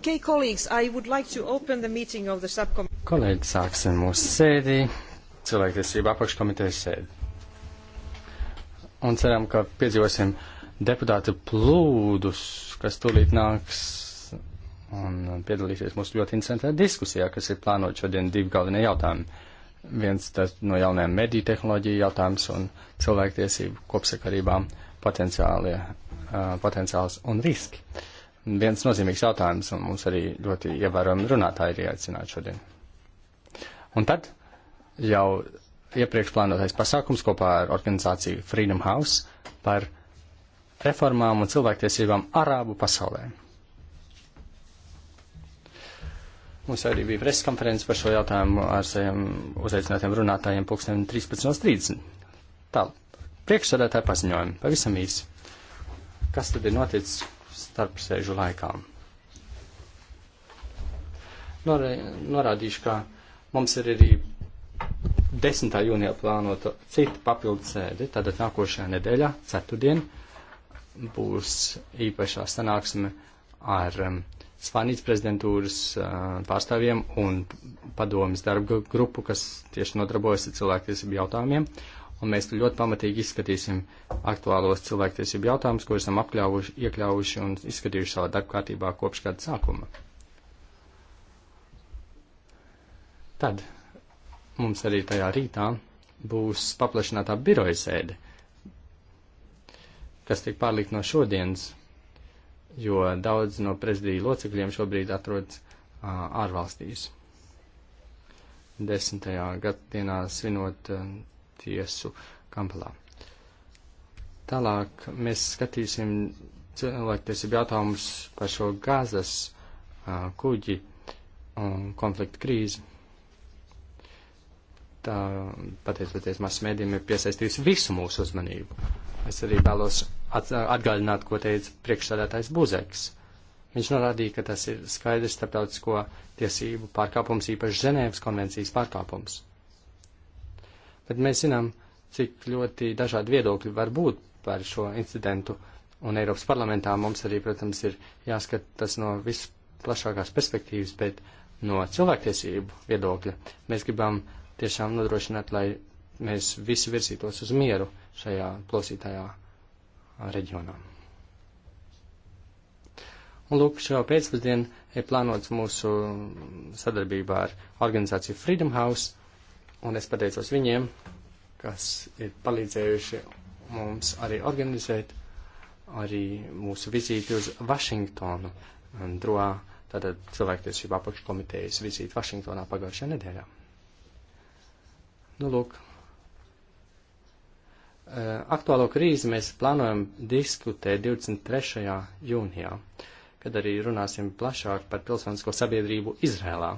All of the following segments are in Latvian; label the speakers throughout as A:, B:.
A: Okay, colleagues, I would like to open the meeting of the subcommittee.
B: Kolēģi, sāksim mūsu sēdī, cilvēktiesība apakškomitejas sēdi. Un ceram, ka piedzīvosim deputātu plūdus, kas tūlīt nāks un piedalīsies mūsu ļoti interesantā diskusijā, kas ir plānot šodien divi galvenie jautājumi. Viens tas no jaunajām mediju tehnoloģiju jautājums un cilvēktiesību kopsakarībām potenciālie, uh, potenciāls un riski. Uh, viens nozīmīgs jautājums, un mums arī ļoti ievērojami runātāji ir ieaicināti šodien. Un tad jau iepriekš plānotais pasākums kopā ar organizāciju Freedom House par reformām un cilvēktiesībām Arābu pasaulē. Mums arī bija preses konferences par šo jautājumu ar saviem uzaicinātiem runātājiem pulksten 13.30. Tā, priekšsādātāja paziņojumi, pavisam īsi. Kas tad ir noticis? starp sēžu laikām. Nor, norādīšu, ka mums ir arī 10. jūnijā plānota cita papildu sēde, tātad nākošajā nedēļā, ceturtdien, būs īpašā sanāksme ar um, Svanīts prezidentūras uh, pārstāvjiem un padomas darba grupu, kas tieši nodarbojas ar cilvēktiesību jautājumiem. Uh, un mēs ļoti pamatīgi izskatīsim aktuālos cilvēktiesību jautājumus, ko esam apkļāvuši, iekļāvuši un izskatījuši savā darbkārtībā kopš gada sākuma. Tad mums arī tajā rītā būs paplašinātā biroja sēde, kas tiek pārlikt no šodienas, jo daudz no prezidiju locekļiem šobrīd atrodas ārvalstīs. Desmitajā gaddienā svinot tiesu Kampalā. Tālāk mēs skatīsim cilvēktiesību jautājumus par šo gazas uh, kuģi un konfliktu krīzi. Tā, pateicoties masmēdiem, ir piesaistījusi visu mūsu uzmanību. Es arī vēlos atgādināt, ko teica priekšsādātājs Buzeks. Viņš norādīja, ka tas ir skaidrs starptautisko tiesību pārkāpums, īpaši Ženēvas konvencijas pārkāpums. Tad mēs zinām, cik ļoti dažādi viedokļi var būt par šo incidentu. Un Eiropas parlamentā mums arī, protams, ir jāskat tas no visplašākās perspektīvas, bet no cilvēktiesību viedokļa mēs gribam tiešām nodrošināt, lai mēs visi virzītos uz mieru šajā plosītajā reģionā. Un lūk, šo pēcpusdienu ir plānots mūsu sadarbībā ar organizāciju Freedom House un es pateicos viņiem, kas ir palīdzējuši mums arī organizēt arī mūsu vizīti uz Vašingtonu, droā, tātad cilvēktiesību apakškomitejas vizīti Vašingtonā pagājušajā nedēļā. Nu, lūk, eh, aktuālo krīzi mēs plānojam diskutēt 23. jūnijā, kad arī runāsim plašāk par pilsonisko sabiedrību Izrēlā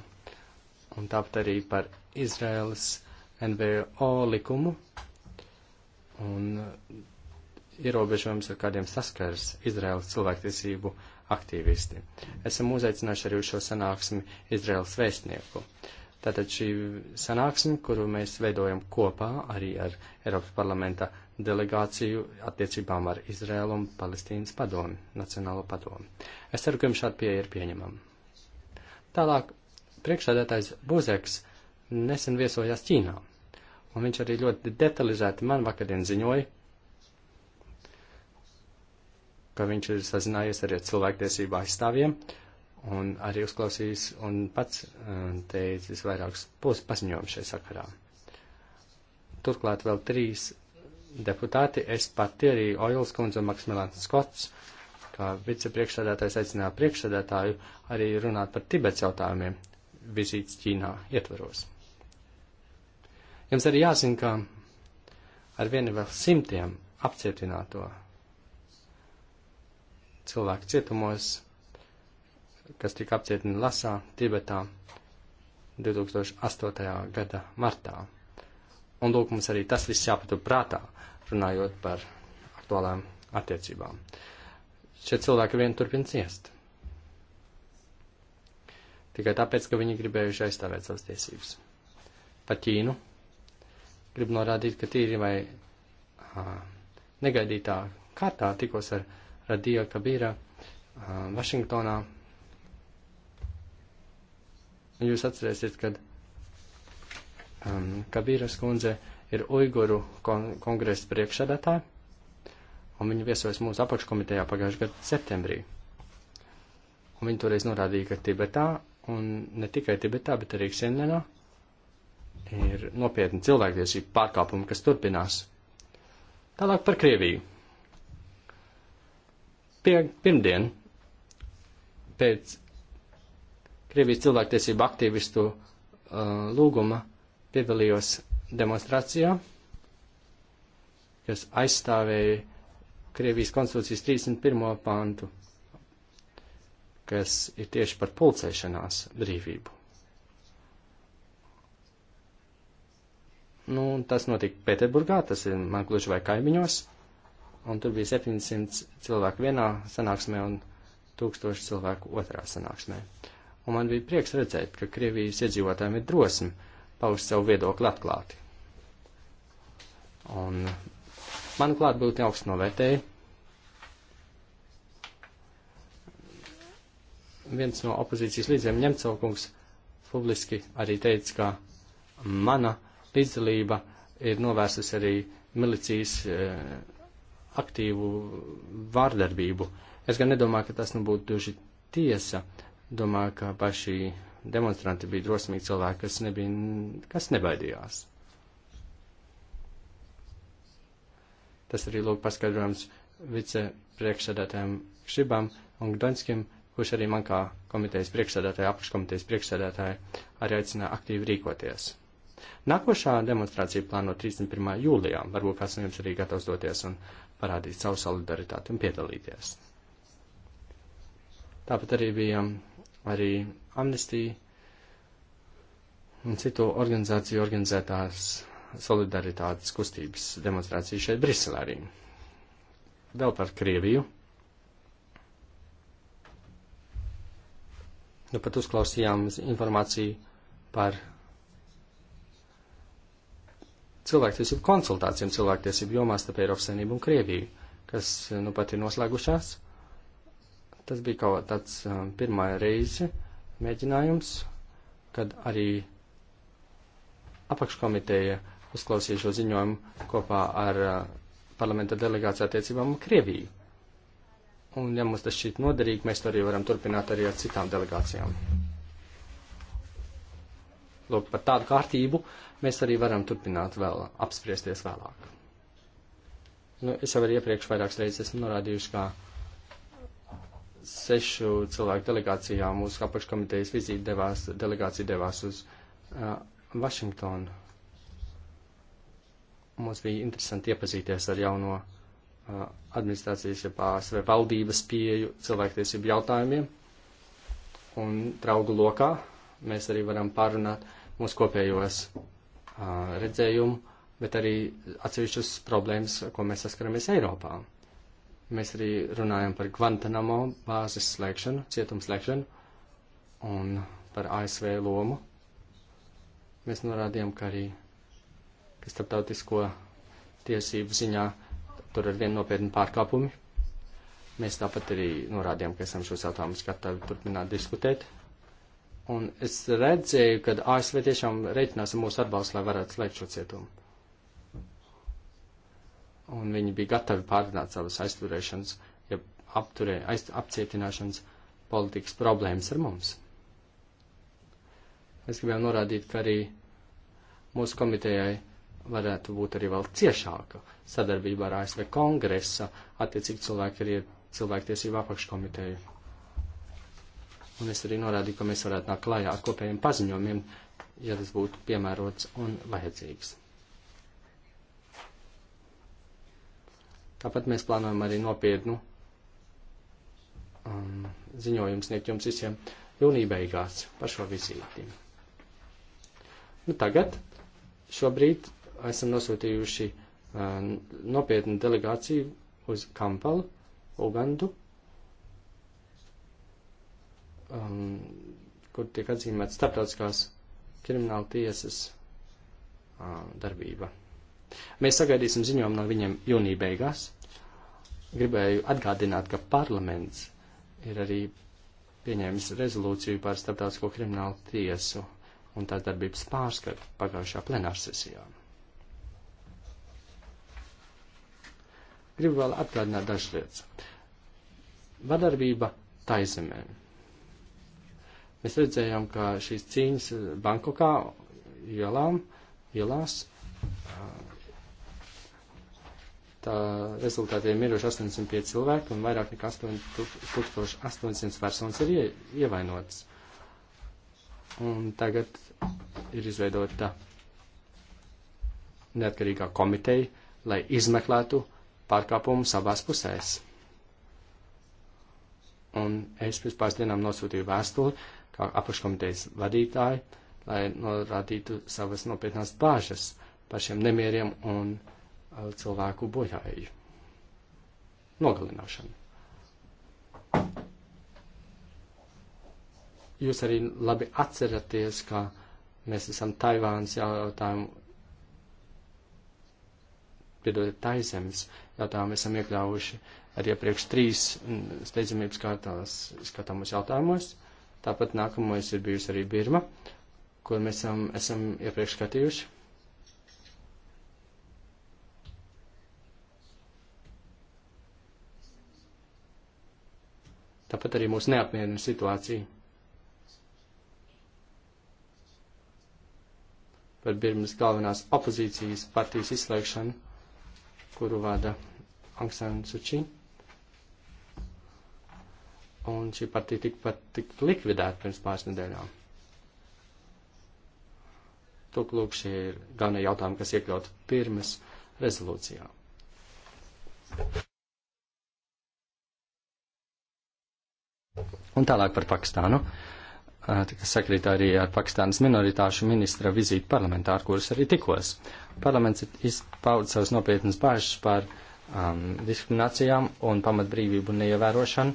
B: un tāpat arī par Izraēlas NVO likumu un ierobežojums, ar kādiem saskars Izraēlas cilvēktiesību aktīvisti. Esam uzaicinājuši arī uz šo sanāksmi Izraēlas vēstnieku. Tātad šī sanāksme, kuru mēs veidojam kopā arī ar Eiropas parlamenta delegāciju attiecībām ar Izraēlu un Palestīnas padomu, Nacionālo padomu. Es ceru, ka jums šāda pieeja ir pieņemama. Tālāk priekšsēdētājs Buzeks nesen viesojās Ķīnā, un viņš arī ļoti detalizēti man vakardien ziņoja, ka viņš ir sazinājies arī ar cilvēktiesību aizstāvjiem, un arī uzklausījis un pats uh, teicis vairākus paziņojumus šajā sakarā. Turklāt vēl trīs deputāti, es pati arī Oils kundze un Maksimilāns Skots, kā vicepriekšsēdētājs aicināja priekšsēdētāju arī runāt par Tibets jautājumiem, vizītes Ķīnā ietvaros. Jums arī jāzina, ka ar vienu vēl simtiem apcietināto cilvēku cietumos, kas tika apcietināti Lasā, Tibetā 2008. gada martā. Un lūk, mums arī tas viss jāpatur prātā, runājot par aktuālām attiecībām. Šie cilvēki vien turpin ciest tikai tāpēc, ka viņi gribējuši aizstāvēt savas tiesības. Par Ķīnu gribu norādīt, ka tīri vai a, negaidītā kārtā tikos ar Radija Kabīra a, Vašingtonā. Jūs atcerēsiet, kad um, Kabīras kundze ir Uiguru kon kongresa priekšsēdētāja, un viņa viesojas mūsu apakškomitejā pagājušajā gadā septembrī. Un viņa toreiz norādīja, ka Tibetā un ne tikai Tibetā, bet arī Ksienlenā ir nopietni cilvēktiesību pārkāpumi, kas turpinās. Tālāk par Krieviju. Pie, pirmdien pēc Krievijas cilvēktiesību aktīvistu uh, lūguma piedalījos demonstrācijā, kas aizstāvēja Krievijas konstitūcijas 31. pantu kas ir tieši par pulcēšanās brīvību. Nu, tas notika Pēterburgā, tas ir man gluži vai kaimiņos, un tur bija 700 cilvēku vienā sanāksmē un 1000 cilvēku otrā sanāksmē. Un man bija prieks redzēt, ka Krievijas iedzīvotājiem ir drosme paust savu viedokli atklāti. Un manuprāt, būtu augstu novērtēji, viens no opozīcijas līdziem ņemcaukungs publiski arī teica, ka mana līdzdalība ir novērsus arī milicijas e, aktīvu vārdarbību. Es gan nedomāju, ka tas nu būtu duži tiesa. Domāju, ka paši demonstranti bija drosmīgi cilvēki, kas, nebija, kas nebaidījās. Tas arī lūk paskaidrojums vicepriekšsēdētājiem Šibam un Gdaņskim kurš arī man kā komitejas priekšsēdētāja, apakškomitejas priekšsēdētāja arī aicināja aktīvi rīkoties. Nākošā demonstrācija plāno 31. jūlijā. Varbūt kāds no jums arī gatavs doties un parādīt savu solidaritāti un piedalīties. Tāpat arī bija arī amnestija un citu organizāciju organizētās solidaritātes kustības demonstrācija šeit Briselē arī. Vēl par Krieviju. Nu, pat uzklausījām informāciju par cilvēktiesību konsultācijām cilvēktiesību jomā starp Eiropas Savienību un Krieviju, kas nu pat ir noslēgušās. Tas bija kaut tāds um, pirmā reize mēģinājums, kad arī apakškomiteja uzklausīja šo ziņojumu kopā ar uh, parlamenta delegāciju attiecībām un Krieviju. Un, ja mums tas šķiet noderīgi, mēs to arī varam turpināt arī ar citām delegācijām. Lūk, par tādu kārtību mēs arī varam turpināt vēl apspriesties vēlāk. Nu, es jau arī iepriekš vairākas reizes esmu norādījuši, ka sešu cilvēku delegācijā mūsu apakškomitejas vizīte devās, delegācija devās uz uh, Vašingtonu. Mums bija interesanti iepazīties ar jauno administrācijas, ja pārsvarē valdības pieju cilvēktiesību jautājumiem. Un draugu lokā mēs arī varam pārunāt mūsu kopējos uh, redzējumu, bet arī atsevišķas problēmas, ko mēs saskaramies Eiropā. Mēs arī runājam par Guantanamo bāzes slēgšanu, cietums slēgšanu un par ASV lomu. Mēs norādījām, ka arī ka starptautisko tiesību ziņā tur ir vien nopietni pārkāpumi. Mēs tāpat arī norādījām, ka esam šos jautājumus gatavi turpināt diskutēt. Un es redzēju, ka ASV tiešām reiķinās ar mūsu atbalstu, lai varētu slēgt šo cietumu. Un viņi bija gatavi pārdināt savas aizturēšanas, ja apturē, aiz, apcietināšanas politikas problēmas ar mums. Mēs gribējām norādīt, ka arī mūsu komitejai varētu būt arī vēl ciešāka sadarbība ar ASV kongresa attiecīgi cilvēku arī cilvēktiesību apakškomiteju. Un es arī norādīju, ka mēs varētu nākt klājā ar kopējiem paziņojumiem, ja tas būtu piemērots un vajadzīgs. Tāpat mēs plānojam arī nopietnu um, ziņojumu sniegt jums visiem jūnija beigās par šo vizīti. Nu, tagad, šobrīd esam nosūtījuši nopietnu delegāciju uz Kampalu, Ugandu, um, kur tiek atzīmēta starptautiskās krimināla tiesas uh, darbība. Mēs sagaidīsim ziņojumu no viņiem jūnija beigās. Gribēju atgādināt, ka parlaments ir arī pieņēmis rezolūciju par starptautisko kriminālu tiesu un tās darbības pārskatu pagājušā plenārsesijā. Gribu vēl atgādināt dažas lietas. Vadarbība taizemē. Mēs redzējām, ka šīs cīņas Bankokā ielām, ielās, tā rezultātā ir miruši 805 cilvēki un vairāk nekā 1800 personas ir ie, ievainotas. Un tagad ir izveidota neatkarīgā komiteja, lai izmeklētu uh, pārkāpumus abās pusēs. Un es pirms pāris dienām nosūtīju vēstuli, kā apakškomitejas vadītāji, lai norādītu savas nopietnās bāžas par šiem nemieriem un uh, cilvēku bojāju. Nogalināšanu. Jūs arī labi atceraties, ka mēs esam Taivāns jautājumu piedodiet, taizemes jautājumu esam iekļāvuši arī iepriekš trīs mm, steidzamības kārtās skatāmos jautājumos. Tāpat nākamais ir bijusi arī Birma, ko mēs esam, esam iepriekš skatījuši. Tāpat arī mūs neapmierina situācija. Par Birmas galvenās opozīcijas partijas izslēgšanu kuru vada Aung San Suu Kyi. Un šī partija tikpat tik likvidēta pirms pāris nedēļām. Tūk lūk, šie ir galvenie jautājumi, kas iekļaut pirmas rezolūcijā. Un tālāk par Pakistānu. Uh, kas sakrīt arī ar Pakistānas minoritāšu ministra vizīti parlamentā, ar kuras arī tikos. Parlaments ir izpaudis savas nopietnas bāžas par um, diskriminācijām un pamatbrīvību neievērošanu,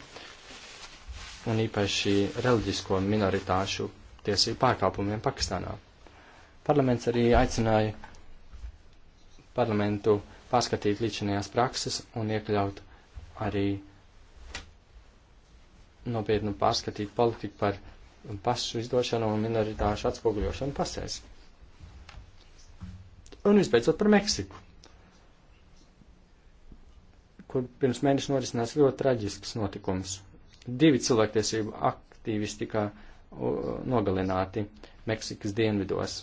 B: un īpaši reliģisko minoritāšu tiesību pārkāpumiem Pakistānā. Parlaments arī aicināja parlamentu pārskatīt līdzinājās prakses un iekļaut arī nopietnu pārskatīt politiku par un pašu izdošanu un minoritāšu atspoguļošanu pasēs. Un visbeidzot par Meksiku, kur pirms mēneša norisinās ļoti traģisks notikums. Divi cilvēktiesību aktīvisti tika nogalināti Meksikas dienvidos,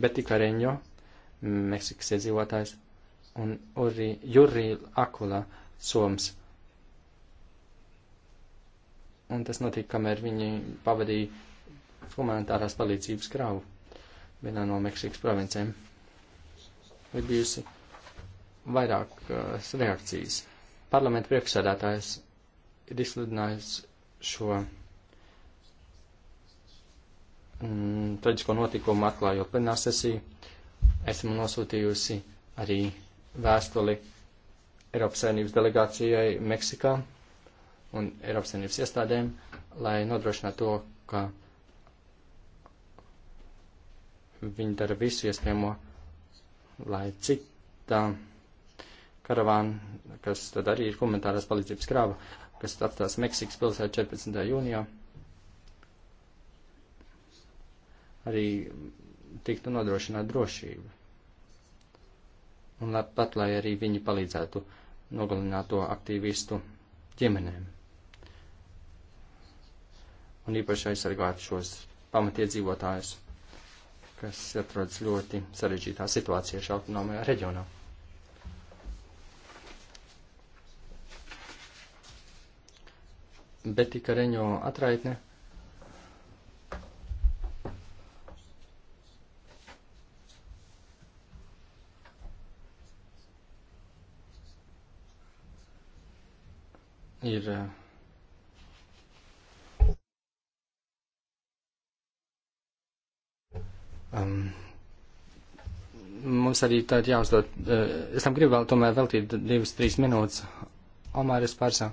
B: bet tikai Reņo, Meksikas iedzīvotājs, un Uri, Jurī Akula, Soms un tas notika, kamēr viņi pavadīja humanitārās palīdzības kravu vienā no Meksikas provincēm. Ir bijusi vairākas uh, reakcijas. Parlamenta priekšsēdētājs ir izsludinājis šo mm, traģisko notikumu atklājot plenārsesiju. Esmu nosūtījusi arī vēstuli Eiropas Savienības delegācijai Meksikā un Eiropas Savienības iestādēm, lai nodrošinātu to, ka viņi dara visu iespējamo, lai cita karavāna, kas tad arī ir komentārās palīdzības krāva, kas atstās Meksikas pilsētā 14. jūnijā, arī tiktu nodrošināta drošība. Un pat lai arī viņi palīdzētu nogalināt to aktīvistu ģimenēm un īpaši aizsargāt šos pamatiedzīvotājus, kas atrodas ļoti sarežģītā situācijā šajā autonomajā reģionā. Betika Reņo atraitne. Ir uh, Um, mums arī tad jāuzdod, uh, es tam gribu vēl tomēr veltīt divas, trīs minūtes. Omāris Pārsā,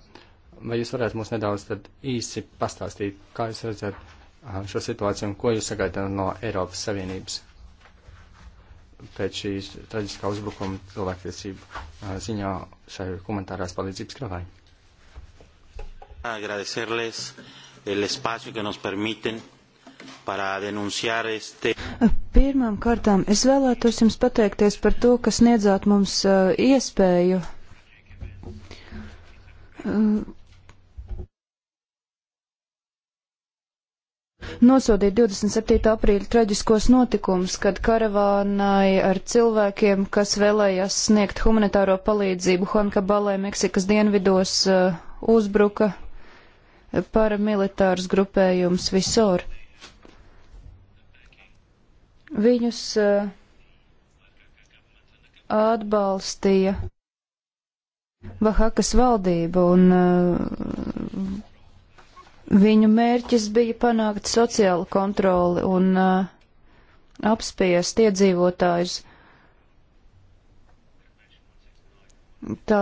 B: vai jūs varētu mums nedaudz tad īsi pastāstīt, kā jūs redzat uh, šo situāciju un ko jūs sagaidāt no Eiropas Savienības pēc šīs traģiskā uzbrukuma cilvēktiesību uh, ziņā šai komentārās palīdzības kravai? Agradecerles el espacio que nos permiten para denunciar este.
A: Pirmām kārtām es vēlētos jums pateikties par to, ka sniedzāt mums uh, iespēju. Uh, Nosodīt 27. aprīļa traģiskos notikumus, kad karavānai ar cilvēkiem, kas vēlējās sniegt humanitāro palīdzību Honkabalē, Meksikas dienvidos, uh, uzbruka paramilitārs grupējums Visor. Viņus eh, atbalstīja Vahakas valdība un eh, viņu mērķis bija panākt sociālu kontroli un eh, apspiest iedzīvotājus. Tā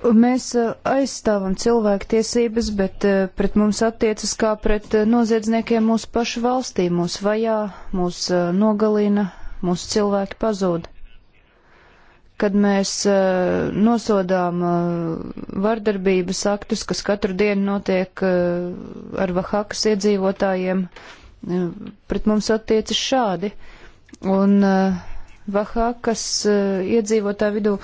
A: Mēs eh, aizstāvam cilvēktiesības, bet eh, pret mums attiecas kā pret eh, noziedzniekiem mūsu pašu valstī. Mūs vajā, mūs nogalina, mūsu cilvēki pazūd. Kad mēs nosodām vardarbības aktus, kas katru dienu notiek ar Vahakas iedzīvotājiem, pret mums attiecas šādi. Un Vahakas iedzīvotāju vidū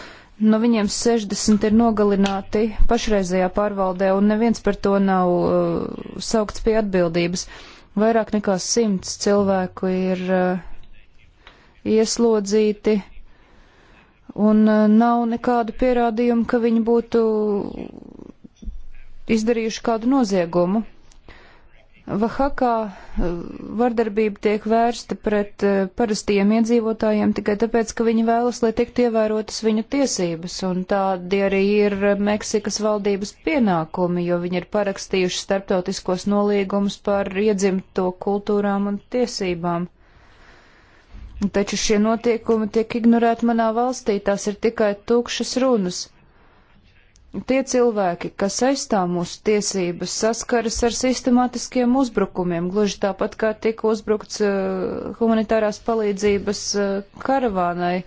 A: no nu, viņiem 60 ir nogalināti pašreizajā pārvaldē, un neviens par to nav uh, saukts pie atbildības. Vairāk nekā 100 cilvēku ir uh, ieslodzīti, un uh, nav nekādu pierādījumu, ka viņi būtu izdarījuši kādu noziegumu. Vahakā eh, vardarbība tiek vērsta pret eh, parastiem iedzīvotājiem tikai tāpēc, ka viņi vēlas, lai tiktu ievērotas viņu tiesības, un tādi arī ir Meksikas valdības pienākumi, jo viņi ir parakstījuši starptautiskos nolīgumus par iedzimto kultūrām un tiesībām. Taču šie notiekumi tiek ignorēti manā valstī, tās ir tikai tukšas runas. Tie cilvēki, kas aizstāv mūsu tiesības, saskaras ar sistemātiskiem uzbrukumiem, gluži tāpat kā tika uzbrukts uh, humanitārās palīdzības uh, karavānai.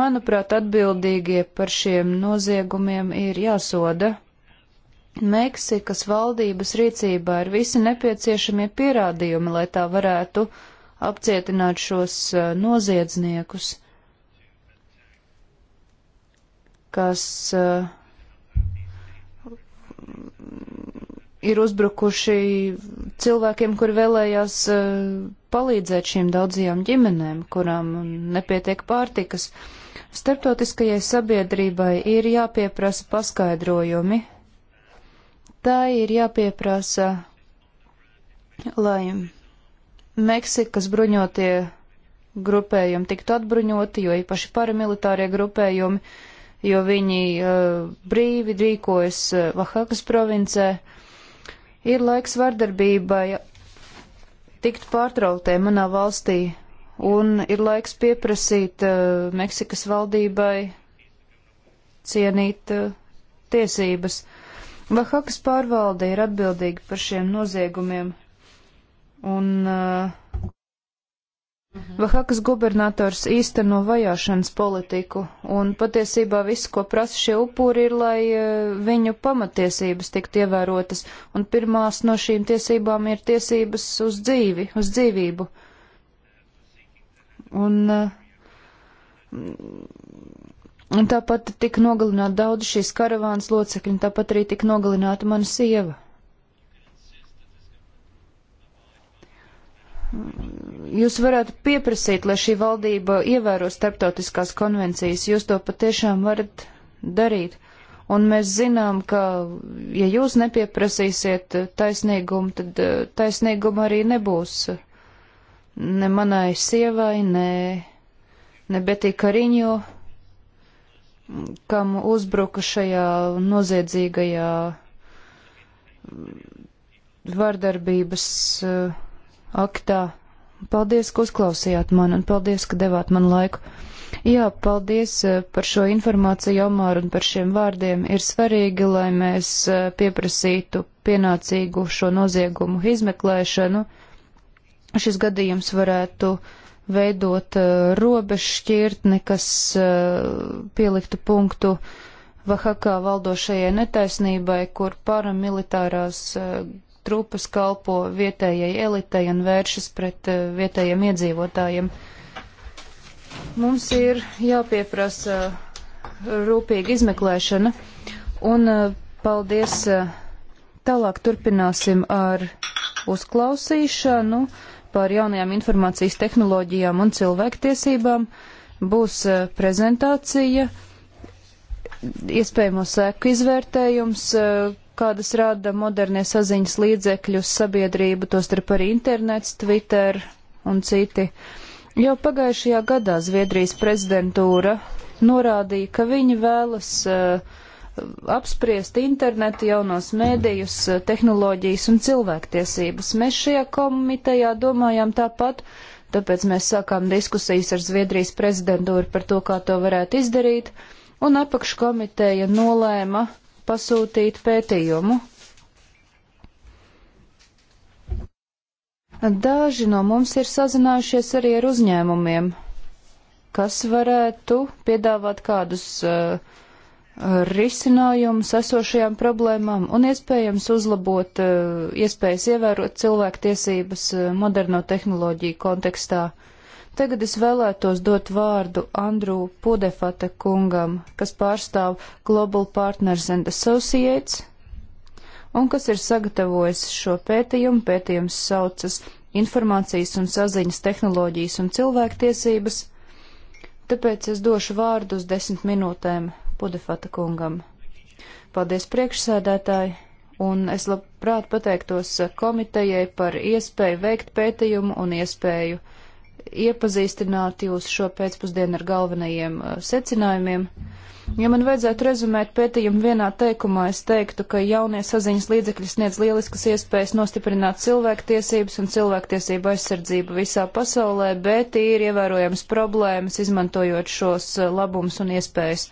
A: Manuprāt, atbildīgie par šiem noziegumiem ir jāsoda. Meksikas valdības rīcībā ir visi nepieciešamie pierādījumi, lai tā varētu apcietināt šos uh, noziedzniekus, kas uh, ir uzbrukuši cilvēkiem, kur vēlējās e, palīdzēt šīm daudzajām ģimenēm, kurām nepietiek pārtikas. Startautiskajai sabiedrībai ir jāpieprasa paskaidrojumi. Tā ir jāpieprasa, lai Meksikas bruņotie grupējumi tiktu atbruņoti, jo īpaši paramilitārie grupējumi jo viņi eh, brīvi rīkojas Vahakas eh, provincē. Ir laiks vardarbībai tikt pārtrauktē manā valstī, un ir laiks pieprasīt uh, Meksikas valdībai cienīt uh, tiesības. Vahakas pārvalde ir atbildīga par šiem noziegumiem, un uh, Mhm. Vahakas gubernators īsteno vajāšanas politiku, un patiesībā viss, ko prasa šie upuri, ir, lai e, viņu pamatiesības tiktu ievērotas, un pirmās no šīm tiesībām ir tiesības uz dzīvi, uz dzīvību. Un, e, un tāpat tika nogalināti daudz šīs karavānas locekļi, un tāpat arī tika nogalināta mana sieva. jūs varētu pieprasīt, lai šī valdība ievēro starptautiskās konvencijas. Jūs to patiešām varat darīt. Un mēs zinām, ka ja jūs nepieprasīsiet taisnīgumu, tad eh, taisnīguma arī nebūs ne manai sievai, ne, ne Betī Kariņo, kam uzbruka šajā noziedzīgajā vardarbības uh, aktā. Paldies, ka uzklausījāt mani un paldies, ka devāt man laiku. Jā, paldies eh, par šo informāciju, Omar, un par šiem vārdiem. Ir svarīgi, lai mēs eh, pieprasītu pienācīgu šo noziegumu izmeklēšanu. Šis gadījums varētu veidot eh, robežšķirtni, kas pieliktu punktu Vahakā valdošajai netaisnībai, kur paramilitārās trupas kalpo vietējai elitei un vēršas pret eh, vietējiem iedzīvotājiem. Mums ir jāpieprasa rūpīga izmeklēšana, un eh, paldies. Eh, tālāk turpināsim ar uzklausīšanu par jaunajām informācijas tehnoloģijām un cilvēktiesībām. Būs prezentācija, iespējamo sēku izvērtējums, kādas rada modernie saziņas līdzekļi uz sabiedrību, tostarp arī internets, Twitter un citi. Jau pagājušajā gadā Zviedrijas prezidentūra norādīja, ka viņi vēlas uh, apspriest internetu, jaunos mēdījus, uh, tehnoloģijas un cilvēktiesības. Mēs šajā komitejā domājām tāpat, tāpēc mēs sākām diskusijas ar Zviedrijas prezidentūru par to, kā to varētu izdarīt, un apakškomiteja nolēma pasūtīt pētījumu. Daži no mums ir sazinājušies arī ar uzņēmumiem, kas varētu piedāvāt kādus uh, risinājumus esošajām problēmām un iespējams uzlabot uh, iespējas ievērot cilvēktiesības uh, moderno tehnoloģiju kontekstā. Tagad es vēlētos dot vārdu Andrū Pudefate kungam, kas pārstāv Global Partners and Associates un kas ir sagatavojis šo pētījumu. Pētījums saucas Informācijas un saziņas tehnoloģijas un cilvēktiesības. Tāpēc es došu vārdu uz desmit minūtēm Pudefata kungam. Paldies priekšsēdētāji, un es labprāt pateiktos komitejai par iespēju veikt pētījumu un iespēju uh, iepazīstināt jūs šo pēcpusdienu ar galvenajiem uh, secinājumiem. Ja man vajadzētu rezumēt pētījumu vienā teikumā, es teiktu, ka jaunie saziņas līdzekļi sniedz lieliskas iespējas nostiprināt cilvēktiesības un cilvēktiesību aizsardzību visā pasaulē, bet ir ievērojams problēmas izmantojot šos uh, labums un iespējas.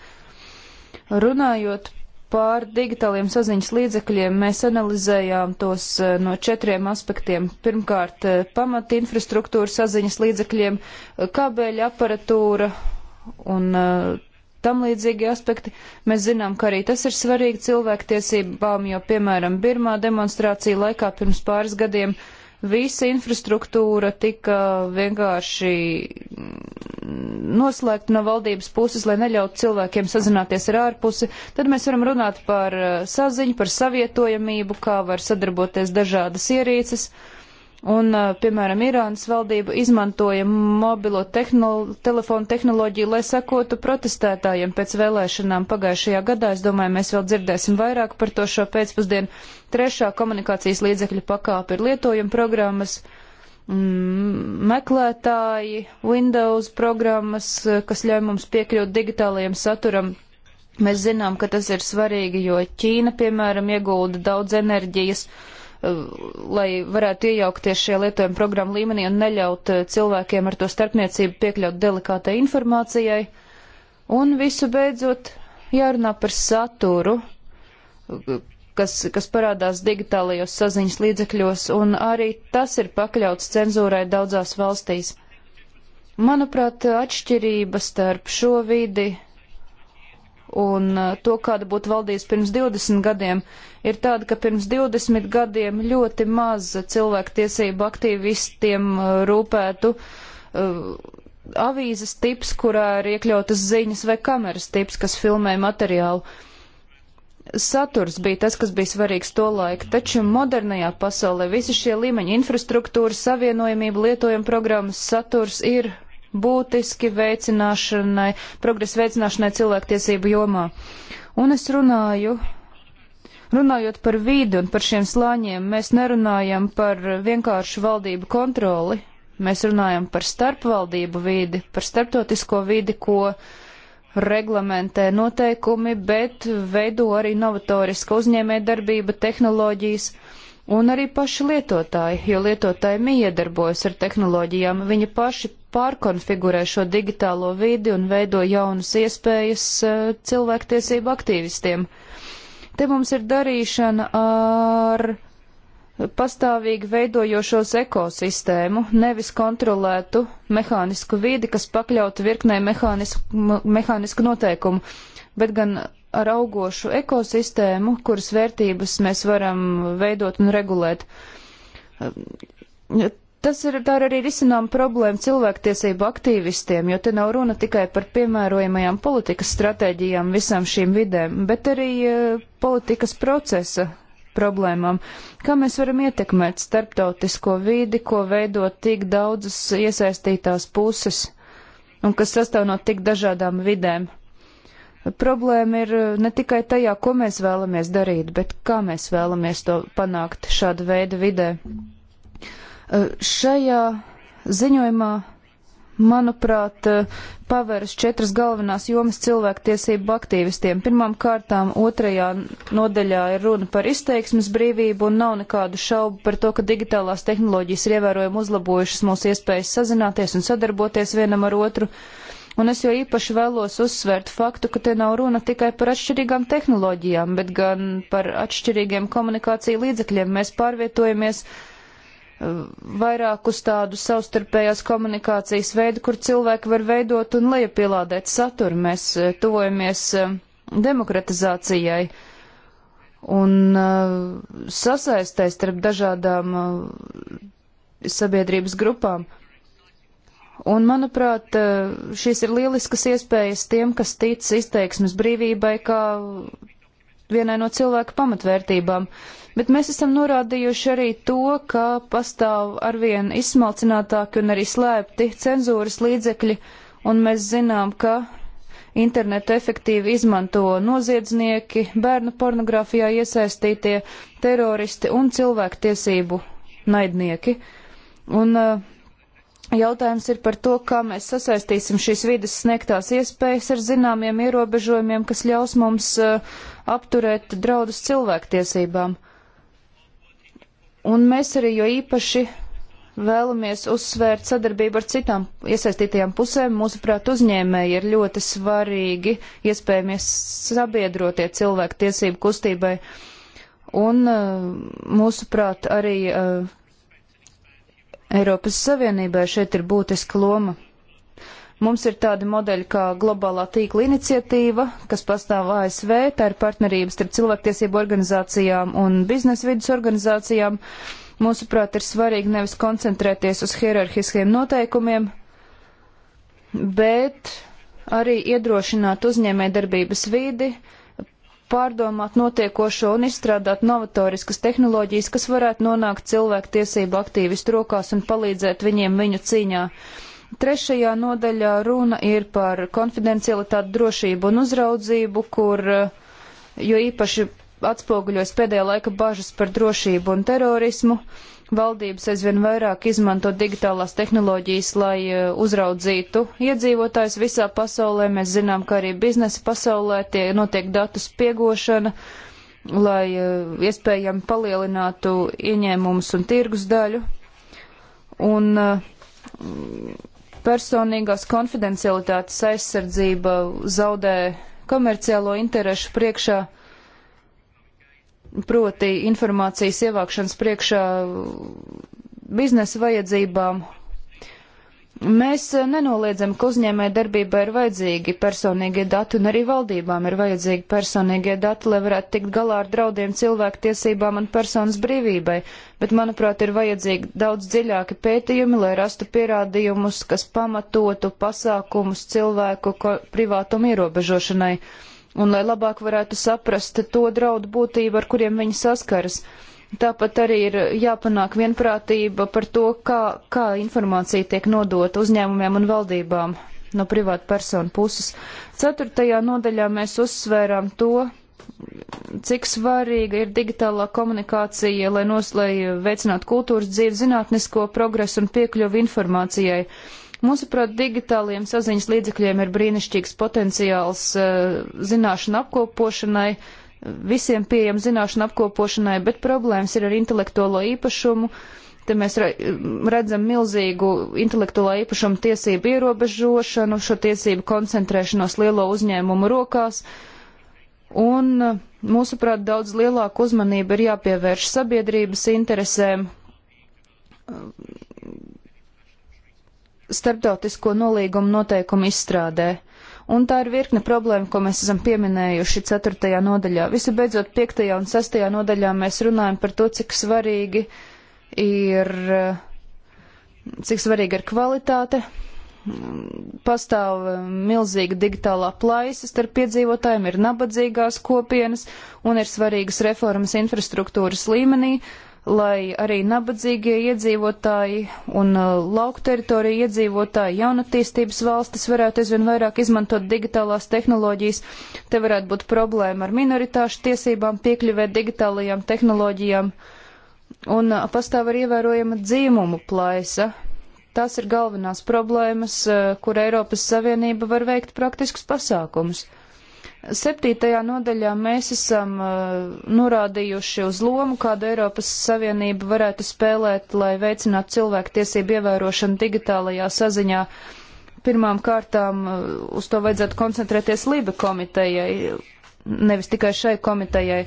A: Runājot Par digitāliem saziņas līdzekļiem mēs analizējām tos eh, no četriem aspektiem. Pirmkārt, eh, pamat infrastruktūra saziņas līdzekļiem, eh, kabeļa aparatūra un tam līdzīgi aspekti. Mēs zinām, ka arī tas ir svarīgi cilvēktiesībām, jo, piemēram, Birmā demonstrācija laikā pirms pāris gadiem uh, visa infrastruktūra tika vienkārši noslēgta no valdības puses, lai neļautu cilvēkiem sazināties ar ārpusi, tad mēs varam runāt par eh, saziņu, par savietojamību, kā var sadarboties dažādas ierīces. Uh, Un, piemēram, Irānas valdība izmantoja mobilo tehnolo telefonu tehnoloģiju, lai sakotu protestētājiem pēc vēlēšanām pagājušajā gadā. Es domāju, mēs vēl dzirdēsim vairāk par to šo pēcpusdienu. Trešā komunikācijas līdzekļu pakāpe ir lietojuma programmas, mm, meklētāji, Windows programmas, kas ļauj mums piekļūt digitālajiem saturam. Mēs zinām, ka tas ir svarīgi, jo Ķīna, piemēram, iegulda daudz enerģijas. Uh, Uh, lai varētu iejaukties šajā lietojuma programma līmenī un neļaut uh, cilvēkiem ar to starpniecību piekļaut delikātai informācijai. Un visu beidzot jārunā par saturu, kas, kas parādās digitālajos saziņas līdzekļos, un arī tas ir pakļauts cenzūrai daudzās valstīs. Manuprāt, atšķirība starp šo vidi un uh, to, kāda būtu valdījusi pirms 20 gadiem, ir tāda, ka pirms 20 gadiem ļoti maz cilvēktiesību aktīvistiem uh, rūpētu uh, avīzes tips, kurā ir iekļautas ziņas vai kameras tips, kas filmē materiālu. Saturs bija tas, kas bija svarīgs to laiku, taču modernajā pasaulē visi šie līmeņi - infrastruktūra, savienojamība, lietojuma programmas saturs ir būtiski veicināšanai, progresa veicināšanai cilvēktiesību jomā. Un es runāju, runājot par vīdu un par šiem slāņiem, mēs nerunājam par vienkāršu valdību kontroli, mēs runājam par starpvaldību vīdi, par starptautisko vīdi, ko reglamentē noteikumi, bet veido arī novatoriska uzņēmē darbība, tehnoloģijas. Uh, un arī paši lietotāji, jo lietotāji miedarbojas ar tehnoloģijām, viņi paši pārkonfigurē šo digitālo vidi un veido jaunas iespējas e, cilvēktiesību aktīvistiem. Te mums ir darīšana ar pastāvīgi veidojošos ekosistēmu, nevis kontrolētu mehānisku vidi, kas pakļautu virknē mehānisku, mehānisku noteikumu, bet gan ar augošu ekosistēmu, kuras vērtības mēs varam veidot un regulēt. Tas ir, tā ir arī risinām problēma cilvēktiesību aktīvistiem, jo te nav runa tikai par piemērojamajām politikas stratēģijām visām šīm vidēm, bet arī e, politikas procesa problēmām. Kā mēs varam ietekmēt starptautisko vidi, ko veido tik daudzas iesaistītās puses un kas sastāv no tik dažādām vidēm? Problēma ir eh, ne tikai tajā, ko mēs vēlamies darīt, bet kā mēs vēlamies to panākt šāda veida vidē. Eh, šajā ziņojumā, manuprāt, eh, paveras četras galvenās jomas cilvēktiesību aktīvistiem. Pirmām kārtām otrajā nodaļā ir runa par izteiksmes brīvību un nav nekādu šaubu par to, ka digitālās tehnoloģijas ir ievērojami uzlabojušas mūsu iespējas sazināties un sadarboties vienam ar otru. Uh, Un es jau īpaši vēlos uzsvērt faktu, ka te nav runa tikai par atšķirīgām tehnoloģijām, bet gan par atšķirīgiem komunikāciju līdzekļiem. Mēs pārvietojamies uh, vairāk uz tādu savstarpējās komunikācijas veidu, kur cilvēki var veidot un lejupielādēt saturu. Mēs uh, tuvojamies uh, demokratizācijai un uh, sasaistē starp dažādām uh, sabiedrības grupām. Un, manuprāt, eh, šīs ir lieliskas iespējas tiem, kas tic izteiksmes brīvībai, kā vienai no cilvēka pamatvērtībām. Bet mēs esam norādījuši arī to, ka pastāv arvien izsmalcinātāki un arī slēpti cenzūras līdzekļi, un mēs zinām, ka internetu efektīvi izmanto noziedznieki, bērnu pornogrāfijā iesaistītie teroristi un cilvēktiesību naidnieki. Un, uh, Jautājums ir par to, kā mēs sasaistīsim šīs vidas sniegtās iespējas ar zināmiem ierobežojumiem, kas ļaus mums uh, apturēt draudus cilvēktiesībām. Un mēs arī jo īpaši vēlamies uzsvērt sadarbību ar citām iesaistītajām pusēm. Mūsuprāt, uzņēmēji ir ļoti svarīgi iespējamies sabiedrotie cilvēktiesību kustībai. Un, uh, mūsuprāt, arī uh, Eiropas Savienībai šeit ir būtiska loma. Mums ir tādi modeļi kā globālā tīkla iniciatīva, kas pastāv ASV, tā ir partnerības starp cilvēktiesību organizācijām un biznesa vidus organizācijām. Mūsuprāt, ir svarīgi nevis koncentrēties uz hierarhiskiem noteikumiem, bet arī iedrošināt uzņēmē darbības vidi, uh, pārdomāt notiekošo un izstrādāt novatoriskas tehnoloģijas, kas varētu nonākt cilvēku tiesību aktīvistu rokās un palīdzēt viņiem viņu cīņā. Trešajā nodaļā runa ir par konfidencialitāti, drošību un uzraudzību, kur eh, jo īpaši atspoguļojas pēdējā laika bažas par drošību un terorismu. Uh, Valdības aizvien vairāk izmanto digitālās tehnoloģijas, lai eh, uzraudzītu iedzīvotājus visā pasaulē. Mēs zinām, ka arī biznesa pasaulē tie notiek datu spiegošana, lai eh, iespējami palielinātu ieņēmumus un tirgus daļu. Un eh, personīgās konfidencialitātes aizsardzība zaudē komerciālo interešu priekšā proti informācijas ievākšanas priekšā biznesa vajadzībām. Mēs nenoliedzam, ka uzņēmē darbībā ir vajadzīgi personīgie dati un arī valdībām ir vajadzīgi personīgie dati, lai varētu tikt galā ar draudiem cilvēktiesībām un personas brīvībai, bet, manuprāt, ir vajadzīgi daudz dziļāki pētījumi, lai rastu pierādījumus, kas pamatotu pasākumus cilvēku privātumu ierobežošanai un lai labāk varētu saprast to draudu būtību, ar kuriem viņi saskaras. Tāpat arī ir jāpanāk vienprātība par to, kā, kā informācija tiek nodota uzņēmumiem un valdībām no privāta persona puses. Ceturtajā nodaļā mēs uzsvērām to, cik svarīga ir digitālā komunikācija, lai noslēj veicinātu kultūras dzīvi, zinātnisko progresu un piekļuvu informācijai. Uh, Mūsuprāt, digitāliem saziņas līdzekļiem ir brīnišķīgs potenciāls eh, zināšanu apkopošanai, visiem pieejam zināšanu apkopošanai, bet problēmas ir ar intelektuālo īpašumu. Te mēs redzam milzīgu intelektuālā īpašuma tiesību ierobežošanu, šo tiesību koncentrēšanos lielo uzņēmumu rokās. Un, eh, mūsuprāt, daudz lielāka uzmanība ir jāpievērš sabiedrības interesēm, starptautisko nolīgumu noteikumu izstrādē. Un tā ir virkne problēma, ko mēs esam pieminējuši 4. nodaļā. Visu beidzot 5. un 6. nodaļā mēs runājam par to, cik svarīgi ir, cik svarīgi ir kvalitāte, pastāv eh, milzīga digitālā plaisa starp piedzīvotājiem, ir nabadzīgās kopienas un ir svarīgas reformas infrastruktūras līmenī, lai arī nabadzīgie iedzīvotāji un uh, lauku teritoriju iedzīvotāji jaunatīstības valstis varētu aizvien vairāk izmantot digitālās tehnoloģijas. Te varētu būt problēma ar minoritāšu tiesībām piekļuvēt digitālajām tehnoloģijām. Un uh, pastāv arī ievērojama dzīmumu plaisa. Tās ir galvenās problēmas, uh, kur Eiropas Savienība var veikt praktiskus pasākumus. Septītajā nodaļā mēs esam uh, norādījuši uz lomu, kādu Eiropas Savienība varētu spēlēt, lai veicinātu cilvēku tiesību ievērošanu digitālajā saziņā. Pirmām kārtām uh, uz to vajadzētu koncentrēties Lība komitejai, nevis tikai šai komitejai.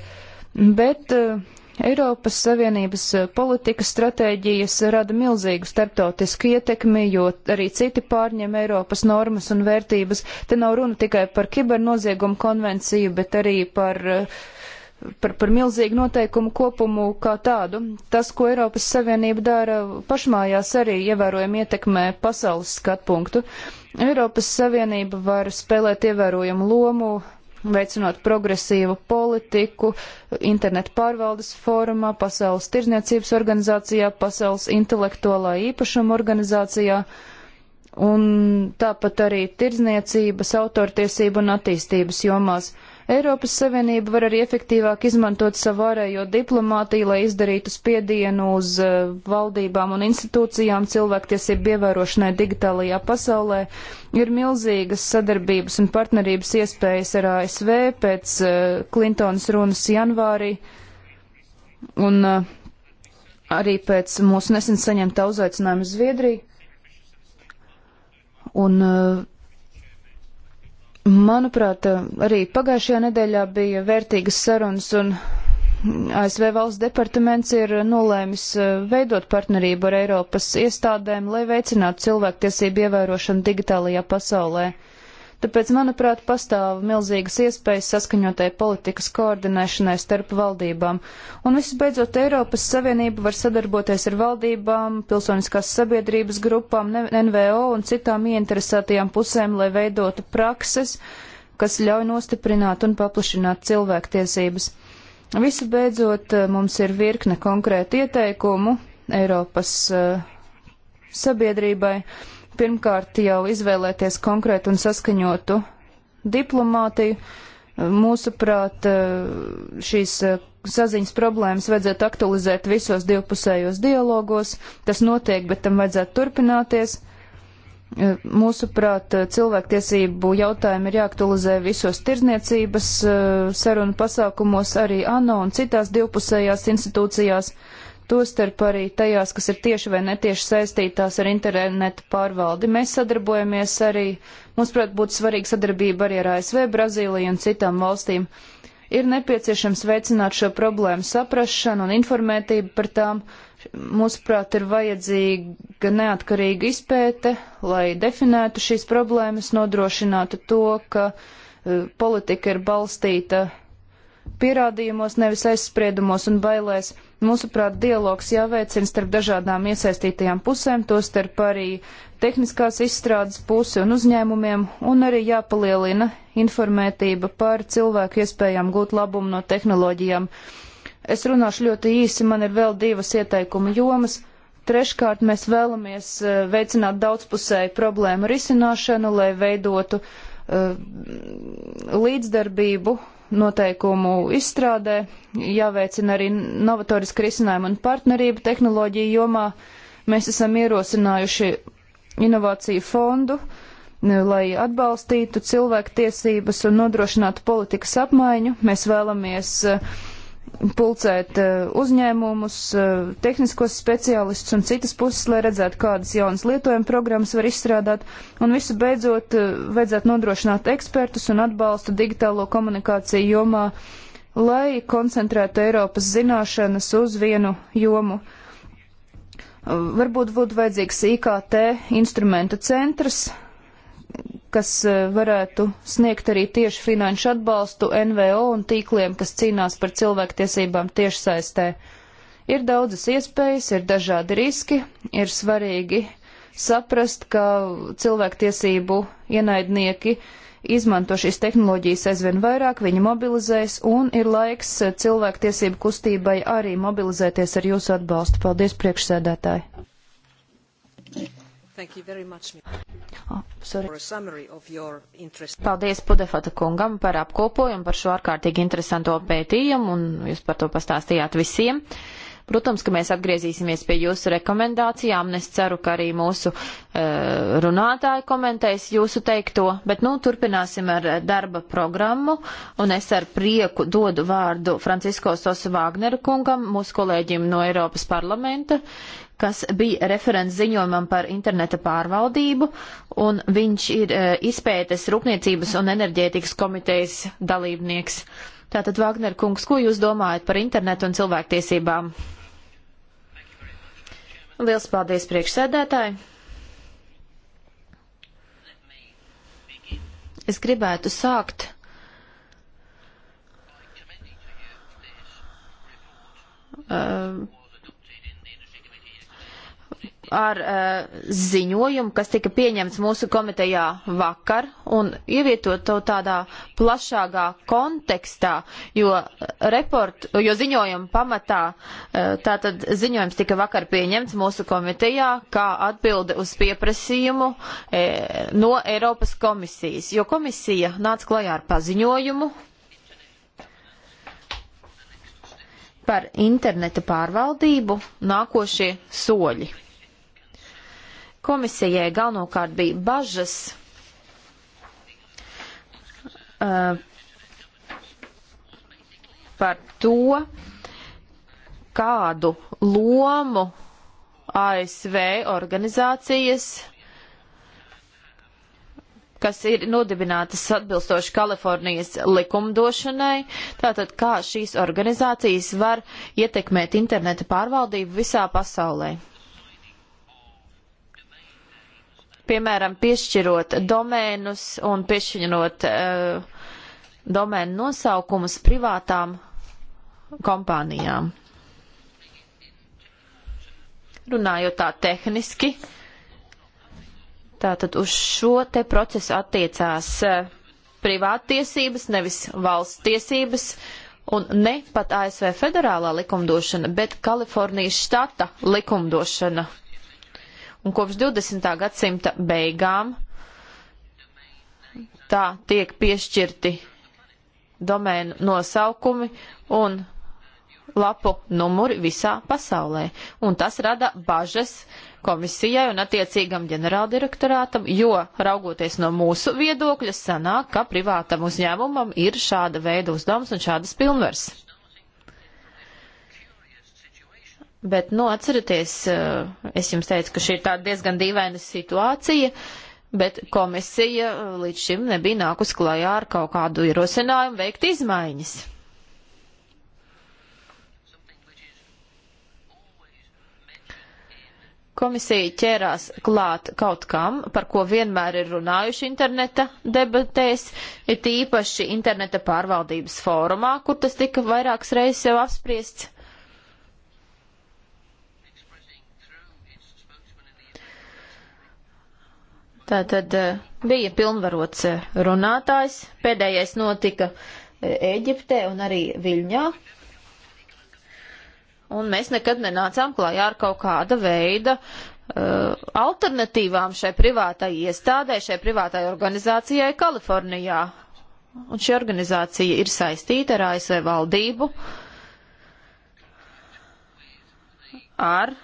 A: Bet uh, Eiropas Savienības eh, politikas stratēģijas rada milzīgu starptautisku ietekmi, jo arī citi pārņem Eiropas normas un vērtības. Te nav runa tikai par kibernoziegumu konvenciju, bet arī par, eh, par, par milzīgu noteikumu kopumu kā tādu. Tas, ko Eiropas Savienība dara pašmājās, arī ievērojami ietekmē pasaules skatpunktu. Eiropas Savienība var spēlēt ievērojumu lomu veicinot progresīvu politiku internetu pārvaldes fórumā, Pasaules tirzniecības organizācijā, Pasaules intelektuālā īpašuma organizācijā un tāpat arī tirzniecības, autortiesību un attīstības jomās. Eiropas Savienība var arī efektīvāk izmantot savu ārējo diplomātiju, lai izdarītu spiedienu uz eh, valdībām un institūcijām cilvēktiesību ievērošanai digitālajā pasaulē. Ir milzīgas sadarbības un partnerības iespējas ar ASV pēc Klintons eh, uh, runas janvārī. Un uh, arī pēc mūsu nesen saņemta uzaicinājuma Zviedriju. Un uh, Manuprāt, arī pagājušajā nedēļā bija vērtīgas sarunas, un ASV valsts departaments ir nolēmis e, veidot partnerību ar Eiropas iestādēm, lai veicinātu cilvēktiesību ievērošanu digitālajā pasaulē. Uh, Tāpēc, manuprāt, pastāv milzīgas iespējas saskaņotai politikas koordinēšanai starp valdībām. Un visbeidzot, Eiropas Savienība var sadarboties ar valdībām, pilsoniskās sabiedrības grupām, NVO un citām ieinteresētajām pusēm, lai veidotu prakses, kas ļauj nostiprināt un paplašināt cilvēktiesības. Visu beidzot, eh, mums ir virkne konkrētu ieteikumu Eiropas uh, sabiedrībai. Pirmkārt jau izvēlēties konkrētu un saskaņotu diplomātiju. Mūsuprāt, eh, šīs eh, saziņas problēmas vajadzētu aktualizēt visos divpusējos dialogos. Tas notiek, bet tam vajadzētu turpināties. Eh, mūsuprāt, cilvēktiesību jautājumi ir jāaktualizē visos tirzniecības sarunu pasākumos, arī ANO un citās divpusējās institūcijās. Uh, tostarp arī tajās, kas ir tieši vai netieši saistītās ar internetu pārvaldi. Mēs sadarbojamies arī, mūsuprāt, būtu svarīga sadarbība arī ar ASV, Brazīliju un citām valstīm. Ir nepieciešams veicināt šo problēmu saprašanu un informētību par tām. Mūsuprāt, ir vajadzīga neatkarīga izpēte, lai definētu šīs problēmas, nodrošinātu to, ka uh, politika ir balstīta pierādījumos, nevis aizspriedumos un bailēs. Mūsuprāt, dialogs jāveicina starp dažādām iesaistītajām pusēm, to starp arī tehniskās izstrādes pusi un uzņēmumiem, un arī jāpalielina informētība par cilvēku iespējām gūt labumu no tehnoloģijām. Es runāšu ļoti īsi, man ir vēl divas ieteikuma jomas. Treškārt, mēs vēlamies eh, veicināt daudzpusēju problēmu risināšanu, lai veidotu uh, līdzdarbību noteikumu izstrādē, jāveicina arī novatoriska risinājuma un partnerība tehnoloģija jomā. Mēs esam ierosinājuši inovāciju fondu, e, lai atbalstītu cilvēku tiesības un nodrošinātu politikas apmaiņu. Mēs vēlamies uh, pulcēt eh, uzņēmumus, eh, tehniskos speciālistus un citas puses, lai redzētu, kādas jaunas lietojuma programmas var izstrādāt, un visu beidzot eh, vajadzētu nodrošināt ekspertus un atbalstu digitālo komunikāciju jomā, lai koncentrētu Eiropas zināšanas uz vienu jomu. Varbūt būtu vajadzīgs IKT instrumenta centrs, kas eh, varētu sniegt arī tieši finanšu atbalstu NVO un tīkliem, kas cīnās par cilvēktiesībām tiešsaistē. Ir daudzas iespējas, ir dažādi riski, ir svarīgi saprast, ka cilvēktiesību ienaidnieki izmanto šīs tehnoloģijas aizvien vairāk, viņi mobilizēs un ir laiks eh, cilvēktiesību kustībai arī mobilizēties ar jūsu atbalstu. Paldies, priekšsēdētāji! Thank you very much. Oh, Paldies
C: Pudefata kungam par apkopojumu, par šo ārkārtīgi interesanto pētījumu, un jūs par to pastāstījāt visiem. Protams, ka mēs atgriezīsimies pie jūsu rekomendācijām, un es ceru, ka arī mūsu e, runātāji komentēs jūsu teikto, bet nu turpināsim ar darba programmu, un es ar prieku dodu vārdu Francisko Sosu Vāgneru kungam, mūsu kolēģim no Eiropas parlamenta, kas bija referents ziņojumam par interneta pārvaldību, un viņš ir e, izpētes Rūpniecības un enerģētikas komitejas dalībnieks. Tātad, Vāgner kungs, ko jūs domājat par internetu un cilvēktiesībām? Liels paldies priekšsēdētāji! Es gribētu sākt uh, ar uh, ziņojumu, kas tika pieņemts mūsu komitejā vakar un ievietot to tādā plašākā kontekstā, jo, report, jo ziņojuma pamatā uh, tātad ziņojums tika vakar pieņemts mūsu komitejā kā atbilde uz pieprasījumu e, no Eiropas komisijas, jo komisija nāca klajā ar paziņojumu par interneta pārvaldību nākošie soļi. Komisijai galvenokārt bija bažas uh, par to, kādu lomu ASV organizācijas, kas ir nodibinātas atbilstoši Kalifornijas likumdošanai, tātad kā šīs organizācijas var ietekmēt interneta pārvaldību visā pasaulē. piemēram, piešķirot domēnus un piešķirot uh, eh, domēnu nosaukumus privātām kompānijām. Runājot tā tehniski, tātad uz šo te procesu attiecās uh, privāttiesības, nevis valsts tiesības, un ne pat ASV federālā likumdošana, bet Kalifornijas štata likumdošana un kopš 20. gadsimta beigām tā tiek piešķirti domēnu nosaukumi un lapu numuri visā pasaulē. Un tas rada bažas komisijai un attiecīgam ģenerāldirektorātam, jo raugoties no mūsu viedokļa sanāk, ka privātam uzņēmumam ir šāda veida uzdevums un šādas pilnvers. Bet, nu, atcerieties, eh, es jums teicu, ka šī ir tāda diezgan dīvaina situācija, bet komisija eh, līdz šim nebija nākus klajā ar kaut kādu ierosinājumu veikt izmaiņas. Komisija ķērās klāt kaut kam, par ko vienmēr ir runājuši interneta debatēs, ir tīpaši interneta pārvaldības fórumā, kur tas tika vairākas reizes jau apspriests. Tātad eh, bija pilnvarots eh, runātājs, pēdējais notika Eģiptē eh, un arī Viļņā. Un mēs nekad nenācām klājā ar kaut kāda veida uh, alternatīvām šai privātai iestādē, šai privātai organizācijai Kalifornijā. Un šī organizācija ir saistīta ar ASV valdību, ar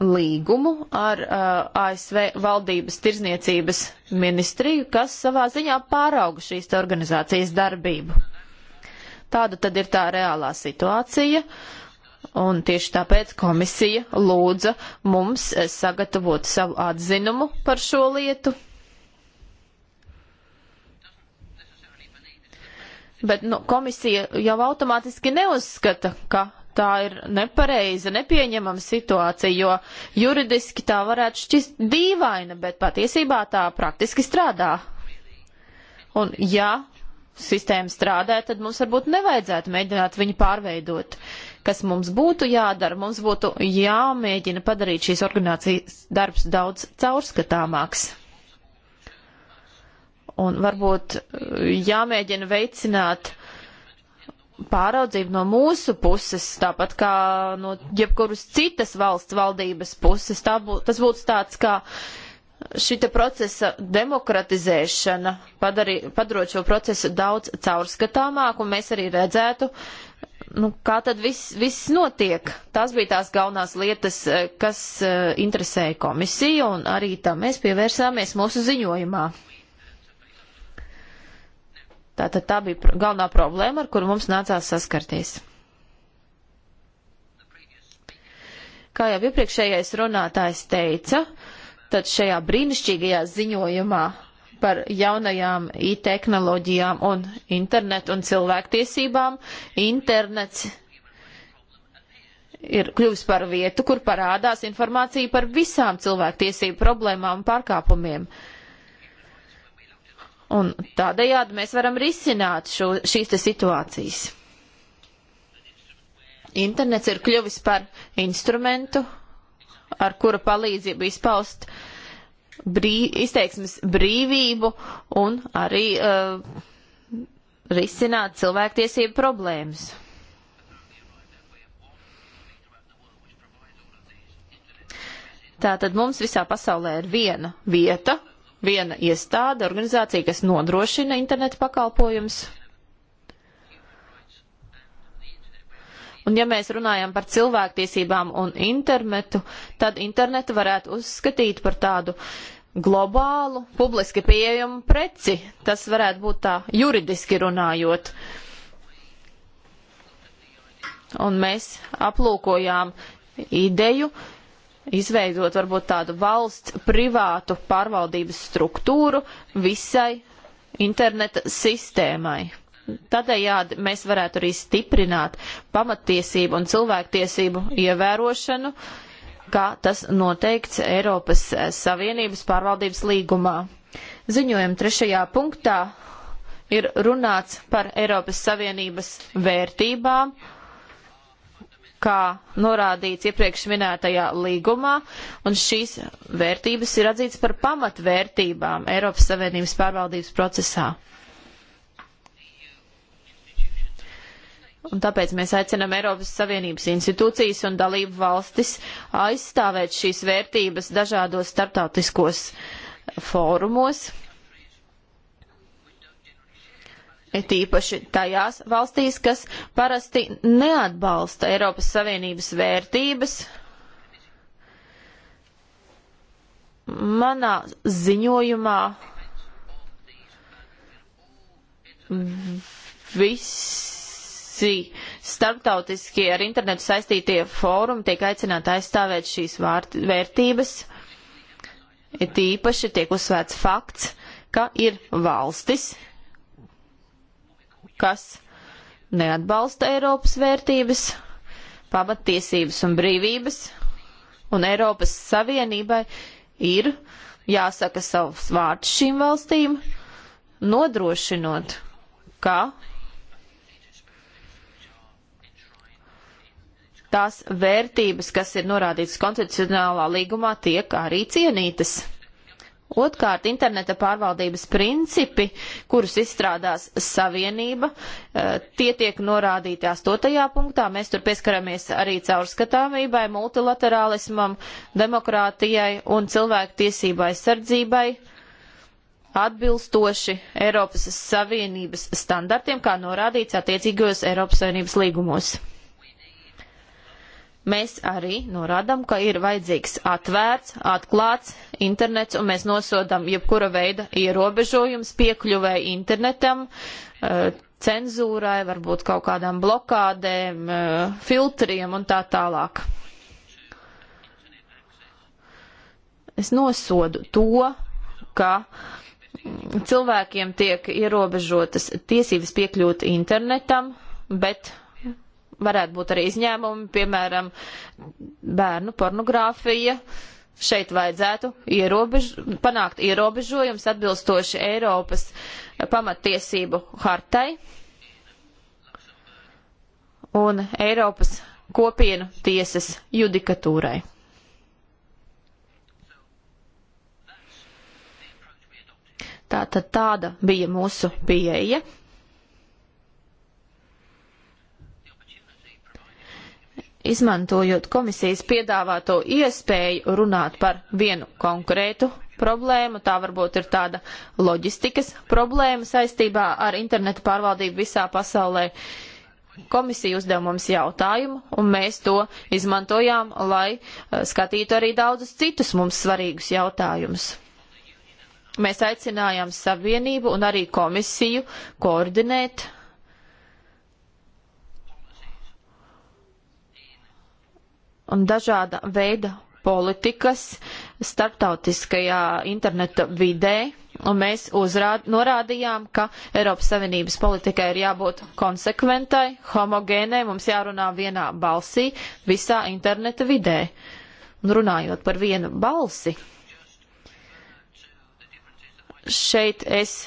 C: līgumu ar uh, ASV valdības tirzniecības ministriju, kas savā ziņā pārauga šīs organizācijas darbību. Tāda tad ir tā reālā situācija, un tieši tāpēc komisija lūdza mums eh, sagatavot savu atzinumu par šo lietu. Bet nu, komisija jau automātiski neuzskata, ka Tā ir nepareiza, nepieņemama situācija, jo juridiski tā varētu šķist dīvaina, bet patiesībā tā praktiski strādā. Un ja sistēma strādē, tad mums varbūt nevajadzētu mēģināt viņu pārveidot. Kas mums būtu jādara? Mums būtu jāmēģina padarīt šīs organizācijas darbs daudz caurskatāmāks. Un varbūt eh, jāmēģina veicināt pāraudzību no mūsu puses, tāpat kā no jebkuras citas valsts valdības puses. Bū, tas būtu tāds kā šita procesa demokratizēšana, padarī, padarot šo procesu daudz caurskatāmāku, un mēs arī redzētu, nu, kā tad viss, viss notiek. Tās bija tās galvenās lietas, kas eh, interesēja komisiju, un arī tam mēs pievērsāmies mūsu ziņojumā. Tātad tā bija galvenā problēma, ar kuru mums nācās saskarties. Kā jau iepriekšējais runātājs teica, tad šajā brīnišķīgajā ziņojumā par jaunajām tehnoloģijām un internetu un cilvēktiesībām. Internets ir kļuvis par vietu, kur parādās informācija par visām cilvēktiesību problēmām un pārkāpumiem. Uh, Un tādējādi mēs varam risināt šo, šīs te situācijas. Internets ir kļuvis par instrumentu, ar kura palīdzību izpaust brīv, izteiksmes brīvību un arī uh, risināt cilvēktiesību problēmas. Tātad mums visā pasaulē ir viena vieta, viena iestāde, organizācija, kas nodrošina internetu pakalpojumus. Un ja mēs runājam par cilvēktiesībām un internetu, tad internetu varētu uzskatīt par tādu globālu, publiski pieejamu preci. Tas varētu būt tā juridiski runājot. Un mēs aplūkojām ideju, uh, izveidot varbūt tādu valsts privātu pārvaldības struktūru visai interneta sistēmai. Tādējādi mēs varētu arī stiprināt pamatiesību un cilvēktiesību ievērošanu, kā tas noteikts Eiropas eh, Savienības pārvaldības līgumā. Ziņojuma trešajā punktā ir runāts par Eiropas Savienības vērtībām kā norādīts iepriekš minētajā līgumā, un šīs vērtības ir atzīts par pamatvērtībām Eiropas Savienības pārvaldības procesā. Un tāpēc mēs aicinam Eiropas Savienības institūcijas un dalību valstis aizstāvēt šīs vērtības dažādos starptautiskos fórumos, it īpaši tajās valstīs, kas parasti neatbalsta Eiropas Savienības vērtības. Manā ziņojumā visi starptautiskie ar internetu saistītie fórumi tiek aicināti aizstāvēt šīs vārt, vērtības. Ir tīpaši tiek uzsvērts fakts, ka ir valstis, kas neatbalsta Eiropas vērtības, pamattiesības un brīvības, un Eiropas Savienībai ir jāsaka savs vārds šīm valstīm, nodrošinot, ka tās vērtības, kas ir norādītas konstitucionālā līgumā, tiek arī cienītas. Otkārt, interneta pārvaldības principi, kurus izstrādās savienība, eh, tie tiek norādīti astotajā punktā. Mēs tur pieskaramies arī caurskatāmībai, multilaterālismam, demokrātijai un cilvēku tiesību aizsardzībai atbilstoši Eiropas Savienības standartiem, kā norādīts attiecīgajos Eiropas Savienības līgumos. Mēs arī norādām, ka ir vajadzīgs atvērts, atklāts internets, un mēs nosodām jebkura veida ierobežojums piekļuvēji internetam, eh, cenzūrai, varbūt kaut kādām blokādēm, eh, filtriem un tā tālāk. Es nosodu to, ka mm, cilvēkiem tiek ierobežotas tiesības piekļūt internetam, bet varētu būt arī izņēmumi, piemēram, bērnu pornogrāfija. Šeit vajadzētu ierobež, panākt ierobežojums atbilstoši Eiropas pamattiesību hartai un Eiropas kopienu tiesas judikatūrai. Tātad tāda bija mūsu pieeja. izmantojot komisijas piedāvāto iespēju runāt par vienu konkrētu problēmu, tā varbūt ir tāda loģistikas problēma saistībā ar internetu pārvaldību visā pasaulē. Komisija uzdev mums jautājumu, un mēs to izmantojām, lai eh, skatītu arī daudzus citus mums svarīgus jautājumus. Mēs aicinājām Savienību un arī komisiju koordinēt un dažāda veida politikas starptautiskajā interneta vidē, un mēs uzrād, norādījām, ka Eiropas Savienības politikai ir jābūt konsekventai, homogēnai, mums jārunā vienā balsī visā interneta vidē. Un runājot par vienu balsi, šeit es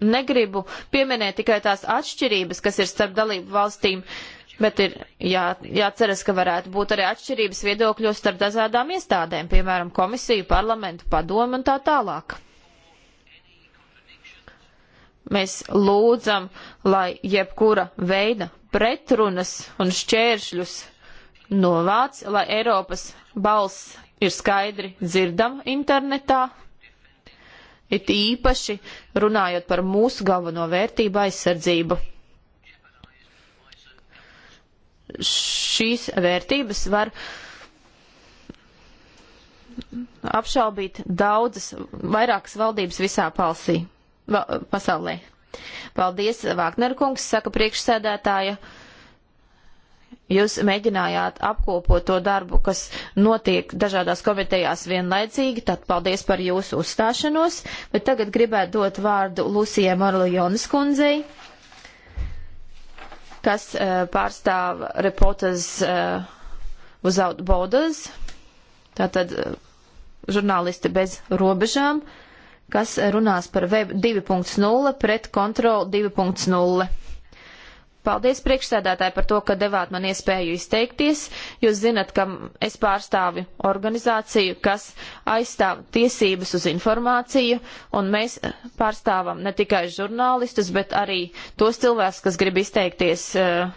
C: negribu pieminēt tikai tās atšķirības, kas ir starp dalību valstīm. Uh, Bet ir jā, jāceras, ka varētu būt arī atšķirības viedokļos starp dažādām iestādēm, piemēram, komisiju, parlamentu, padomu un tā tālāk. Mēs lūdzam, lai jebkura veida pretrunas un šķēršļus novāc, lai Eiropas balss ir skaidri dzirdama internetā, it īpaši runājot par mūsu galveno vērtību aizsardzību šīs vērtības var apšaubīt daudzas, vairākas valdības visā palsī, va, pasaulē. Paldies, Vākner kungs, saka priekšsēdētāja. Jūs mēģinājāt apkopot to darbu, kas notiek dažādās komitejās vienlaicīgi, tad paldies par jūsu uzstāšanos, bet tagad gribētu dot vārdu Lucijai Marlujonas kundzei kas eh, pārstāv Reporters eh, Without Borders, tātad eh, žurnālisti bez robežām, kas runās par Web 2.0 pret kontroli 2.0. Paldies priekšsēdētāji par to, ka devāt man iespēju izteikties. Jūs zinat, ka es pārstāvu organizāciju, kas aizstāv tiesības uz informāciju, un mēs pārstāvam ne tikai žurnālistus, bet arī tos cilvēkus, kas grib izteikties uh,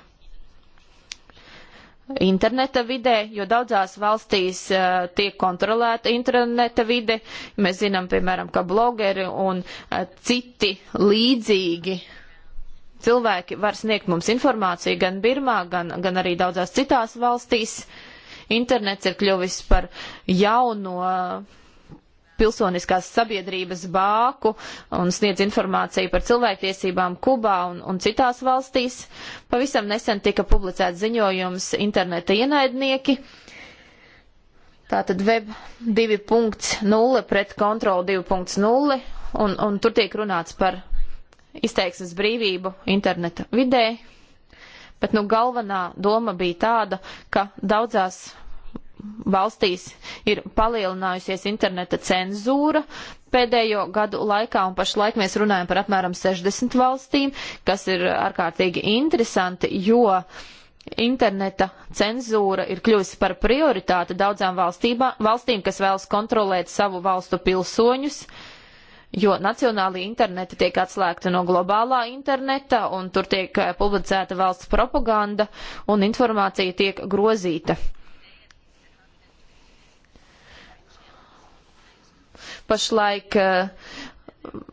C: interneta vidē, jo daudzās valstīs uh, tiek kontrolēta interneta vide. Mēs zinām, piemēram, ka blogeri un uh, citi līdzīgi uh, cilvēki var sniegt mums informāciju gan Birmā, gan, gan arī daudzās citās valstīs. Internets ir kļuvis par jauno uh, pilsoniskās sabiedrības bāku un sniedz informāciju par cilvēktiesībām Kubā un, un citās valstīs. Pavisam nesen tika publicēts ziņojums interneta ienaidnieki. Tātad web 2.0 pret kontrolu 2.0 un, un tur tiek runāts par izteiksmes brīvību interneta vidē, bet nu, galvenā doma bija tāda, ka daudzās valstīs ir palielinājusies interneta cenzūra pēdējo gadu laikā, un pašlaik mēs runājam par apmēram 60 valstīm, kas ir ārkārtīgi interesanti, jo interneta cenzūra ir kļuvusi par prioritāti daudzām valstībā, valstīm, kas vēlas kontrolēt savu valstu pilsoņus. Uh, jo nacionālajie interneti tiek atslēgti no globālā interneta, un tur tiek eh, publicēta valsts propaganda, un informācija tiek grozīta. Pašlaik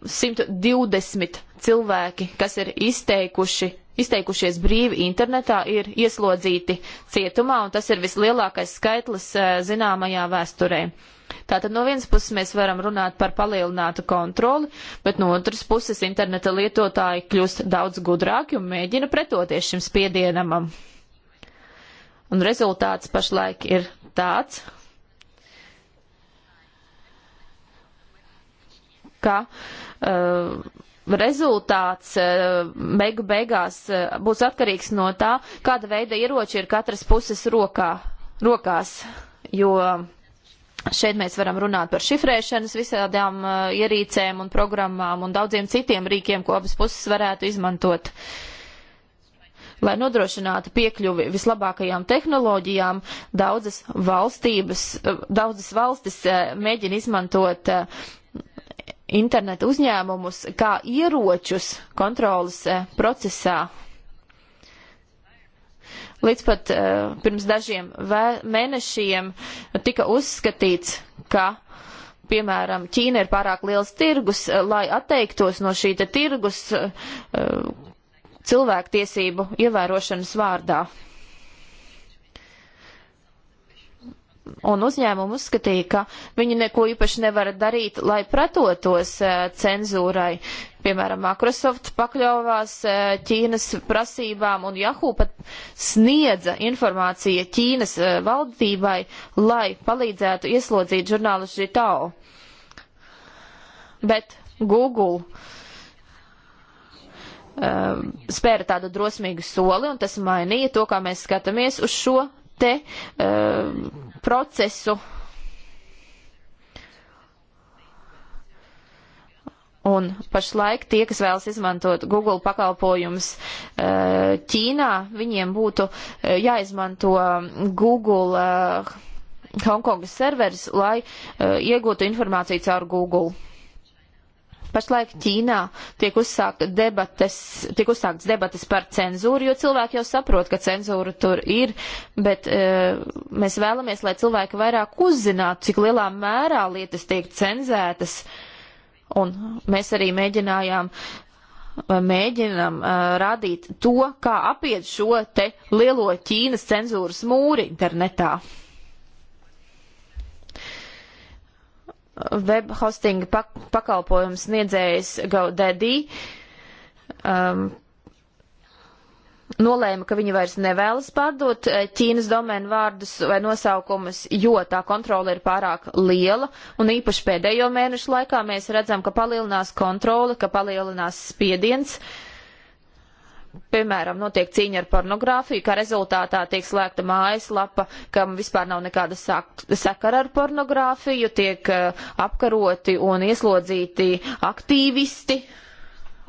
C: 120 eh, cilvēki, kas ir izteikuši izteikušies brīvi internetā, ir ieslodzīti cietumā, un tas ir vislielākais skaitlis eh, zināmajā vēsturē. Tātad no vienas puses mēs varam runāt par palielinātu kontroli, bet no otras puses interneta lietotāji kļūst daudz gudrāki un mēģina pretoties šim spiedienamam. Un rezultāts pašlaik ir tāds, ka uh, rezultāts uh, beigu beigās uh, būs atkarīgs no tā, kāda veida ieroči ir katras puses rokā, rokās, jo uh, Šeit mēs varam runāt par šifrēšanas visādām uh, ierīcēm un programmām un daudziem citiem rīkiem, ko abas puses varētu izmantot. Lai nodrošinātu piekļuvi vislabākajām tehnoloģijām, daudzas, valstības, uh, daudzas valstis uh, mēģina izmantot uh, internetu uzņēmumus kā ieročus kontrolas uh, procesā Līdz pat uh, pirms dažiem mēnešiem tika uzskatīts, ka piemēram, Ķīna ir pārāk liels tirgus, eh, lai atteiktos no šī tirgus eh, cilvēktiesību ievērošanas vārdā. un uzņēmumi uzskatīja, ka viņi neko īpaši nevar darīt, lai pretotos e, cenzūrai. Piemēram, Microsoft pakļāvās e, Ķīnas prasībām, un Yahoo pat sniedza informāciju Ķīnas e, valdībai, lai palīdzētu ieslodzīt žurnālu Žitau. Bet Google spēra tādu drosmīgu soli, un tas mainīja to, kā mēs skatāmies uz šo te uh, procesu. Un pašlaik tie, kas vēlas izmantot Google pakalpojumus uh, Ķīnā, viņiem būtu uh, jāizmanto Google Hongkongas serveris, lai iegūtu informāciju caur Google. Pašlaik Ķīnā tiek, uzsākt debates, tiek uzsākts debates par cenzūru, jo cilvēki jau saprot, ka cenzūra tur ir, bet e, mēs vēlamies, lai cilvēki vairāk uzzinātu, cik lielā mērā lietas tiek cenzētas. Un mēs arī mēģinājām e, mēģinam uh, e, radīt to, kā apiet šo te lielo Ķīnas cenzūras mūri internetā. web hostinga pak pakalpojums sniedzējs GoDaddy um, nolēma, ka viņi vairs nevēlas pārdot eh, Ķīnas domēnu vārdus vai nosaukumus, jo tā kontrola ir pārāk liela, un īpaši pēdējo mēnešu laikā mēs redzam, ka palielinās kontrole, ka palielinās spiediens. Uh, piemēram, notiek cīņa ar pornogrāfiju, kā rezultātā tiek slēgta mājaslapa, kam vispār nav nekāda sakara ar pornogrāfiju, tiek eh, apkaroti un ieslodzīti aktīvisti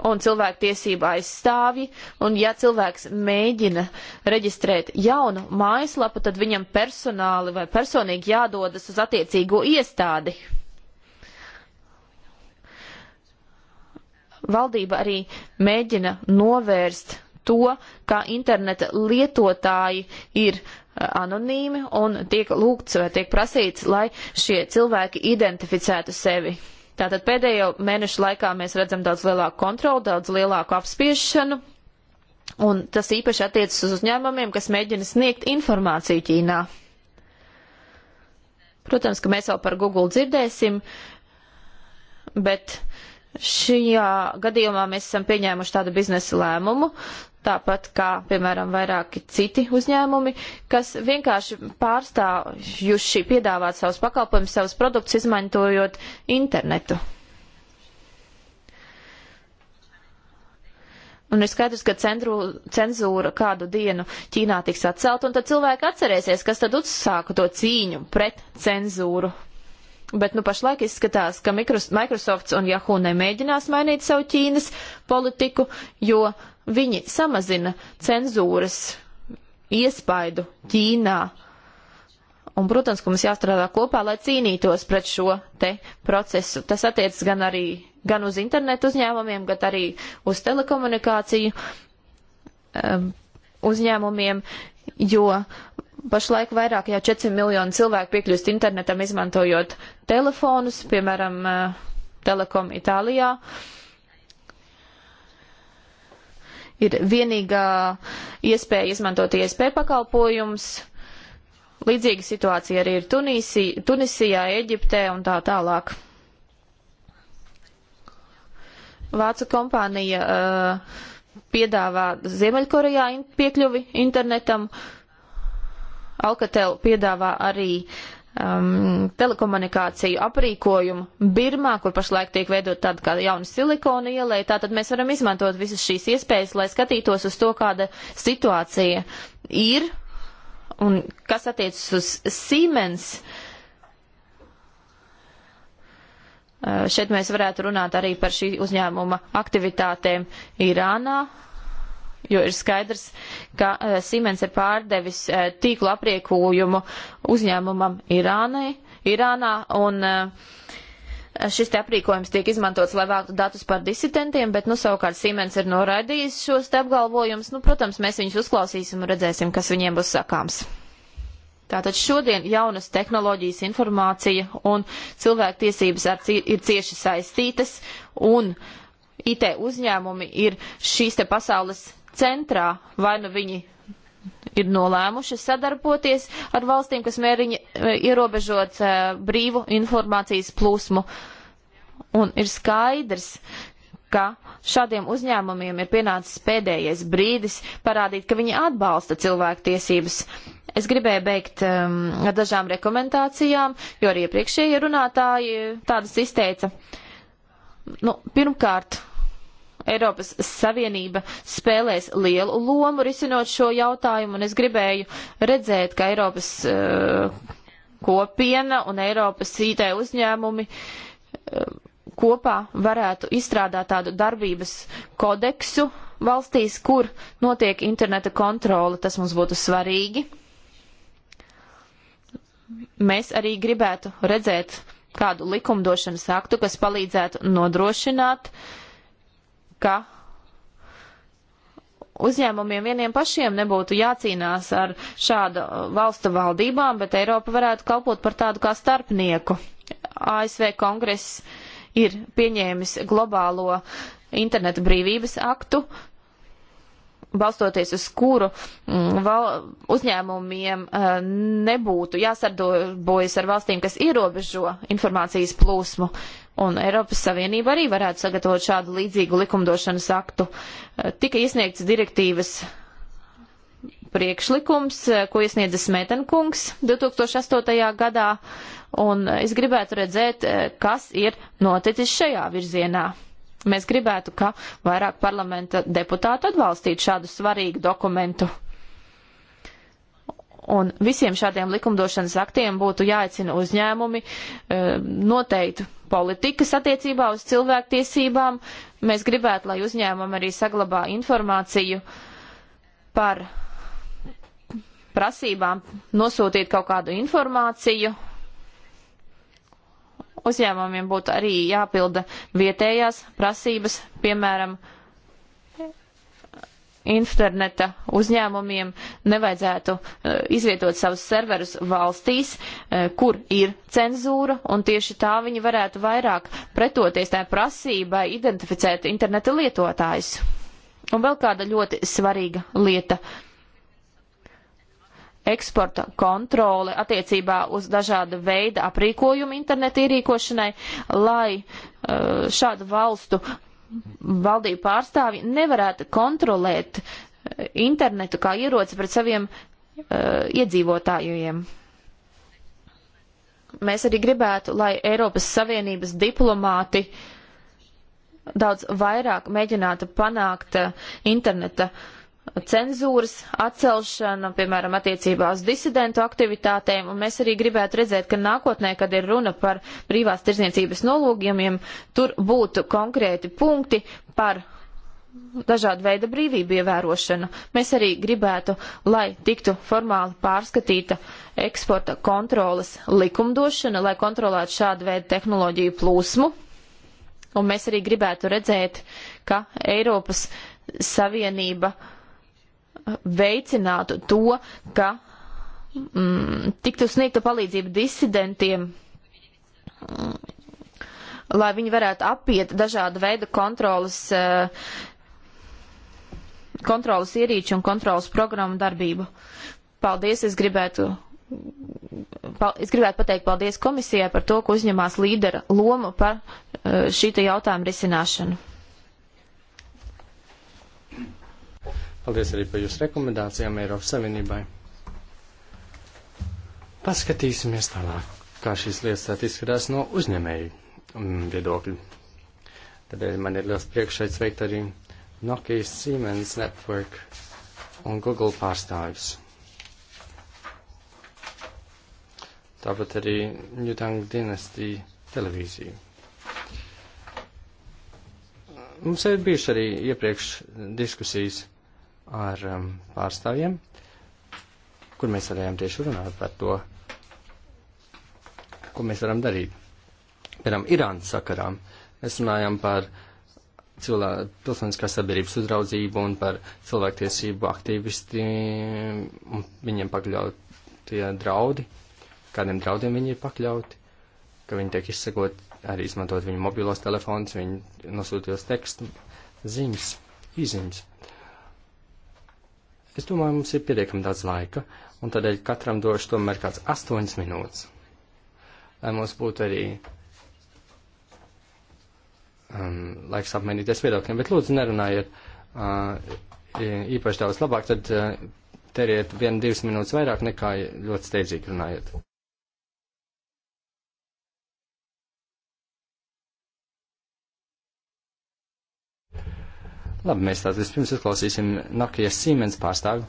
C: un cilvēktiesība aizstāvji, un ja cilvēks mēģina reģistrēt jaunu mājaslapu, tad viņam personāli vai personīgi jādodas uz attiecīgo iestādi. valdība arī mēģina novērst to, ka interneta lietotāji ir e, anonīmi un tiek lūgts vai tiek prasīts, lai šie cilvēki identificētu sevi. Tātad pēdējo mēnešu laikā mēs redzam daudz lielāku kontroli, daudz lielāku apspiešanu, un tas īpaši attiecas uz uzņēmumiem, kas mēģina sniegt informāciju Ķīnā. Protams, ka mēs vēl par Google dzirdēsim, bet Šajā gadījumā mēs esam pieņēmuši tādu biznesa lēmumu, tāpat kā, piemēram, vairāki citi uzņēmumi, kas vienkārši pārstāvjuši piedāvāt savus pakalpojumus, savus produktus, izmantojot internetu. Un ir skaidrs, ka centru, cenzūra kādu dienu Ķīnā tiks atcelt, un tad cilvēki atcerēsies, kas tad uzsāka to cīņu pret cenzūru Bet nu pašlaik izskatās, ka Microsofts un Yahoo nemēģinās mainīt savu Ķīnas politiku, jo viņi samazina cenzūras iespaidu Ķīnā. Un, protams, ka mums jāstrādā kopā, lai cīnītos pret šo te procesu. Tas attiecas gan arī gan uz internetu uzņēmumiem, gan arī uz telekomunikāciju um, uzņēmumiem, jo pašlaik vairāk jau 400 miljonu cilvēku piekļūst internetam izmantojot telefonus, piemēram, eh, Telekom Itālijā. Ir vienīgā iespēja izmantot ISP pakalpojumus. Līdzīga situācija arī ir Tunīsī, Tunisijā, Eģiptē un tā tālāk. Vācu kompānija uh, piedāvā Ziemeļkorejā piekļuvi internetam. Alkatel piedāvā arī um, telekomunikāciju aprīkojumu Birmā, kur pašlaik tiek veidot tāda kā jauna silikona ielēja. Tātad mēs varam izmantot visas šīs iespējas, lai skatītos uz to, kāda situācija ir un kas attiecas uz Siemens. Uh, Šeit mēs varētu runāt arī par šī uzņēmuma aktivitātēm Irānā, jo ir skaidrs, ka eh, Siemens ir pārdevis eh, tīklu apriekojumu uzņēmumam Irānai, Irānā, un eh, šis te aprīkojums tiek izmantots, lai vāktu datus par disidentiem, bet, nu, savukārt Siemens ir noraidījis šos te apgalvojumus. Nu, protams, mēs viņus uzklausīsim un redzēsim, kas viņiem būs sakāms. Tātad šodien jaunas tehnoloģijas informācija un cilvēktiesības ir cieši saistītas, un IT uzņēmumi ir šīs te pasaules centrā, vai nu viņi ir nolēmuši sadarboties ar valstīm, kas mēriņa e, ierobežot e, brīvu informācijas plūsmu. Un ir skaidrs, ka šādiem uzņēmumiem ir pienācis pēdējais brīdis parādīt, ka viņi atbalsta cilvēktiesības. Es gribēju beigt um, ar dažām rekomendācijām, jo arī iepriekšējie runātāji tādas izteica. Nu, pirmkārt, Eiropas Savienība spēlēs lielu lomu risinot šo jautājumu, un es gribēju redzēt, ka Eiropas uh, kopiena un Eiropas IT uzņēmumi uh, kopā varētu izstrādāt tādu darbības kodeksu valstīs, kur notiek interneta kontrole. Tas mums būtu svarīgi. Mēs arī gribētu redzēt kādu likumdošanas aktu, kas palīdzētu nodrošināt uh, ka uzņēmumiem vieniem pašiem nebūtu jācīnās ar šādu uh, valstu valdībām, bet Eiropa varētu kalpot par tādu kā starpnieku. ASV kongress ir pieņēmis globālo interneta brīvības aktu, balstoties uz kuru mm, val, uzņēmumiem eh, nebūtu jāsardojas ar valstīm, kas ierobežo informācijas plūsmu. Un Eiropas Savienība arī varētu sagatavot šādu līdzīgu likumdošanas aktu. Eh, tika iesniegts direktīvas priekšlikums, eh, ko iesniedza Smetenkungs 2008. gadā, un es gribētu redzēt, kas ir noticis šajā virzienā. Mēs gribētu, ka vairāk parlamenta deputātu atbalstītu šādu svarīgu dokumentu. Un visiem šādiem likumdošanas aktiem būtu jāicina uzņēmumi eh, noteikt politikas attiecībā uz cilvēktiesībām. Mēs gribētu, lai uzņēmumi arī saglabā informāciju par prasībām nosūtīt kaut kādu informāciju uzņēmumiem būtu arī jāpilda vietējās prasības, piemēram, interneta uzņēmumiem nevajadzētu eh, izvietot savus serverus valstīs, eh, kur ir cenzūra, un tieši tā viņi varētu vairāk pretoties tajā prasībai identificēt interneta lietotājus. Un vēl kāda ļoti svarīga lieta. Uh, eksporta kontrole attiecībā uz dažāda veida aprīkojumu internetu ierīkošanai, lai eh, šādu valstu valdību pārstāvi nevarētu kontrolēt eh, internetu kā ieroci pret saviem uh, iedzīvotājiem. Mēs arī gribētu, lai Eiropas Savienības diplomāti daudz vairāk mēģinātu panākt interneta uh, cenzūras atcelšana, piemēram, attiecībā uz disidentu aktivitātēm, un mēs arī gribētu redzēt, ka nākotnē, kad ir runa par brīvās tirzniecības nolūgiem, tur būtu konkrēti punkti par dažādu veidu brīvību ievērošanu. Mēs arī gribētu, lai tiktu formāli pārskatīta eksporta kontrolas likumdošana, lai kontrolētu šādu veidu tehnoloģiju plūsmu. Un mēs arī gribētu redzēt, ka Eiropas Savienība uh, veicinātu to, ka mm, tiktu sniegta palīdzība disidentiem, mm, lai viņi varētu apiet dažādu veidu kontrolas, eh, kontrolas ierīču un kontrolas programmu darbību. Paldies, es gribētu es gribētu pateikt paldies komisijai par to, ka uzņemās līdera lomu par eh, šīta jautājuma risināšanu.
B: Paldies arī par jūsu rekomendācijām Eiropas Savienībai. Paskatīsimies tālāk, kā šīs lietas izskatās no uzņēmēju mm, viedokļa. Tādēļ man ir liels prieks šeit sveikt arī Nokia, Siemens Network un Google pārstāvis. Tāpat arī Ņūtanga dinastija televīziju. Mums ir bijuši arī iepriekš diskusijas ar um, pārstāvjiem, kur mēs varējām tieši runāt par to, ko mēs varam darīt. Piemēram, Irānas sakarā mēs runājam par cilvē, pilsoniskās sabiedrības uzraudzību un par cilvēktiesību aktīvistiem un viņiem pakļautie draudi, kādiem draudiem viņi ir pakļauti, ka viņi tiek izsakot arī izmantot viņu mobilos telefonus, viņu nosūtījos tekstu ziņas, īziņas. Es domāju, mums ir pietiekami daudz laika, un tādēļ katram došu tomēr kāds astoņas minūtes, lai mums būtu arī um, laiks apmainīties viedokļiem, bet lūdzu nerunājiet uh, īpaši daudz labāk, tad uh, teriet vienu, divas minūtes vairāk nekā ļoti steidzīgi runājiet. Labi, mēs tātad vispirms uzklausīsim Nokijas Siemens pārstāvi.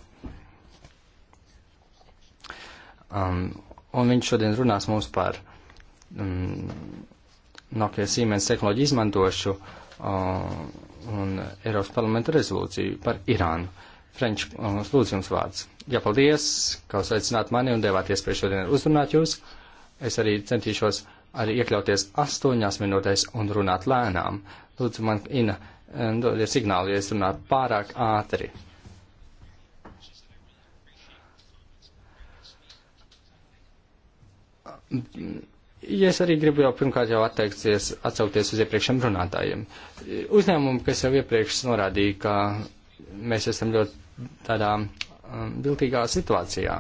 B: Um, un viņš šodien runās mums par um, Nokijas Siemens tehnoloģiju izmantošu um, un Eiropas parlamenta rezolūciju par Irānu. Frenč, um, lūdzu jums vārds. Jā, paldies, ka uzveicināt mani un devāt iespēju šodien uzrunāt jūs. Es arī centīšos arī iekļauties astoņās minūtēs un runāt lēnām. Lūdzu, man, Ina, dodiet signālu, ja es runāju pārāk ātri. Ja es arī gribu jau pirmkārt jau atteikties, atsaukties uz iepriekšējiem runātājiem. Uzņēmumi, kas jau iepriekš norādīja, ka mēs esam ļoti tādā um, viltīgā um, situācijā.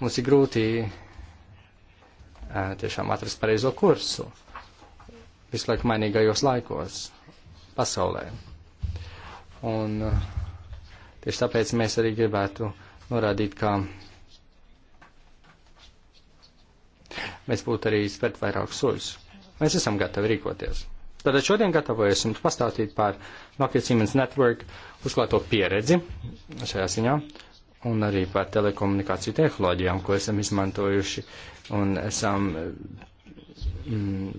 B: Mums ir grūti uh, tiešām atrast pareizo kursu visu laiku mainīgajos laikos. Uh, pasaulē. Un uh, tieši tāpēc mēs arī gribētu norādīt, ka mēs būtu arī spērt vairāk soļus. Mēs esam gatavi rīkoties. Tātad šodien gatavojos jums pastāstīt par Nokia Siemens Network uzklāto pieredzi šajā ziņā un arī par telekomunikāciju tehnoloģijām, ko esam izmantojuši un esam mm,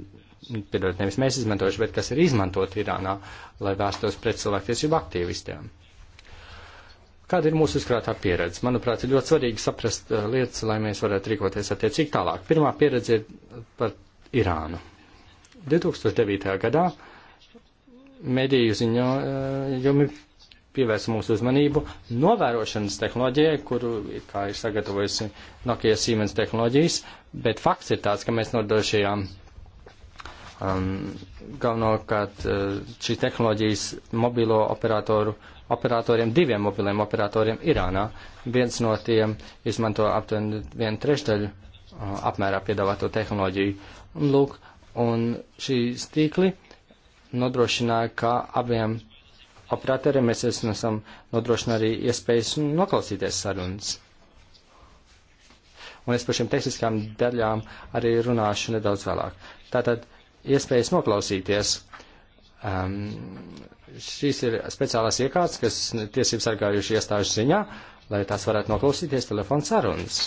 B: piedod, nevis mēs izmantojuši, bet kas ir izmantot Irānā, lai vērstos pret cilvēktiesību aktīvistiem. Kāda ir mūsu uzkrātā pieredze? Manuprāt, ir ļoti svarīgi saprast uh, lietas, lai mēs varētu rīkoties attiecīgi tālāk. Pirmā pieredze ir par Irānu. 2009. gadā mediju ziņojumi pievērsa mūsu uzmanību novērošanas tehnoloģijai, kuru, kā ir sagatavojusi Nokia Siemens tehnoloģijas, bet fakts ir tāds, ka mēs nodošajām uh, um, galvenokārt uh, šīs tehnoloģijas mobilo operatoru, operatoriem, diviem mobiliem operatoriem Irānā. Viens no tiem izmanto aptuveni vienu trešdaļu uh, apmērā piedāvāto tehnoloģiju. Un, lūk, un šīs tīkli nodrošināja, ka abiem operatoriem mēs esam nodrošināti arī iespējas noklausīties sarunas. Un es par šiem tehniskām daļām arī runāšu nedaudz vēlāk. Tātad iespējas noklausīties. Um, šīs ir speciālās iekārtas, kas tiesības sargājuši iestāžu ziņā, lai tās varētu noklausīties telefonu sarunas.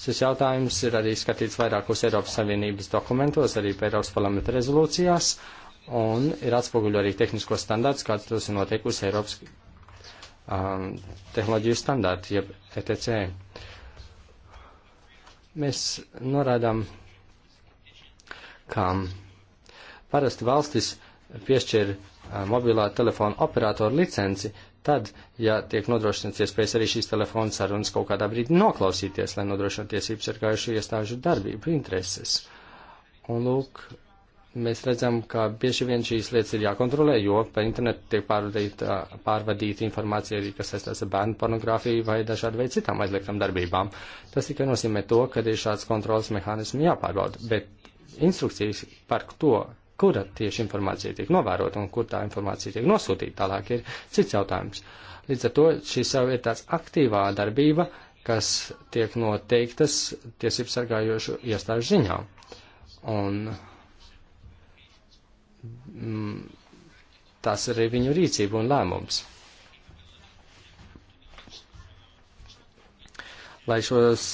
B: Šis jautājums ir arī skatīts vairākos Eiropas Savienības dokumentos, arī Eiropas parlamenta rezolūcijās, un ir atspoguļo arī tehnisko standārts, kāds tos ir noteikusi Eiropas um, tehnoloģiju standārti, jeb ETC. Mēs norādām ka parasti valstis piešķir mobilā telefona operātoru licenci, tad, ja tiek nodrošināts iespējas arī šīs telefona sarunas kaut kādā brīdī noklausīties, lai nodrošinātu tiesības sargājušu iestāžu darbību intereses. Un lūk, mēs redzam, ka bieži vien šīs lietas ir jākontrolē, jo pa internetu tiek pārvadīta, pārvadīta informācija arī, kas saistās ar bērnu pornogrāfiju vai dažādu veidu citām aizliegtām darbībām. Tas tikai nozīmē to, ka ir šāds kontrolas mehānismi jāpārbauda, bet instrukcijas par to, kura tieši informācija tiek novērota un kur tā informācija tiek nosūtīta tālāk, ir cits jautājums. Līdz ar to šis jau ir tāds aktīvā darbība, kas tiek noteiktas tiesību sargājošu iestāžu ziņā. Un mm, tas arī viņu rīcība un lēmums. Lai šos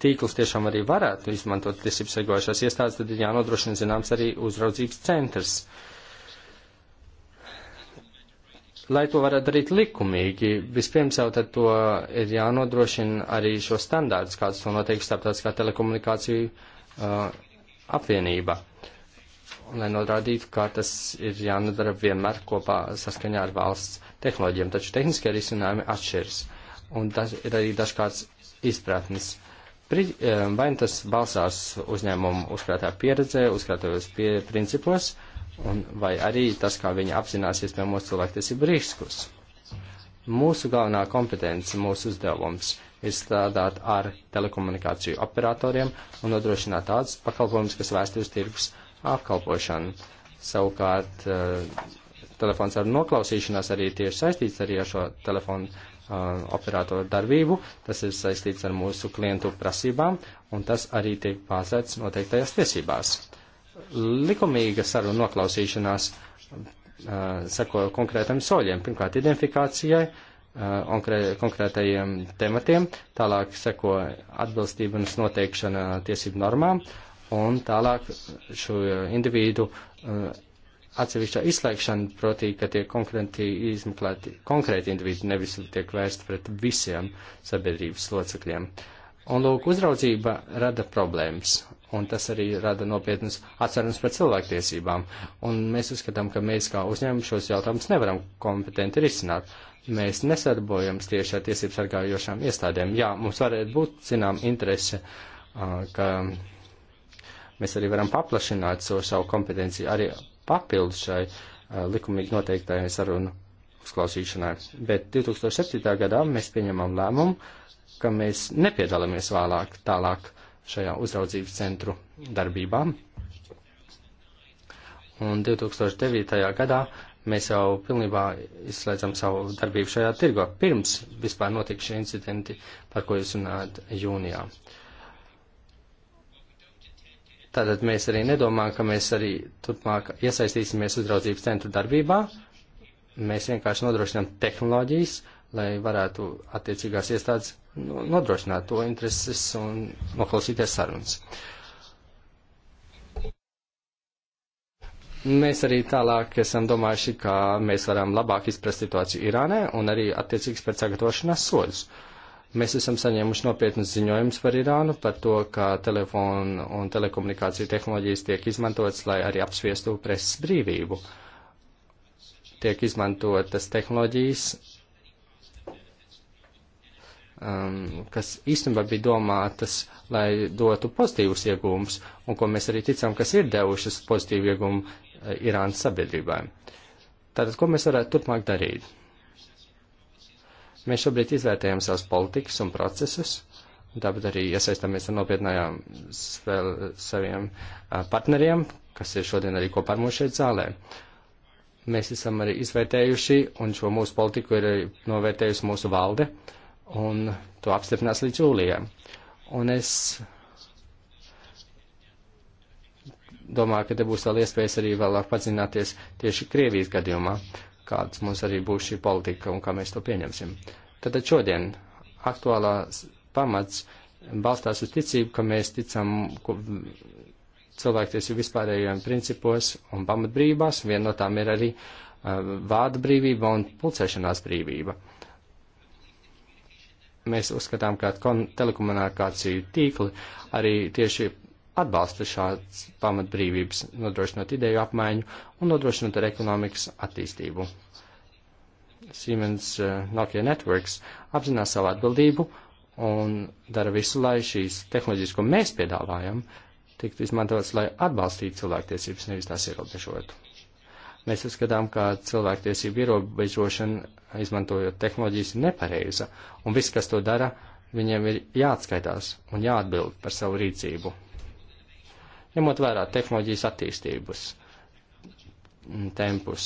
B: tīklus tiešām arī varētu izmantot tiesības segojušās iestādes, tad ir jānodrošina zināms arī uzraudzības centrs. Lai to varētu darīt likumīgi, vispirms jau tad to ir jānodrošina arī šo standārdu, kāds to noteikti starptautiskā telekomunikāciju uh, apvienība. Un, lai norādītu, kā tas ir jānodara vienmēr kopā saskaņā ar valsts tehnoloģiem, taču tehniskie risinājumi atšķiras. Un tas ir arī dažkārt izpratnes uh, Eh, vai tas balsās uzņēmumu uzkrātā pieredzē, uzkrātajos pie principos, un vai arī tas, kā viņi apzinās iespējamos cilvēktiesību riskus. Mūsu galvenā kompetence, mūsu uzdevums ir strādāt ar telekomunikāciju operatoriem un nodrošināt tādus pakalpojumus, kas vēsti uz tirgus apkalpošanu. Savukārt, eh, telefons ar noklausīšanās arī tieši saistīts arī ar šo telefonu operatoru darbību, tas ir saistīts ar mūsu klientu prasībām, un tas arī tiek bāzēts noteiktajās tiesībās. Likumīga saruna noklausīšanās seko konkrētam soļiem. Pirmkārt, identifikācijai, konkrētajiem tematiem, tālāk seko atbilstība un noteikšana tiesību normām, un tālāk šo individu atsevišķā izslēgšana, proti, ka tiek konkrēti izmeklēti konkrēti individi, nevis tiek vērsti pret visiem sabiedrības locekļiem. Un, lūk, uzraudzība rada problēmas, un tas arī rada nopietnas atcerums par cilvēktiesībām. Un mēs uzskatām, ka mēs kā uzņēmumi šos jautājumus nevaram kompetenti risināt. Mēs nesadarbojamies tieši ar tiesību sargājošām iestādēm. Jā, mums varētu būt, zinām, interese, ka mēs arī varam paplašināt so savu kompetenciju arī papildus šai eh, likumīgi noteiktajai sarunu uzklausīšanai. Bet 2007. gadā mēs pieņemam lēmumu, ka mēs nepiedalāmies vēlāk tālāk šajā uzraudzības centru darbībā. Un 2009. gadā mēs jau pilnībā izslēdzam savu darbību šajā tirgo, pirms vispār notika šie incidenti, par ko jūs runājat jūnijā. Uh, Tātad mēs arī nedomājam, ka mēs arī turpmāk iesaistīsimies uzraudzības centru darbībā. Mēs vienkārši nodrošinām tehnoloģijas, lai varētu attiecīgās iestādes nodrošināt to intereses un noklausīties sarunas. Mēs arī tālāk esam domājuši, ka mēs varam labāk izprast situāciju Irānē un arī attiecīgs pēc sagatavošanās soļus. Uh, Mēs esam saņēmuši nopietnas ziņojumus par Irānu, par to, ka telefonu un telekomunikāciju tehnoloģijas tiek izmantotas, lai arī apspiestu preses brīvību. Tiek izmantotas tehnoloģijas, um, kas īstenībā bija domātas, lai dotu pozitīvus iegūmus, un ko mēs arī ticam, kas ir devušas pozitīvu iegūmu uh, Irānas sabiedrībām. Tātad, ko mēs varētu turpmāk darīt? Mēs šobrīd izvērtējam savas politikas un procesus, un tāpat arī iesaistāmies ar nopietnējām saviem partneriem, kas ir šodien arī kopā ar mums šeit zālē. Mēs esam arī izvērtējuši, un šo mūsu politiku ir novērtējusi mūsu valde, un to apstiprinās līdz jūlijam. Un es domāju, ka te būs vēl iespējas arī vēlāk padzināties tieši Krievijas gadījumā kāds mums arī būs šī politika un kā mēs to pieņemsim. Tātad šodien aktuālās pamats balstās uz ticību, ka mēs ticam cilvēktiesību vispārējiem principos un pamatbrībās. Viena no tām ir arī uh, vārda brīvība un pulcēšanās brīvība. Mēs uzskatām, ka telekomunikāciju tīkli arī tieši atbalsta šāds pamatbrīvības, nodrošinot ideju apmaiņu un nodrošinot ar ekonomikas attīstību. Siemens eh, Nokia Networks apzinās savu atbildību un dara visu, lai šīs tehnoloģijas, ko mēs piedāvājam, tiktu izmantotas, lai atbalstītu cilvēktiesības, nevis tās ierobežotu. Mēs uzskatām, ka cilvēktiesību ierobežošana, izmantojot tehnoloģijas, ir nepareiza, un viss, kas to dara, viņiem ir jāatskaitās un jāatbild par savu rīcību ņemot vērā tehnoloģijas attīstības tempus.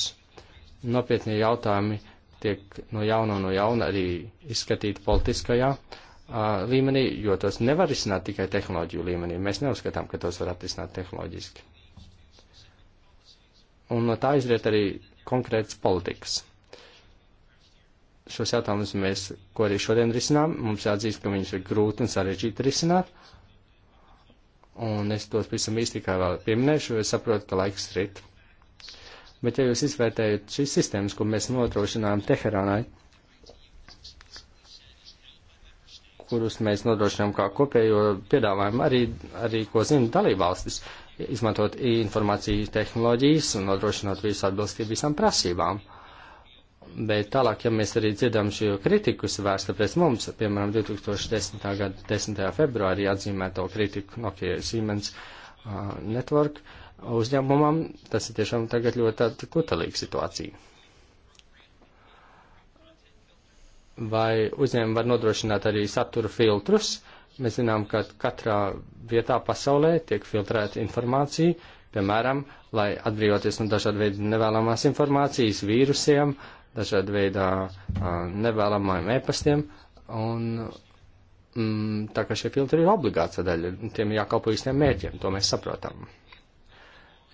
B: Nopietnie jautājumi tiek no jauna un no jauna arī izskatīti politiskajā a, līmenī, jo tos nevar risināt tikai tehnoloģiju līmenī. Mēs neuzskatām, ka tos var atrisināt tehnoloģiski. Un no tā izriet arī konkrētas politikas. Šos jautājumus mēs, ko arī šodien risinām, mums jāatzīst, ka viņus ir grūti un sarežģīti risināt, Un es tos pavisam īsti kā vēl pieminēšu, jo es saprotu, ka laiks rit. Bet ja jūs izvērtējat šīs sistēmas, ko mēs nodrošinām Teherānai, kurus mēs nodrošinām kā kopējo piedāvājumu, arī, arī ko zina dalībvalstis, izmantot informāciju tehnoloģijas un nodrošinot visu atbilstību visām prasībām. Uh, Bet tālāk, ja mēs arī dzirdam šo kritiku vērstu pret mums, piemēram, 2010. gada 10. februārī atzīmēto kritiku Nokia Siemens uh, Network uzņēmumam, tas ir tiešām tagad ļoti tāda kutelīga situācija. Vai uzņēmumi var nodrošināt arī satura filtrus? Mēs zinām, ka katrā vietā pasaulē tiek filtrēta informācija, piemēram, lai atbrīvoties no dažādu veidu nevēlamās informācijas, vīrusiem, uh, dažāda veidā nevēlamajiem ēpastiem, un mm, tā kā šie filtri ir obligāta daļa, tiem jākalpo īstiem mērķiem, to mēs saprotam.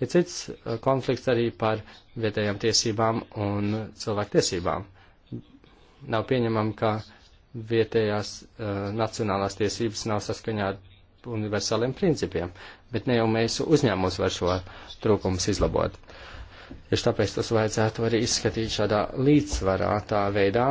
B: Ir cits konflikts arī par vietējām tiesībām un cilvēku tiesībām. Nav pieņemam, ka vietējās uh, nacionālās tiesības nav saskaņā ar universāliem principiem, bet ne jau mēs uzņēmums var šo trūkumus izlabot. Tieši tāpēc tas vajadzētu arī izskatīt šādā līdzsvarā tā veidā,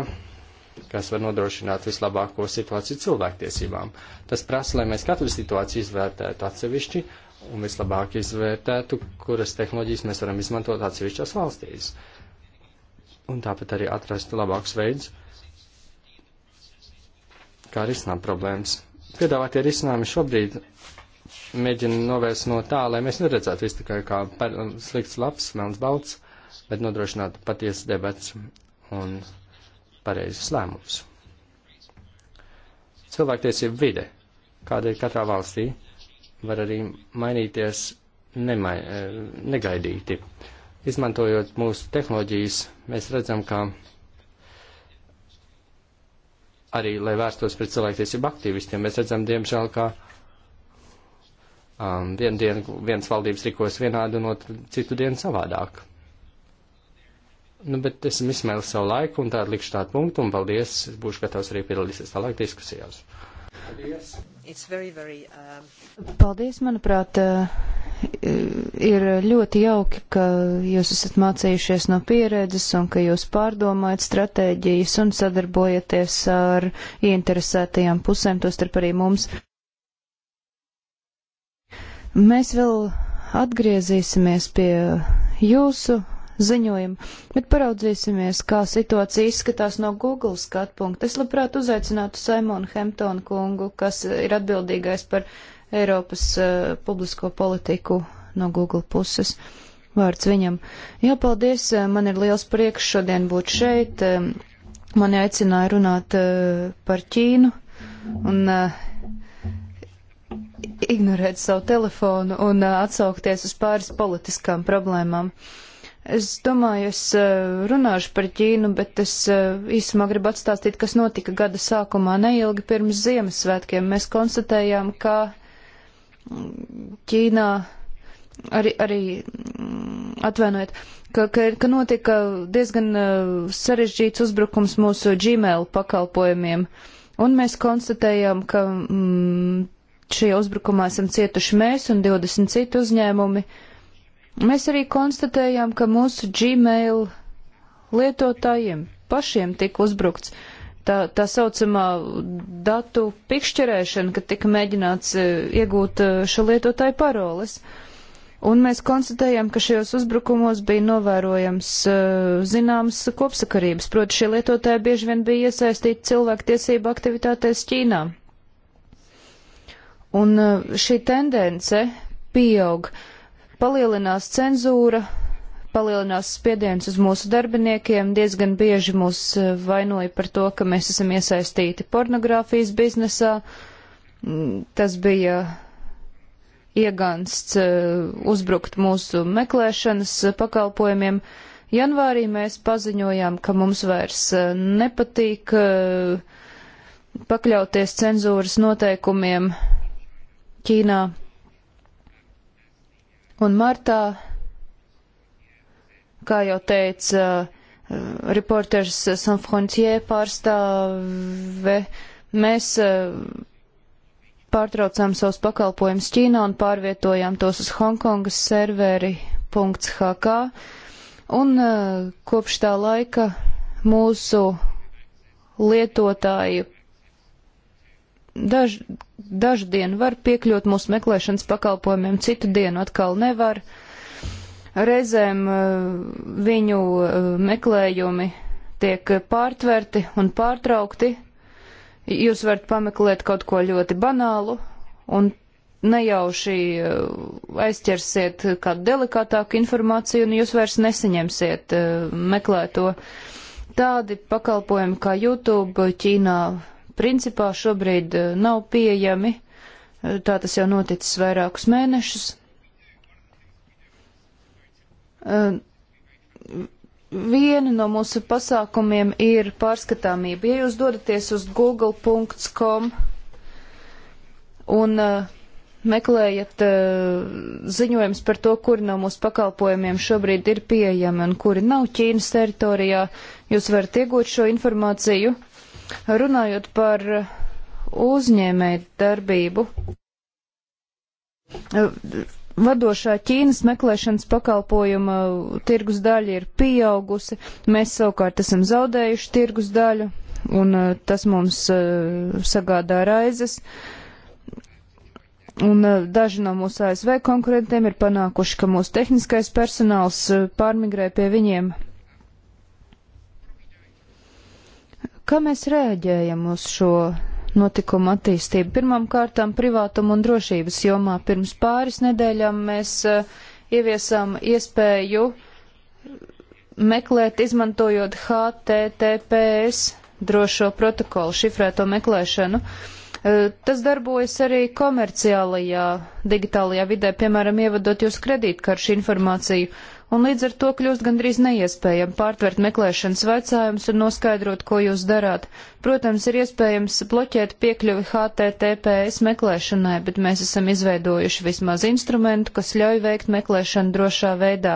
B: kas var nodrošināt vislabāko situāciju cilvēktiesībām. Tas prasa, lai mēs katru situāciju izvērtētu atsevišķi un vislabāk izvērtētu, kuras tehnoloģijas mēs varam izmantot atsevišķās valstīs. Un tāpat arī atrast labākus veidus, kā risināt problēmas. Piedāvātie risinājumi šobrīd mēģina novērst no tā, lai mēs neredzētu visu tikai kā par, um, slikts labs, melns balts, bet nodrošinātu patiesu debats un pareizus lēmumus. Cilvēktiesība vide, kāda ir katrā valstī, var arī mainīties nemai, eh, negaidīti. Izmantojot mūsu tehnoloģijas, mēs redzam, ka arī, lai vērstos pret cilvēktiesību aktīvistiem, mēs redzam, diemžēl, ka um, vienu dienu viens valdības rīkojas vienādi un otru citu dienu savādāk. Nu, bet esam izsmēlis savu laiku un tādu likšu tādu punktu un paldies, es būšu gatavs arī piedalīties tālāk diskusijās.
A: Paldies. Very, very, um... Paldies, manuprāt, uh, ir ļoti jauki, ka jūs esat mācījušies no pieredzes un ka jūs pārdomājat stratēģijas un sadarbojaties ar ieinteresētajām pusēm, tostarp arī mums. Mēs vēl atgriezīsimies pie jūsu ziņojumu, bet paraudzīsimies, kā situācija izskatās no Google skatu punkta. Es labprāt uzaicinātu Simonu Hemptonu kungu, kas ir atbildīgais par Eiropas uh, publisko politiku no Google puses. Vārds viņam. Jā, paldies, man ir liels prieks šodien būt šeit. Mani aicināja runāt uh, par Ķīnu, un uh, ignorēt savu telefonu un uh, atsaukties uz pāris politiskām problēmām. Es domāju, es uh, runāšu par Ķīnu, bet es uh, īsumā gribu atstāstīt, kas notika gada sākumā neilgi pirms Ziemassvētkiem. Mēs konstatējām, ka mm, Ķīnā arī, arī mm, atvainojiet, ka, ka, ka notika diezgan sarežģīts uzbrukums mūsu Gmail pakalpojumiem. Un mēs konstatējām, ka mm, šajā uzbrukumā esam cietuši mēs un 20 citu uzņēmumi. Mēs arī konstatējām, ka mūsu Gmail lietotājiem pašiem tika uzbrukts tā, tā saucamā datu pikšķerēšana, kad tika mēģināts e, iegūt e, šo lietotāju paroles. Un mēs konstatējām, ka šajos uzbrukumos bija novērojams e, zināms kopsakarības, proti šie lietotāji bieži vien bija iesaistīti cilvēktiesību aktivitātēs Ķīnā. Un eh, šī tendence pieaug, palielinās cenzūra, palielinās spiediens uz mūsu darbiniekiem, diezgan bieži mūs eh, vainoja par to, ka mēs esam iesaistīti pornogrāfijas biznesā. Mm, tas bija iegansts eh, uzbrukt mūsu meklēšanas pakalpojumiem. Janvārī mēs paziņojām, ka mums vairs nepatīk pakļauties cenzūras noteikumiem Ķīnā. Un martā, kā jau teica uh, reporters San Frontier pārstāve, mēs uh, pārtraucām savus pakalpojumus Ķīnā un pārvietojām tos uz Hongkongas serveri .hk. Un uh, kopš tā laika mūsu lietotāju daž, dažu dienu var piekļūt mūsu meklēšanas pakalpojumiem, citu dienu atkal nevar. Reizēm eh, viņu eh, meklējumi tiek pārtverti un pārtraukti. Jūs varat pameklēt kaut ko ļoti banālu un nejauši eh, aizķersiet kādu delikātāku informāciju un jūs vairs nesaņemsiet meklēto. Tādi pakalpojumi kā YouTube Ķīnā principā šobrīd eh, nav pieejami. Eh, tā tas jau noticis vairākus mēnešus. Eh, viena no mūsu pasākumiem ir pārskatāmība. Ja jūs dodaties uz google.com un uh, meklējat uh, ziņojums par to, kuri no mūsu pakalpojumiem šobrīd ir pieejami un kuri nav Ķīnas teritorijā, jūs varat iegūt šo informāciju. Runājot par uzņēmēju darbību, vadošā Ķīnas meklēšanas pakalpojuma tirgus daļa ir pieaugusi, mēs savukārt esam zaudējuši tirgus daļu, un eh, tas mums eh, sagādā raizes. Un eh, daži no mūsu ASV konkurentiem ir panākuši, ka mūsu tehniskais personāls pārmigrē pie viņiem Kā mēs rēģējam uz šo notikumu attīstību? Pirmām kārtām privātuma un drošības jomā pirms pāris nedēļām mēs uh, eh, ieviesam iespēju meklēt, izmantojot HTTPS drošo protokolu, šifrēto meklēšanu. Eh, tas darbojas arī komerciālajā digitālajā vidē, piemēram, ievadot jūsu kredītkaršu informāciju un līdz ar to kļūst gandrīz neiespējami pārtvert meklēšanas vecājumus un noskaidrot, ko jūs darāt. Protams, ir iespējams bloķēt piekļuvi HTTPS meklēšanai, bet mēs esam izveidojuši vismaz instrumentu, kas ļauj veikt meklēšanu drošā veidā.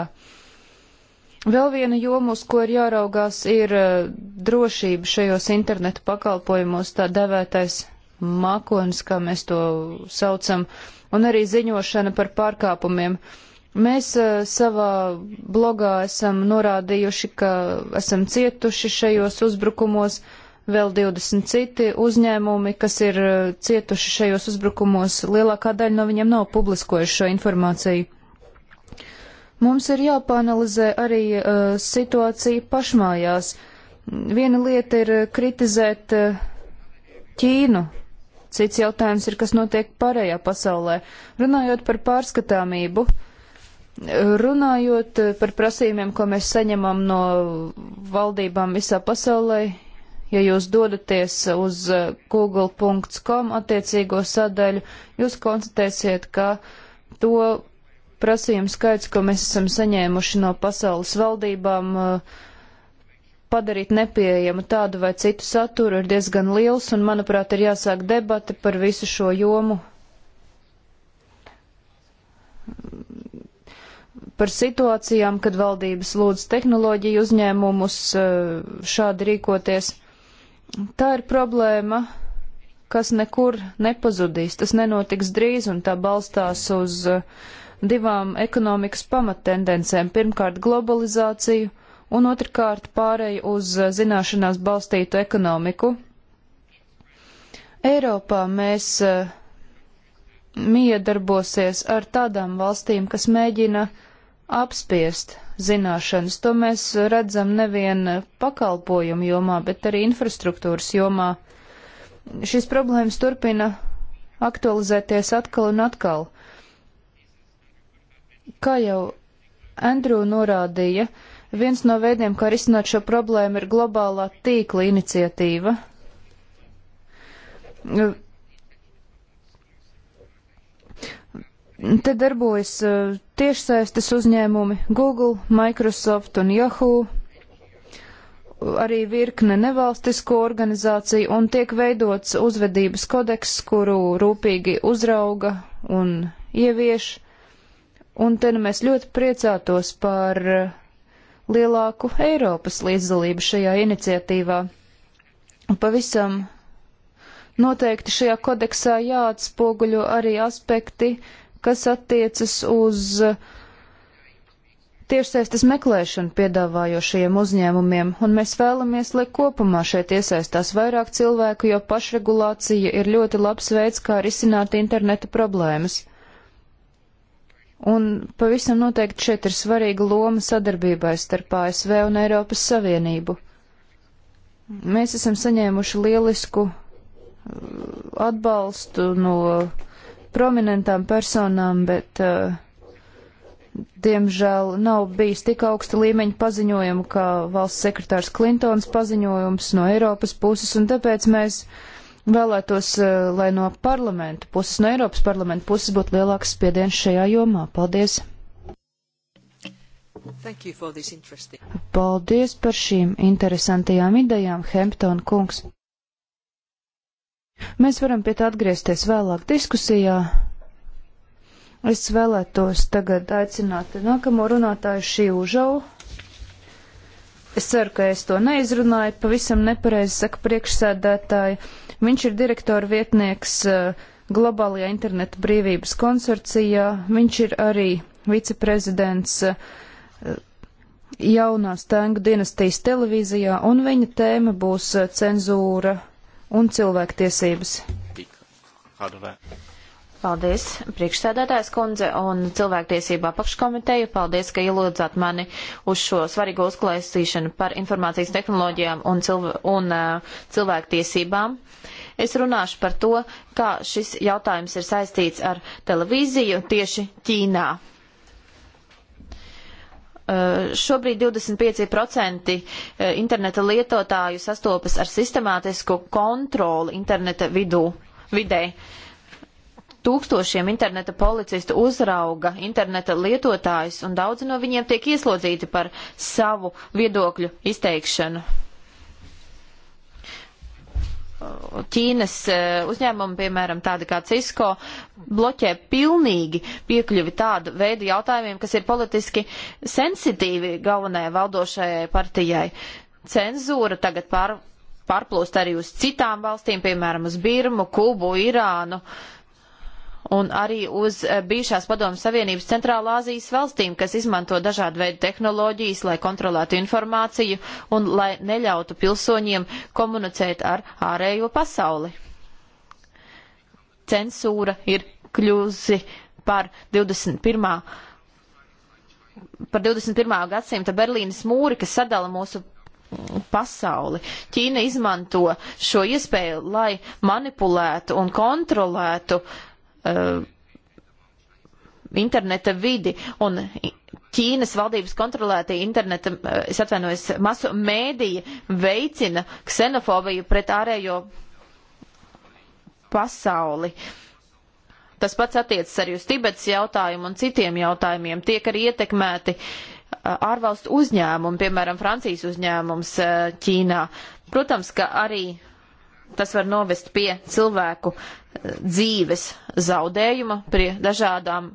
A: Vēl viena joma, uz ko ir jāraugās, ir uh, drošība šajos internetu pakalpojumos, tā devētais mākonis, kā mēs to saucam, un arī ziņošana par pārkāpumiem. Uh, Mēs eh, savā blogā esam norādījuši, ka esam cietuši šajos uzbrukumos, vēl 20 citi uzņēmumi, kas ir eh, cietuši šajos uzbrukumos, lielākā daļa no viņiem nav publiskojuši šo informāciju. Mums ir jāpanalizē arī uh, situācija pašmājās. Viena lieta ir kritizēt uh, Ķīnu, cits jautājums ir, kas notiek pārējā pasaulē. Runājot par pārskatāmību, uh, Runājot par prasījumiem, ko mēs saņemam no valdībām visā pasaulē, ja jūs dodaties uz eh, google.com attiecīgo sadaļu, jūs konstatēsiet, ka to prasījumu skaits, ko mēs esam saņēmuši no pasaules valdībām, eh, padarīt nepieejamu tādu vai citu saturu ir diezgan liels, un, manuprāt, ir jāsāk debati par visu šo jomu par situācijām, kad valdības lūdz tehnoloģiju uzņēmumus eh, šādi rīkoties. Tā ir problēma, kas nekur nepazudīs. Tas nenotiks drīz un tā balstās uz eh, divām ekonomikas pamattendencēm. Pirmkārt, globalizāciju un otrkārt pārēju uz eh, zināšanās balstītu ekonomiku. Eiropā mēs miedarbosies ar tādām valstīm, kas mēģina uh, apspiest zināšanas. To mēs redzam nevien pakalpojumu jomā, bet arī infrastruktūras jomā. Šīs problēmas turpina aktualizēties atkal un atkal. Kā jau Andrew norādīja, viens no veidiem, kā risināt šo problēmu, ir globālā tīkla iniciatīva. Te darbojas tiešsaistes uzņēmumi Google, Microsoft un Yahoo, arī virkne nevalstisko organizāciju un tiek veidots uzvedības kodeks, kuru rūpīgi uzrauga un ievieš. Un te nu mēs ļoti priecātos par lielāku Eiropas līdzdalību šajā iniciatīvā. Pavisam noteikti šajā kodeksā jāatspoguļo arī aspekti, kas attiecas uz tiešsaistes meklēšanu piedāvājošajiem uzņēmumiem, un mēs vēlamies, lai kopumā šeit iesaistās vairāk cilvēku, jo pašregulācija ir ļoti labs veids, kā risināt interneta problēmas. Un pavisam noteikti šeit ir svarīga loma sadarbībai starp ASV un Eiropas Savienību. Mēs esam saņēmuši lielisku uh, atbalstu no uh, prominentām personām, bet, uh, diemžēl, nav bijis tik augsta līmeņa paziņojumu, kā valsts sekretārs Klintons paziņojums no Eiropas puses, un tāpēc mēs vēlētos, uh, lai no parlamenta puses, no Eiropas parlamenta puses būtu lielāks spiediens šajā jomā. Paldies! Paldies par šīm interesantajām idejām, Hemptona kungs! Mēs varam pie tā atgriezties vēlāk diskusijā. Es vēlētos tagad aicināt nākamo runātāju šī užau. Es ceru, ka es to neizrunāju, pavisam nepareizi saka priekšsēdētāji. Viņš ir direktora vietnieks uh, globālajā interneta brīvības konsorcijā. Viņš ir arī viceprezidents uh, jaunās tēngu dinastijas televīzijā, un viņa tēma būs uh, cenzūra un cilvēktiesības.
C: Paldies, priekšsēdētājs kundze un cilvēktiesība apakškomiteju. Paldies, ka ielūdzāt mani uz šo svarīgo uzklausīšanu par informācijas tehnoloģijām un, cilv un uh, cilvēktiesībām. Es runāšu par to, kā šis jautājums ir saistīts ar televīziju tieši Ķīnā. Eh, šobrīd 25% eh, interneta lietotāju sastopas ar sistemātisku kontroli interneta vidū, vidē. Tūkstošiem interneta policistu uzrauga interneta lietotājus, un daudzi no viņiem tiek ieslodzīti par savu viedokļu izteikšanu. Ķīnas eh, uzņēmumi, piemēram, tādi kā Cisco, bloķē pilnīgi piekļuvi tādu veidu jautājumiem, kas ir politiski sensitīvi galvenajai valdošajai partijai. Cenzūra tagad pār, pārplūst arī uz citām valstīm, piemēram, uz Birmu, Kubu, Irānu. Uh, un arī uz eh, bijušās padomu savienības centrālā Āzijas valstīm, kas izmanto dažādu veidu tehnoloģijas, lai kontrolētu informāciju un lai neļautu pilsoņiem komunicēt ar ārējo pasauli. Censūra ir kļūsi par 21. Par 21. gadsimta Berlīnas mūri, kas sadala mūsu pasauli. Ķīna izmanto šo iespēju, lai manipulētu un kontrolētu uh, Uh, interneta vidi un Ķīnas valdības kontrolētie interneta, uh, es atvainojos, masu mēdīja veicina ksenofobiju pret ārējo pasauli. Tas pats attiecas arī uz Tibets jautājumu un citiem jautājumiem. Tiek arī ietekmēti uh, ārvalstu uzņēmumi, piemēram, Francijas uzņēmums Ķīnā. Protams, ka arī tas var novest pie cilvēku eh, dzīves zaudējuma, pie dažādām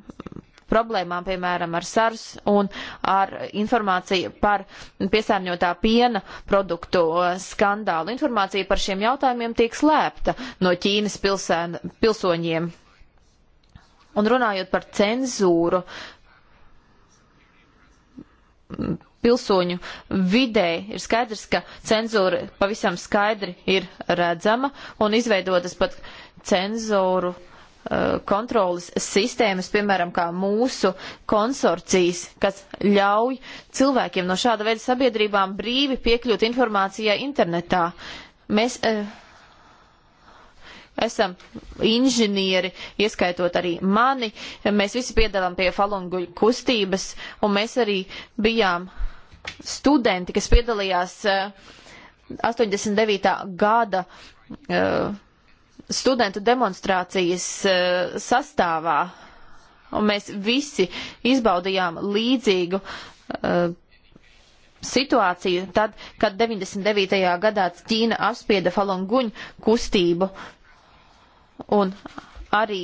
C: problēmām, piemēram, ar SARS un ar informāciju par piesārņotā piena produktu eh, skandālu. Informācija par šiem jautājumiem tiek slēpta no Ķīnas pilsēn, pilsoņiem. Un runājot par cenzūru, pilsoņu vidē ir skaidrs, ka cenzūra pavisam skaidri ir redzama un izveidotas pat cenzūru uh, kontrolas sistēmas, piemēram, kā mūsu konsorcijas, kas ļauj cilvēkiem no šāda veida sabiedrībām brīvi piekļūt informācijai internetā. Mēs eh, esam inženieri, ieskaitot arī mani, mēs visi piedalām pie falunguļu kustības, un mēs arī bijām studenti, kas piedalījās 89. Eh, gada eh, studentu demonstrācijas eh, sastāvā. Un mēs visi izbaudījām līdzīgu situāciju tad, kad 99. gadā Ķīna apspieda Falunguņu kustību un arī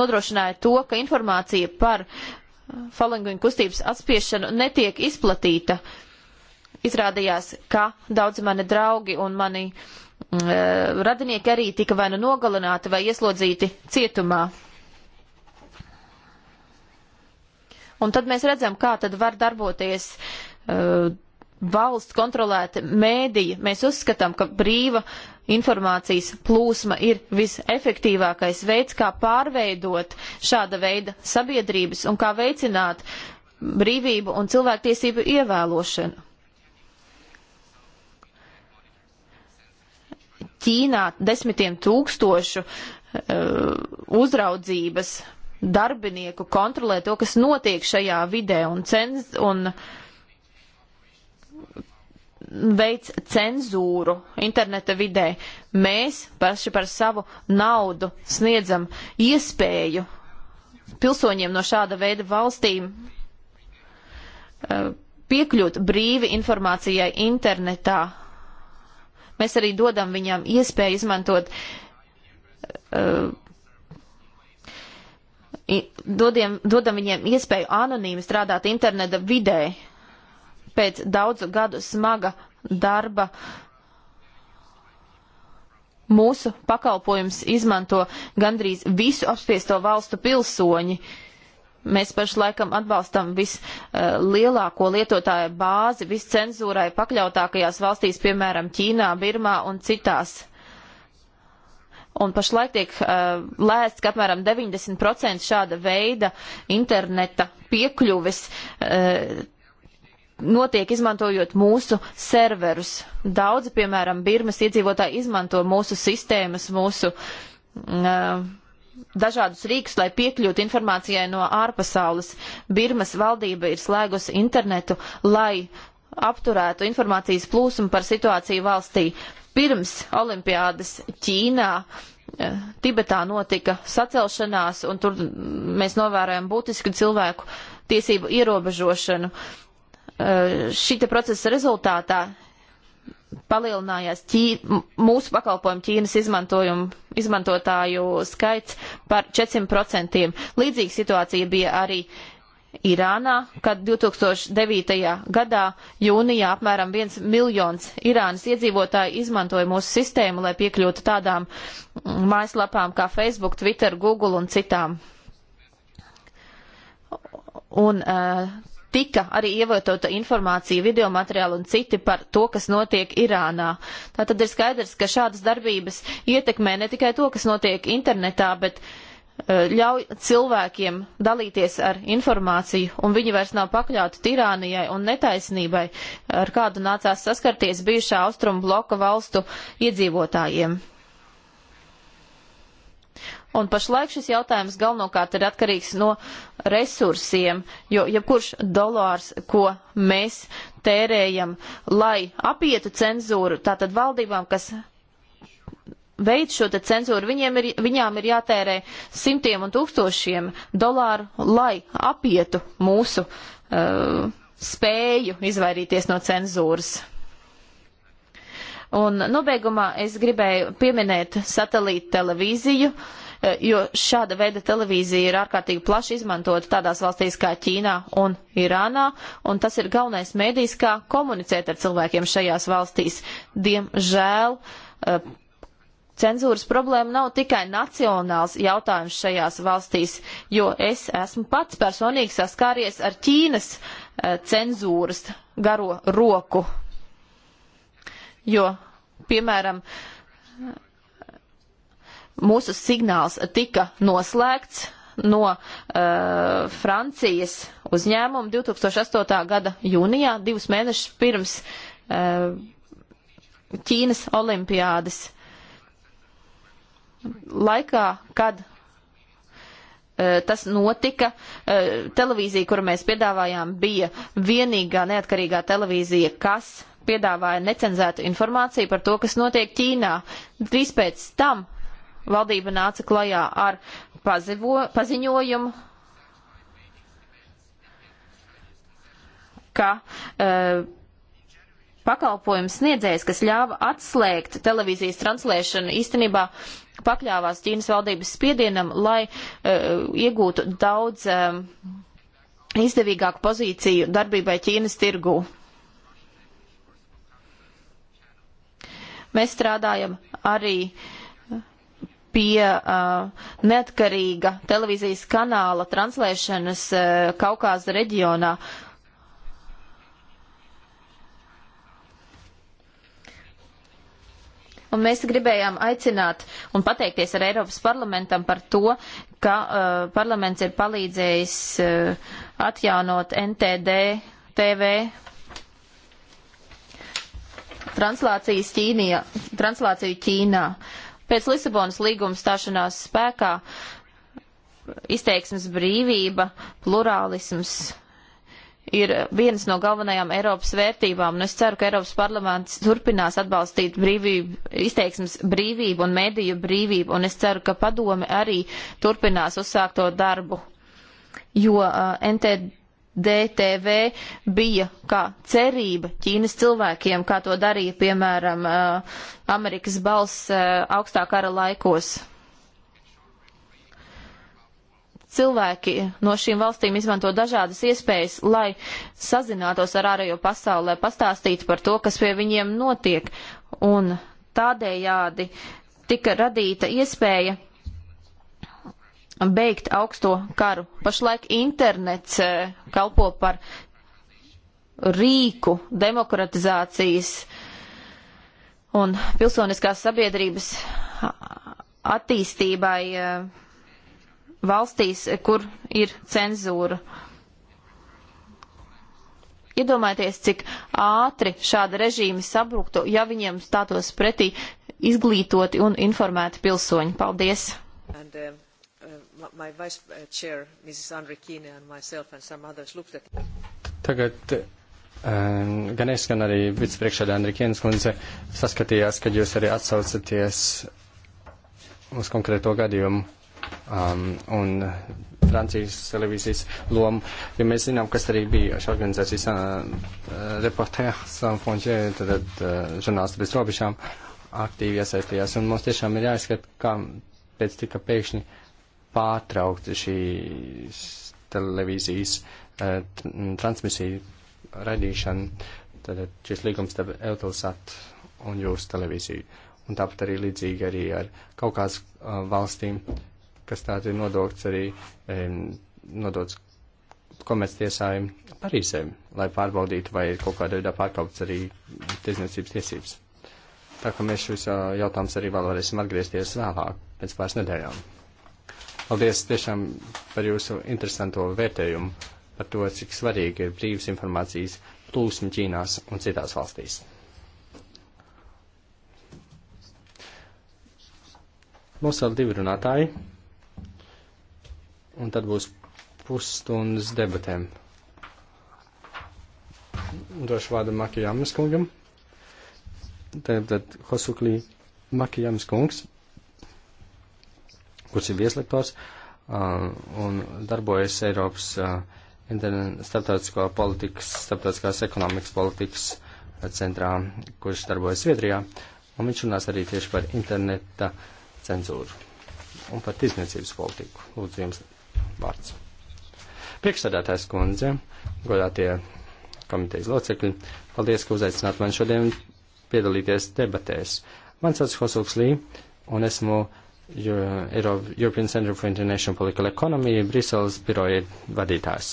C: nodrošināja to, ka informācija par uh, falanguņu kustības atspiešanu netiek izplatīta. Izrādījās, ka daudzi mani draugi un mani uh, radinieki arī tika vai nu nogalināti vai ieslodzīti cietumā. Un tad mēs redzam, kā tad var darboties uh, valsts kontrolēta mēdīja, mēs uzskatām, ka brīva informācijas plūsma ir visefektīvākais veids, kā pārveidot šāda veida sabiedrības un kā veicināt brīvību un cilvēktiesību ievēlošanu. Ķīnā desmitiem tūkstošu uh, uzraudzības darbinieku kontrolē to, kas notiek šajā vidē un, cenz, un uh, veids cenzūru interneta vidē. Mēs paši par savu naudu sniedzam iespēju pilsoņiem no šāda veida valstīm eh, piekļūt brīvi informācijai internetā. Mēs arī dodam viņam iespēju izmantot, eh, dodam, dodam viņiem iespēju anonīmi strādāt interneta vidē pēc daudzu gadu smaga darba. Mūsu pakalpojums izmanto gandrīz visu apspiesto valstu pilsoņi. Mēs pašlaikam atbalstam vislielāko eh, uh, lietotāju bāzi, viscenzūrai pakļautākajās valstīs, piemēram, Ķīnā, Birmā un citās. Un pašlaik tiek uh, lēsts, ka apmēram 90% šāda veida interneta piekļuves uh, notiek izmantojot mūsu serverus. Daudzi, piemēram, Birmas iedzīvotāji izmanto mūsu sistēmas, mūsu uh, dažādus rīkus, lai piekļūtu informācijai no ārpasaules. Birmas valdība ir slēgusi internetu, lai apturētu informācijas plūsmu par situāciju valstī. Pirms olimpiādas Ķīnā uh, Tibetā notika sacelšanās, un tur mēs novērojam būtisku cilvēku tiesību ierobežošanu. Uh, Eh, šīta procesa rezultātā palielinājās ķī, mūsu pakalpojumu Ķīnas izmantotāju skaits par 400%. Līdzīga situācija bija arī Irānā, kad 2009. gadā jūnijā apmēram 1 miljons Irānas iedzīvotāji izmantoja mūsu sistēmu, lai piekļūtu tādām mm, mājaslapām kā Facebook, Twitter, Google un citām. Un uh, tika arī ievietojota informācija, video materiāli un citi par to, kas notiek Irānā. Tātad ir skaidrs, ka šādas darbības ietekmē ne tikai to, kas notiek internetā, bet e, ļauj cilvēkiem dalīties ar informāciju, un viņi vairs nav pakļauti tirānijai un netaisnībai, ar kādu nācās saskarties bijušā austrumu bloka valstu iedzīvotājiem un pašlaik šis jautājums galvenokārt ir atkarīgs no resursiem, jo jebkurš ja dolārs, ko mēs tērējam, lai apietu cenzūru, tātad valdībām, kas veic šo cenzūru, viņiem ir, viņām ir jātērē simtiem un tūkstošiem dolāru, lai apietu mūsu uh, spēju izvairīties no cenzūras. Un nobeigumā es gribēju pieminēt satelīta televīziju. Uh, Eh, jo šāda veida televīzija ir ārkārtīgi plaši izmantota tādās valstīs kā Ķīnā un Irānā, un tas ir galvenais mēdījis, kā komunicēt ar cilvēkiem šajās valstīs. Diemžēl eh, cenzūras problēma nav tikai nacionāls jautājums šajās valstīs, jo es esmu pats personīgi saskāries ar Ķīnas eh, cenzūras garo roku. Jo, piemēram, mūsu signāls tika noslēgts no uh, Francijas uzņēmuma 2008. gada jūnijā, divus mēnešus pirms uh, Ķīnas olimpiādes laikā, kad uh, tas notika. Uh, televīzija, kuru mēs piedāvājām, bija vienīgā neatkarīgā televīzija, kas piedāvāja necenzētu informāciju par to, kas notiek Ķīnā. Drīz pēc tam valdība nāca klajā ar pazivo, paziņojumu, ka e, pakalpojums sniedzējs, kas ļāva atslēgt televīzijas translēšanu, īstenībā pakļāvās Ķīnas valdības spiedienam, lai e, iegūtu daudz e, izdevīgāku pozīciju darbībai Ķīnas tirgū. Mēs strādājam arī uh, pie uh, neatkarīga televīzijas kanāla translēšanas uh, Kaukāza reģionā. Un mēs gribējām aicināt un pateikties ar Eiropas parlamentam par to, ka uh, parlaments ir palīdzējis uh, atjaunot NTD TV translācijas Ķīnijā, translāciju Ķīnā. Uh, Pēc Lisabonas līguma stāšanās spēkā izteiksmes brīvība, plurālisms ir vienas no galvenajām Eiropas vērtībām, un es ceru, ka Eiropas parlaments turpinās atbalstīt brīvību, izteiksmes brīvību un mediju brīvību, un es ceru, ka padome arī turpinās uzsākt to darbu, jo uh, eh, NTD DTV bija kā cerība Ķīnas cilvēkiem, kā to darīja, piemēram, uh, Amerikas balss uh, augstā kara laikos. Cilvēki no šīm valstīm izmanto dažādas iespējas, lai sazinātos ar ārējo pasauli, lai pastāstītu par to, kas pie viņiem notiek. Un tādējādi tika radīta iespēja beigt augsto karu. Pašlaik internets eh, kalpo par rīku demokratizācijas un pilsoniskās sabiedrības attīstībai eh, valstīs, kur ir cenzūra. Iedomājieties, cik ātri šāda režīma sabruktu, ja viņiem stātos pretī izglītoti un informēti pilsoņi. Paldies!
A: And, um my vice uh, chair, Mrs. Andrikine, and myself and some others looked at it.
B: Tagad uh, gan es, gan arī vicepriekšādā Andrikienas kundze saskatījās, ka jūs arī atsaucaties uz konkrēto gadījumu um, un Francijas televīzijas lomu, jo mēs zinām, kas arī bija šī organizācijas uh, reportērs, Fonžē, tad uh, žurnālisti bez robežām aktīvi iesaistījās, un mums tiešām ir jāizskat, kā pēc tika pēkšņi uh, pārtraukt šīs televīzijas eh, transmisiju radīšanu, tad šis līgums starp Eutelsat un jūsu televīziju. Un tāpat arī līdzīgi arī ar kaut kādas eh, valstīm, kas tātad ir nodokts arī, eh, nodots komerctiesājiem Parīzē, lai pārbaudītu, vai ir kaut kādā veidā pārkāpts arī tiesniecības tiesības. Tā ka mēs šos eh, jautājumus arī vēl varēsim atgriezties vēlāk, pēc pāris nedēļām. Paldies tiešām par jūsu interesanto vērtējumu par to, cik svarīgi ir brīvas informācijas plūsma Ķīnās un citās valstīs. Mums vēl divi runātāji, un tad būs pusstundas debatēm. Došu vārdu Makijamas kungam. Tad, tad Hosuklī Makijamas kungs kurš ir vieslektors uh, un darbojas Eiropas uh, starptautisko politikas, starptautiskās ekonomikas politikas uh, centrā, kurš darbojas Zviedrijā, un viņš runās arī tieši par interneta cenzūru un par tirzniecības politiku. Lūdzu, jums vārds. Priekšsādātājs kundze, godātie komitejas locekļi, paldies, ka uzaicināt mani šodien piedalīties debatēs. Mans sauc Hosulks Lī, un esmu European Center for International Political Economy Briseles biroja vadītājs.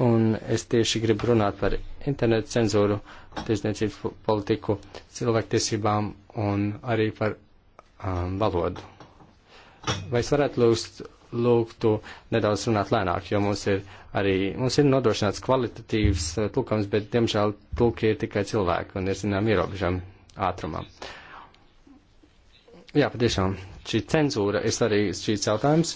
B: Un es tieši gribu runāt par internetu cenzūru, tiesniecības politiku, cilvēktiesībām un arī par um, valodu. Vai es varētu lūgt, lūgtu nedaudz runāt lēnāk, jo mums ir arī, mums ir nodrošināts kvalitatīvs uh, tulkums, bet, diemžēl, tulki ir tikai cilvēki un ir, zinām, ierobežam ātrumam. Uh, Jā, patiešām, šī cenzūra ir svarīgs šīs jautājums,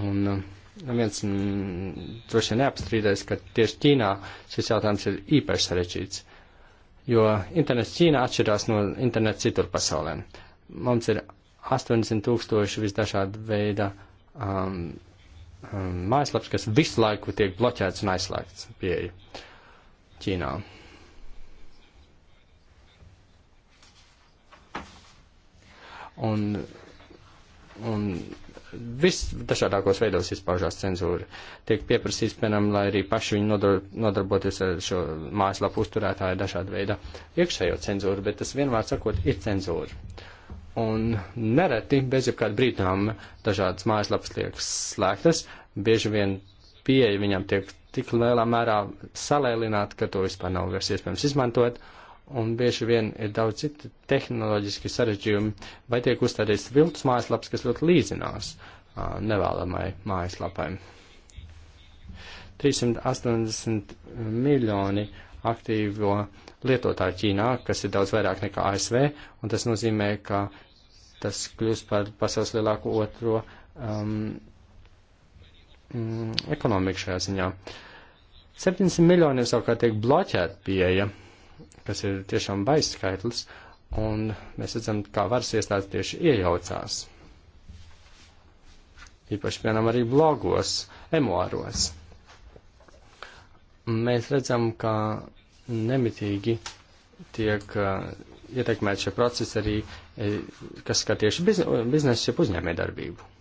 B: un uh, neviens mm, droši vien neapstrīdēs, ka tieši Ķīnā šis jautājums ir īpaši sarežģīts, jo internets Ķīnā atšķirās no interneta citur pasaulē. Mums ir 80 tūkstoši visdažāda veida um, um, mājaslaps, kas visu laiku tiek bloķēts un aizslēgts pieeja Ķīnā. un, un visdažādākos veidos izpaužās cenzūra. Tiek pieprasīts, piemēram, lai arī paši viņi nodar, nodarboties ar šo mājaslapu uzturētāju dažādu veidu iekšējo cenzūru, bet tas vienmēr sakot ir cenzūra. Un nereti bez jebkāda brīdinājuma dažādas mājaslapas tiek slēgtas, bieži vien pieeja viņam tiek tik lielā mērā salēlināta, ka to vispār nav vairs iespējams izmantot. Uh, un bieži vien ir daudz citu tehnoloģiski sarežģījumi, vai tiek uzstādīts viltus mājaslaps, kas ļoti līdzinās nevēlamai mājaslapai. 380 miljoni aktīvo lietotāju Ķīnā, kas ir daudz vairāk nekā ASV, un tas nozīmē, ka tas kļūst par pasaules lielāko otro um, mm, ekonomiku šajā ziņā. 70 miljoniem savukārt tiek bloķēta pieeja. Ja kas ir tiešām baizskaitlis, un mēs redzam, kā varas iestādes tieši iejaucās. Īpaši, piemēram, arī blogos, emuāros. Mēs redzam, ka nemitīgi tiek uh, ietekmēt šie procesi arī, eh, kas skar tieši biznesu, jeb uzņēmē darbību.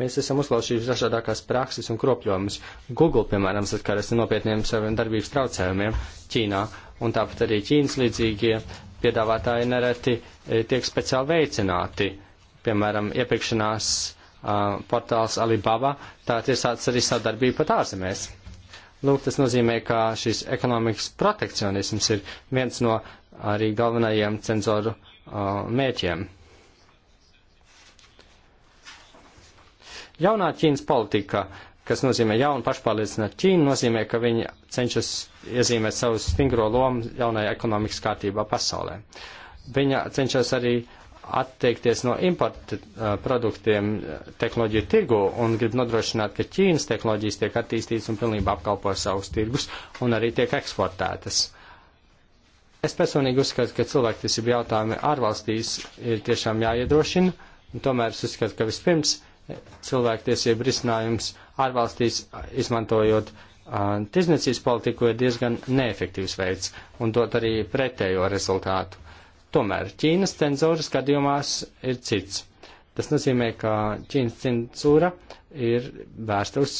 B: Mēs esam uzklausījuši dažādākās prakses un kropļojumus. Google, piemēram, saskaras ar nopietniem saviem darbības traucējumiem Ķīnā, un tāpat arī Ķīnas līdzīgie piedāvātāji nereti eh, tiek speciāli veicināti. Piemēram, iepirkšanās uh, portāls Alibaba, tā ir sācis arī sadarbība pat ārzemēs. Lūk, tas nozīmē, ka šis ekonomikas protekcionisms ir viens no arī galvenajiem cenzoru uh, mērķiem. Jaunā Ķīnas politika, kas nozīmē jaunu pašpārliecināt Ķīnu, nozīmē, ka viņi cenšas iezīmēt savu stingro lomu jaunajā ekonomikas kārtībā pasaulē. Viņa cenšas arī atteikties no importa uh, produktiem uh, tehnoloģiju tirgu un grib nodrošināt, ka Ķīnas tehnoloģijas tiek attīstītas un pilnībā apkalpo savus tirgus un arī tiek eksportētas. Es personīgi uzskatu, ka cilvēktiesību jautājumi ārvalstīs ir tiešām jāiedrošina, un tomēr es uzskatu, ka vispirms cilvēktiesību risinājums ārvalstīs izmantojot uh, tirzniecības politiku ir diezgan neefektīvs veids un dot arī pretējo rezultātu. Tomēr Ķīnas cenzūras gadījumās ir cits. Tas nozīmē, ka Ķīnas cenzūra ir vērsta uz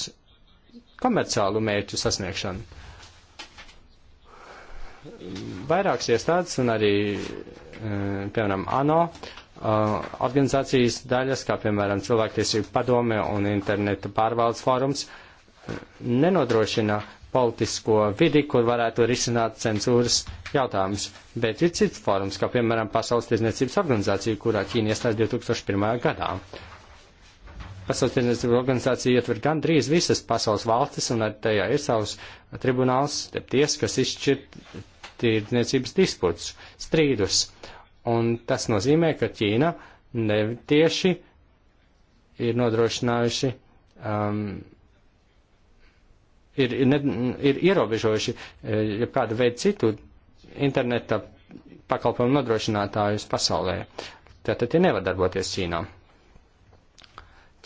B: komerciālu mērķu sasniegšanu. Vairākas iestādes un arī, piemēram, ANO organizācijas daļas, kā piemēram cilvēktiesību padome un interneta pārvaldes fórums, nenodrošina politisko vidi, kur varētu risināt cenzūras jautājumus, bet ir cits fórums, kā piemēram Pasaules tirzniecības organizācija, kurā Ķīna iestājas 2001. gadā. Pasaules tirzniecības organizācija ietver gandrīz visas pasaules valstis, un arī tajā ir savs tribunāls, tiesa, kas izšķir tirzniecības disputus, strīdus Un tas nozīmē, ka Ķīna netieši ir nodrošinājuši, um, ir, ir, ne, ir ierobežojuši eh, ja kādu veidu citu interneta pakalpojumu nodrošinātājus pasaulē. Tātad tie nevar darboties Ķīnā.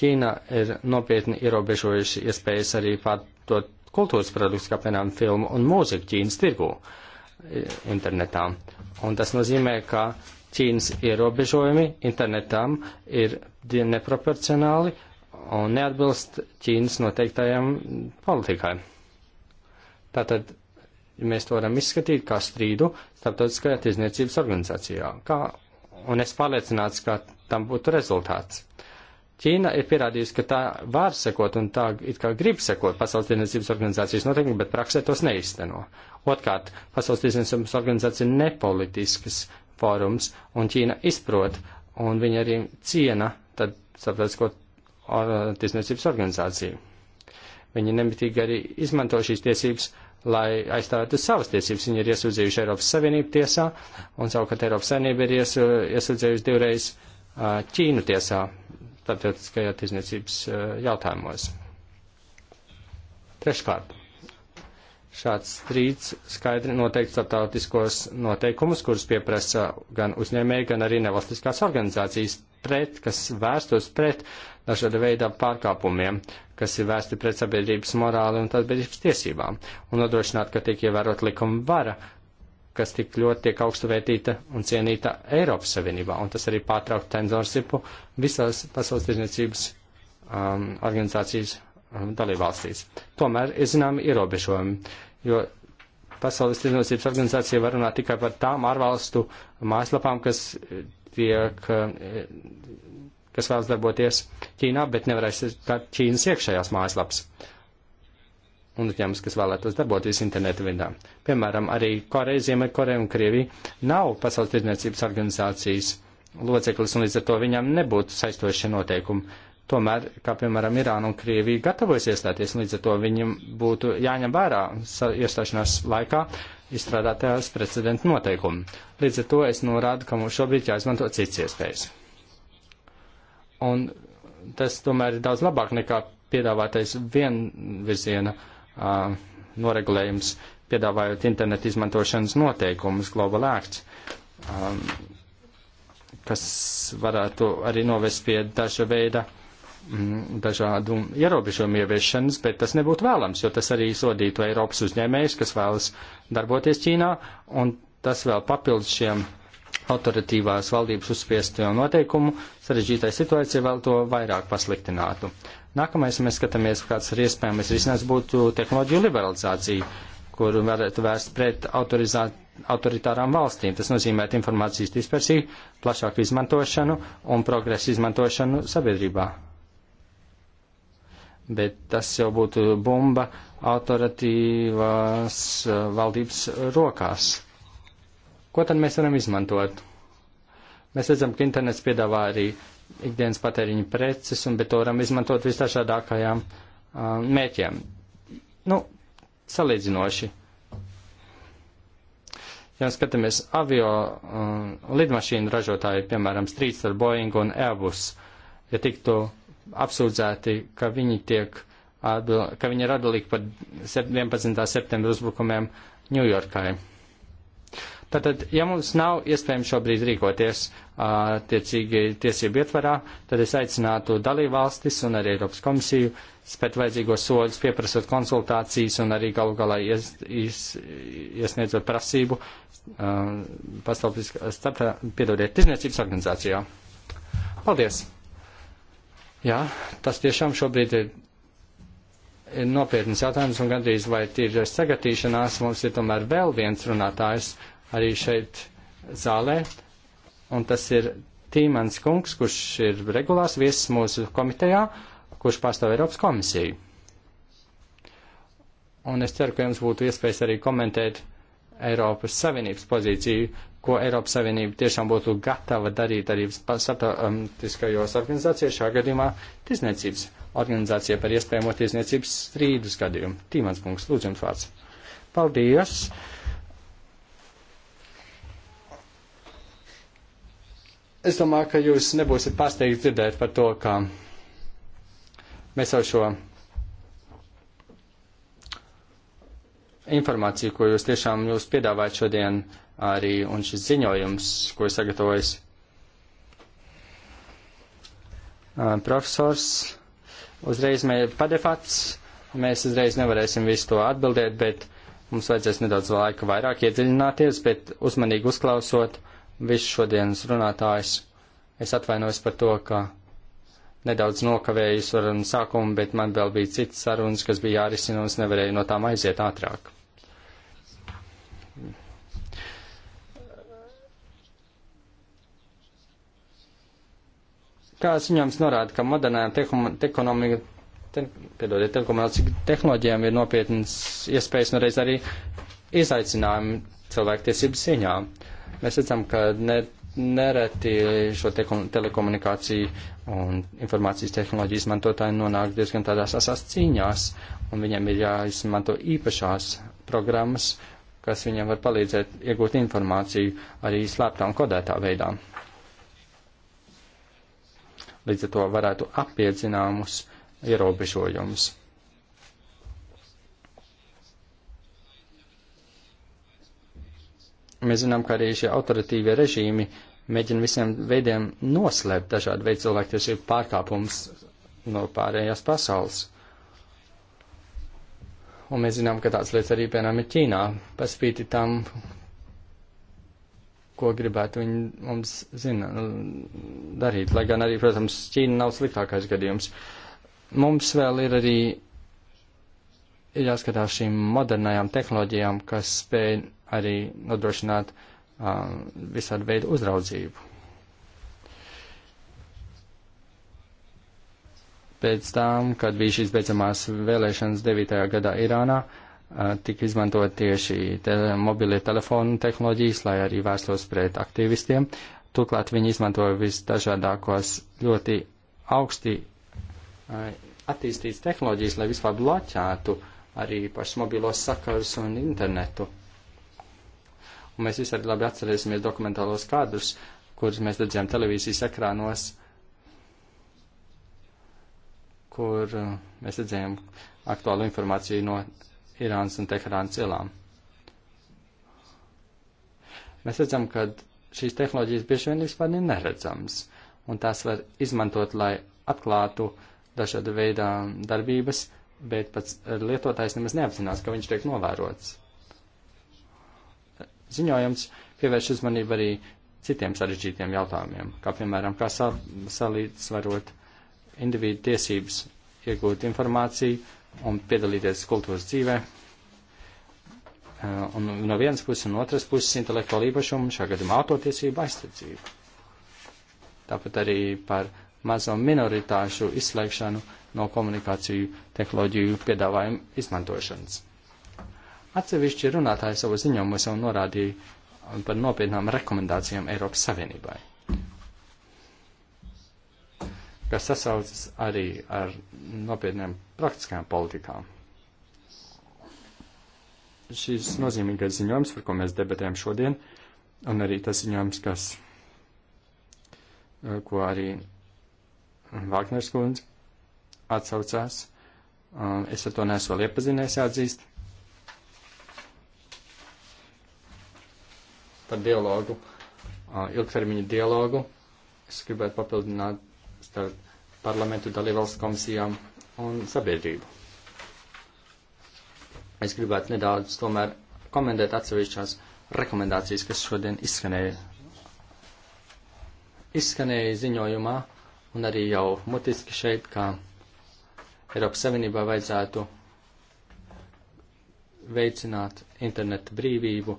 B: Ķīna ir nopietni ierobežojuši iespējas arī pārdot kultūras produktus, kā piemēram filmu un mūziku Ķīnas tirgū eh, internetā. Uh, Un tas nozīmē, ka Ķīnas ierobežojumi internetam ir neproporcionāli un neatbilst Ķīnas noteiktajam politikai. Tātad mēs to varam izskatīt kā strīdu starptautiskajā tirzniecības organizācijā. Kā, un es pārliecināts, ka tam būtu rezultāts. Ķīna ir pierādījusi, ka tā var sekot un tā it kā grib sekot Pasaules tirdzniecības organizācijas noteikumiem, bet praksē tos neizteno. Otkārt, Pasaules tirdzniecības organizācija ir nepolitisks fórums, un Ķīna izprot, un viņa arī ciena tad starptautisko tirdzniecības organizāciju. Viņi nemitīgi arī izmanto šīs tiesības, lai aizstāvētu savas tiesības. Viņi ir iesūdzējuši Eiropas Savienību tiesā, un savukārt Eiropas Savienība ir iesūdzējusi divreiz Ķīnu tiesā starptautiskajā tirzniecības eh, jautājumos. Treškārt, šāds strīds skaidri noteikti starptautiskos noteikumus, kurus pieprasa gan uzņēmēji, gan arī nevalstiskās organizācijas pret, kas vērstos pret dažāda veida pārkāpumiem, kas ir vērsti pret sabiedrības morāli un sabiedrības tiesībām, un nodrošināt, ka tiek ievērot likuma vara kas tik ļoti tiek augstu vērtīta un cienīta Eiropas Savienībā, un tas arī pārtraukt cenzorsipu visās pasaules tirdzniecības um, organizācijas um, dalībvalstīs. Tomēr ir zināmi ierobežojumi, jo pasaules tirdzniecības organizācija var runāt tikai par tām ārvalstu mājaslapām, kas tiek, um, kas vēlas darboties Ķīnā, bet nevarēs tā Ķīnas iekšējās mājaslapas. Uh, un uzņēmums, kas vēlētos darboties interneta vidā. Piemēram, arī Koreja, Ziemeļkoreja un Krievija nav Pasaules tirdzniecības organizācijas loceklis, un līdz ar to viņām nebūtu saistošie noteikumi. Tomēr, kā piemēram, Irāna un Krievija gatavojas iestāties, un līdz ar to viņiem būtu jāņem vērā iestāšanās laikā izstrādātās precedenta noteikumi. Līdz ar to es norādu, ka mums šobrīd jāizmanto cits iespējas. Un tas tomēr ir daudz labāk nekā piedāvātais vienvirziena uh, noregulējums, piedāvājot internetu izmantošanas noteikumus, Global Act, um, kas varētu arī novest pie daža veida mm, dažādu ierobežojumu ieviešanas, bet tas nebūtu vēlams, jo tas arī sodītu Eiropas uzņēmējus, kas vēlas darboties Ķīnā, un tas vēl papildus šiem autoritīvās valdības uzspiesto noteikumu sarežģītai situācija vēl to vairāk pasliktinātu. Nākamais, ja mēs skatāmies, kāds ir iespējamais risinājums, būtu tehnoloģiju liberalizācija, kur varētu vērst pret autoritārām valstīm. Tas nozīmē informācijas dispersiju, plašāku izmantošanu un progresu izmantošanu sabiedrībā. Bet tas jau būtu bumba autoritīvās eh, valdības rokās. Ko tad mēs varam izmantot? Mēs redzam, ka internets piedāvā arī ikdienas patēriņa preces, un, bet to varam izmantot visdažādākajām uh, mērķiem. Nu, salīdzinoši. Ja skatāmies avio uh, lidmašīnu ražotāju, piemēram, strīds ar Boeing un Airbus, ja tiktu apsūdzēti, ka viņi tiek, ka viņi ir atbildīgi par 11. septembra uzbrukumiem Ņujorkai. Tātad, ja mums nav iespējams šobrīd rīkoties attiecīgi tiesību ietvarā, tad es aicinātu dalībvalstis un arī Eiropas komisiju spēt vajadzīgos soļus, pieprasot konsultācijas un arī galu galā ies, ies, iesniedzot prasību um, piedodiet tirzniecības organizācijā. Paldies! Jā, tas tiešām šobrīd ir ir nopietnas jautājums un gandrīz vai tīri sagatīšanās. Mums ir tomēr vēl viens runātājs, arī šeit zālē, un tas ir Tīmans Kungs, kurš ir regulārs viesis mūsu komitejā, kurš pārstāv Eiropas komisiju. Un es ceru, ka jums būtu iespējas arī komentēt Eiropas Savienības pozīciju, ko Eiropas Savienība tiešām būtu gatava darīt arī starptautiskajos organizācijās, šā gadījumā tirzniecības organizācija par iespējamo tirzniecības strīdus gadījumu. Tīmans Kungs, lūdzu jums vārds. Paldies! Es domāju, ka jūs nebūsiet pārsteigti dzirdēt par to, ka mēs jau šo informāciju, ko jūs tiešām jūs piedāvājat šodien arī, un šis ziņojums, ko ir sagatavojis profesors, uzreiz mēs padefats, mēs uzreiz nevarēsim visu to atbildēt, bet mums vajadzēs nedaudz laika vairāk iedziļināties, bet uzmanīgi uzklausot viss šodienas runātājs. Es atvainojos par to, ka nedaudz nokavēju sarunu sākumu, bet man vēl bija citas sarunas, kas bija jārisina, un es nevarēju no tām aiziet ātrāk. Kā ziņojums norāda, ka modernām ekonomikām, te, piedodiet, tehnoloģijām ir nopietnas iespējas un reiz arī izaicinājumi cilvēktiesības ziņām. Uh, Mēs redzam, ka ne, nereti šo te, telekomunikāciju un informācijas tehnoloģiju izmantotāji nonāk diezgan tādās asās cīņās, un viņiem ir jāizmanto īpašās programmas, kas viņiem var palīdzēt iegūt informāciju arī slēptā un kodētā veidā. Līdz ar to varētu apiet zināmus ierobežojumus. Mēs zinām, ka arī šie autoritīvie režīmi mēģina visiem veidiem noslēpt dažādu veidu cilvēktiesību pārkāpumus no pārējās pasaules. Un mēs zinām, ka tāds lietas arī, piemēram, ir Ķīnā, paspīti tam, ko gribētu viņi mums zina, darīt. Lai gan arī, protams, Ķīna nav sliktākais gadījums. Mums vēl ir arī ir jāskatās šīm modernajām tehnoloģijām, kas spēj arī nodrošināt um, visādu veidu uzraudzību. Pēc tam, kad bija šīs beidzamās vēlēšanas 9. gadā Irānā, uh, tika izmantot tieši te, mobilie telefonu tehnoloģijas, lai arī vērstos pret aktīvistiem. Turklāt viņi izmantoja visdažādākos ļoti augsti uh, attīstītas tehnoloģijas, lai vispār bloķētu arī pašus mobilos sakarus un internetu. Un mēs visi arī labi atcerēsimies dokumentālos kadrus, kurus mēs redzējām televīzijas ekrānos, kur uh, mēs redzējām aktuālu informāciju no Irānas un Teherānas ielām. Mēs redzam, ka šīs tehnoloģijas bieži vien vispār ir neredzams, un tās var izmantot, lai atklātu dažāda veida darbības, bet pats lietotājs nemaz neapzinās, ka viņš tiek novērots ziņojums pievērš uzmanību arī citiem sarežģītiem jautājumiem, kā piemēram, kā sa salīdzvarot individu tiesības iegūt informāciju un piedalīties kultūras dzīvē. Eh, un no vienas puses un otras puses intelektuāla īpašuma, šā gadījumā autotiesība aizsardzība. Tāpat arī par mazo minoritāšu izslēgšanu no komunikāciju tehnoloģiju piedāvājumu izmantošanas. Atsevišķi runātāji savu ziņojumus jau norādīja par nopietnām rekomendācijām Eiropas Savienībai, kas sasaucas arī ar nopietnām praktiskām politikām. Šis nozīmīgais ziņojums, par ko mēs debatējam šodien, un arī tas ziņojums, kas, eh, ko arī Vāgners kundze atsaucās, eh, es ar to nesu vēl iepazinies, jāatzīst. par dialogu, ilgtermiņu dialogu. Es gribētu papildināt starp parlamentu dalībvalsts komisijām un sabiedrību. Es gribētu nedaudz tomēr komentēt atsevišķās rekomendācijas, kas šodien izskanēja. Izskanēja ziņojumā un arī jau mutiski šeit, ka Eiropas Savienībā vajadzētu veicināt internetu brīvību,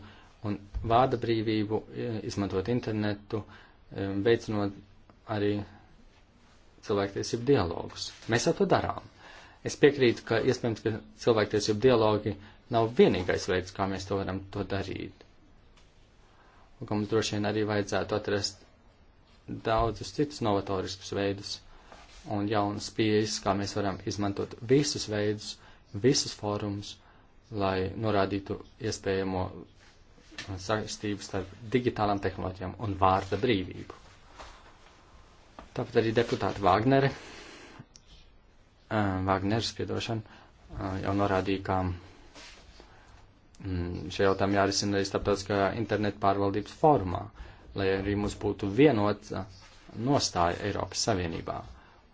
B: un vārda brīvību, e, izmantot internetu, e, veicinot arī cilvēktiesību dialogus. Mēs jau to darām. Es piekrītu, ka iespējams, ka cilvēktiesību dialogi nav vienīgais veids, kā mēs to varam to darīt. Un ka mums droši vien arī vajadzētu atrast daudzus citus novatoriskus veidus un jaunas pieejas, kā mēs varam izmantot visus veidus, visus fórumus, lai norādītu iespējamo saistību starp digitālām tehnoloģijām un vārda brīvību. Tāpat arī deputāta Vāgnere, Vāgneres piedošana, jau norādīja, ka mm, šie jautājumi jārisina arī starptautiskajā internetu pārvaldības formā, lai arī mums būtu vienota nostāja Eiropas Savienībā.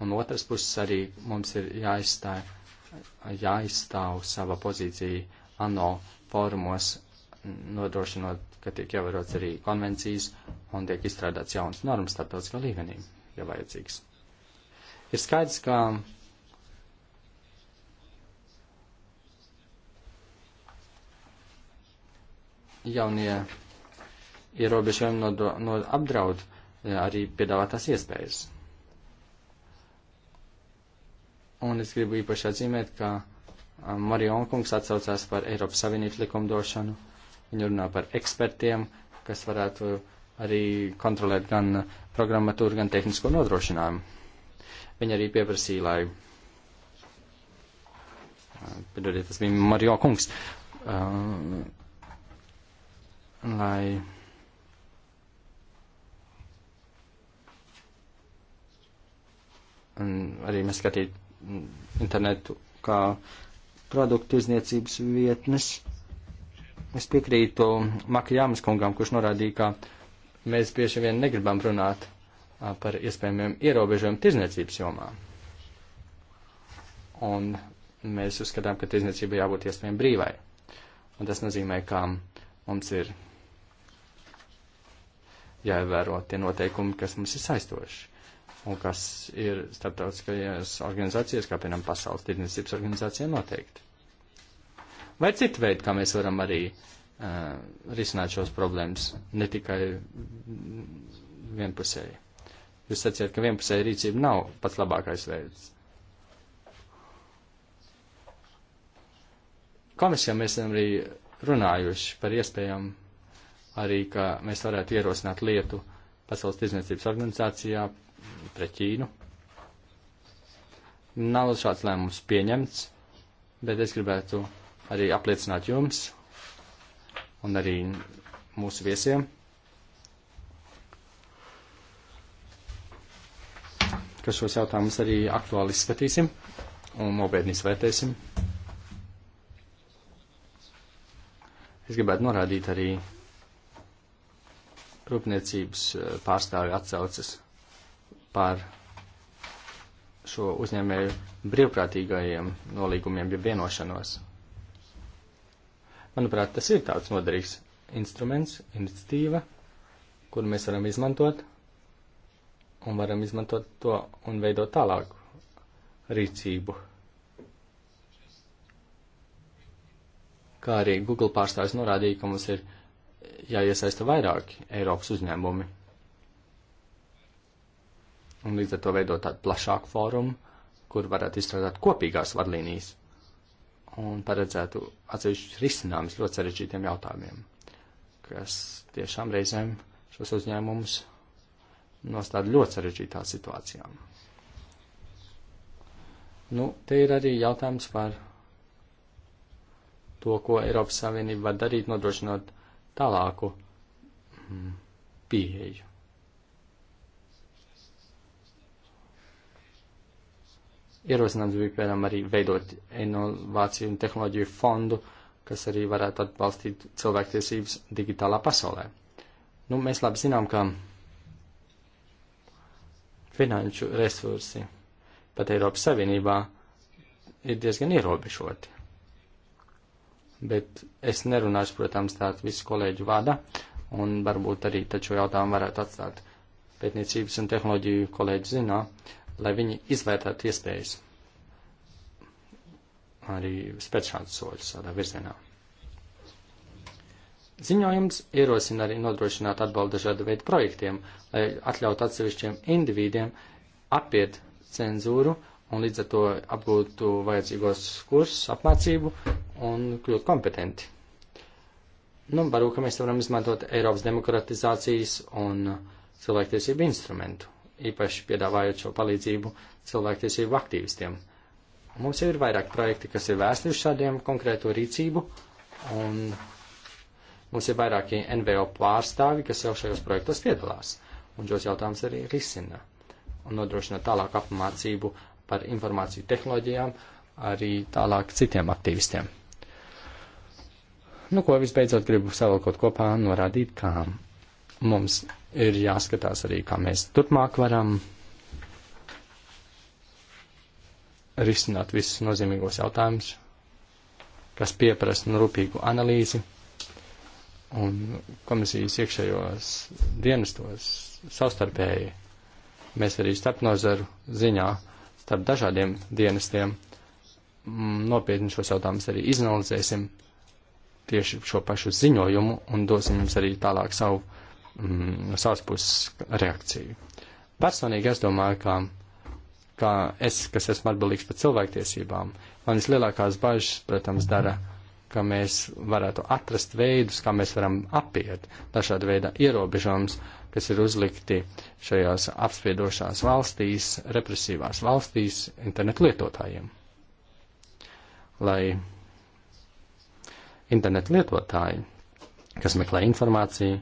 B: Un otrs puses arī mums ir jāizstāj, jāizstāv sava pozīcija ANO fórumos nodrošinot, ka tiek ievērots arī konvencijas un tiek izstrādāts jauns normas starptautiskā līmenī, ja vajadzīgs. Ir skaidrs, ka jaunie ierobežojumi no, no apdraud e, arī piedāvātās iespējas. Un es gribu īpaši atzīmēt, ka Marion kungs atsaucās par Eiropas Savienības likumdošanu Viņi runā par ekspertiem, kas varētu arī kontrolēt gan programmatūru, gan tehnisko nodrošinājumu. Viņi arī pieprasīja, lai, piedodiet, tas bija Mario Kungs, uh, lai. arī mēs skatīt internetu kā produktu izniecības vietnes. Es piekrītu Makijāmas kungam, kurš norādīja, ka mēs bieži vien negribam runāt par iespējamiem ierobežojumiem tirzniecības jomā. Un mēs uzskatām, ka tirzniecība jābūt iespējami brīvai. Un tas nozīmē, ka mums ir jāievēro tie noteikumi, kas mums ir saistoši un kas ir starptautiskajās organizācijās, kā piemēram Pasaules tirdzniecības organizācijā noteikti. Vai citi veidi, kā mēs varam arī uh, risināt šos problēmas, ne tikai vienpusēji? Jūs sacījāt, ka vienpusēja rīcība nav pats labākais veids. Komisijā mēs esam arī runājuši par iespējām arī, ka mēs varētu ierosināt lietu Pasaules tirdzniecības organizācijā pret Ķīnu. Nav šāds lēmums pieņemts, bet es gribētu arī apliecināt jums un arī mūsu viesiem, ka šos jautājumus arī aktuāli izskatīsim un nopietni izvērtēsim. Es gribētu norādīt arī rūpniecības eh, pārstāvju atsaucas par šo uzņēmēju brīvprātīgajiem nolīgumiem, ja vienošanos. Manuprāt, tas ir tāds noderīgs instruments, iniciatīva, kuru mēs varam izmantot un varam izmantot to un veidot tālāku rīcību. Kā arī Google pārstāvis norādīja, ka mums ir jāiesaista vairāki Eiropas uzņēmumi. Un līdz ar to veidot tādu plašāku fórumu, kur varētu izstrādāt kopīgās vadlīnijas un paredzētu atsevišķus risinājumus ļoti sarežģītiem jautājumiem, kas tiešām reizēm šos uzņēmumus nostāda ļoti sarežģītā situācijām. Nu, te ir arī jautājums par to, ko Eiropas Savienība var darīt, nodrošinot tālāku mm, pieeju. ierosinājums bija, piemēram, arī veidot inovāciju un tehnoloģiju fondu, kas arī varētu atbalstīt cilvēktiesības digitālā pasaulē. Nu, mēs labi zinām, ka finanšu resursi pat Eiropas Savienībā ir diezgan ierobežoti. Bet es nerunāšu, protams, tādu visu kolēģu vada, un varbūt arī taču jautājumu varētu atstāt pētniecības un tehnoloģiju kolēģi zinā, lai viņi izvērtētu iespējas arī spēc šādus soļus tādā virzienā. Ziņojums ierosina arī nodrošināt atbalstu dažādu veidu projektiem, lai atļautu atsevišķiem individiem apiet cenzūru un līdz ar to apgūtu vajadzīgos kursus, apmācību un kļūt kompetenti. Nu, varbūt, ka mēs varam izmantot Eiropas demokratizācijas un cilvēktiesību instrumentu īpaši piedāvājot šo palīdzību cilvēktiesību aktīvistiem. Mums ir vairāk projekti, kas ir vērsti uz šādiem konkrēto rīcību, un mums ir vairāki NVO pārstāvi, kas jau šajos projektos piedalās, un šos jautājumus arī risina, un nodrošina tālāk apmācību par informāciju tehnoloģijām, arī tālāk citiem aktīvistiem. Nu, ko visbeidzot gribu savilkot kopā, norādīt, kā Mums ir jāskatās arī, kā mēs turpmāk varam risināt visus nozīmīgos jautājumus, kas pieprasa nu rūpīgu analīzi un komisijas iekšējos dienestos savstarpēji. Mēs arī starp nozaru ziņā, starp dažādiem dienestiem mm, nopietni šos jautājumus arī izanalizēsim tieši šo pašu ziņojumu un dosim jums arī tālāk savu mm, savas puses reakciju. Personīgi es domāju, ka, ka es, kas esmu atbildīgs par cilvēktiesībām, manis lielākās bažas, protams, dara, ka mēs varētu atrast veidus, kā mēs varam apiet dažādu veidu ierobežojumus, kas ir uzlikti šajās apspiedošās valstīs, represīvās valstīs internetu lietotājiem. Lai internetu lietotāji, kas meklē informāciju,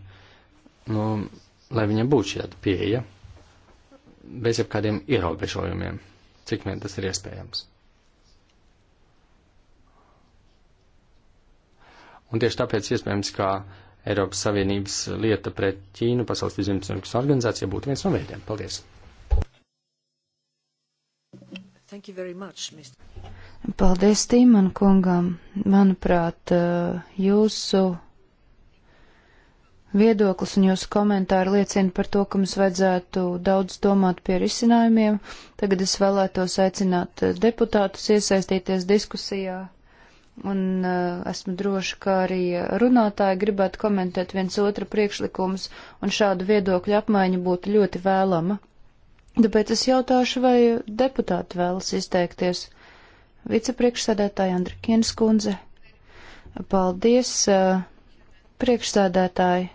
B: nu, lai viņam būtu šāda pieeja bez jebkādiem ierobežojumiem, cik vien tas ir iespējams. Un tieši tāpēc iespējams, ka Eiropas Savienības lieta pret Ķīnu Pasaules tirdzniecības organizācija būtu
A: viens no veidiem. Paldies! Much, Mr. Paldies, Tīman kungam. Manuprāt, uh, jūsu viedoklis un jūsu komentāri liecina par to, ka mums vajadzētu daudz domāt pie risinājumiem. Tagad es vēlētos aicināt eh, deputātus iesaistīties diskusijā, un uh, esmu droši, ka arī runātāji gribētu komentēt viens otra priekšlikumus, un šādu viedokļu apmaiņu būtu ļoti vēlama. Tāpēc es jautāšu, vai deputāti vēlas izteikties. Vicepriekšsēdētāja Andrikienas kundze. Paldies, uh, priekšsēdētāji.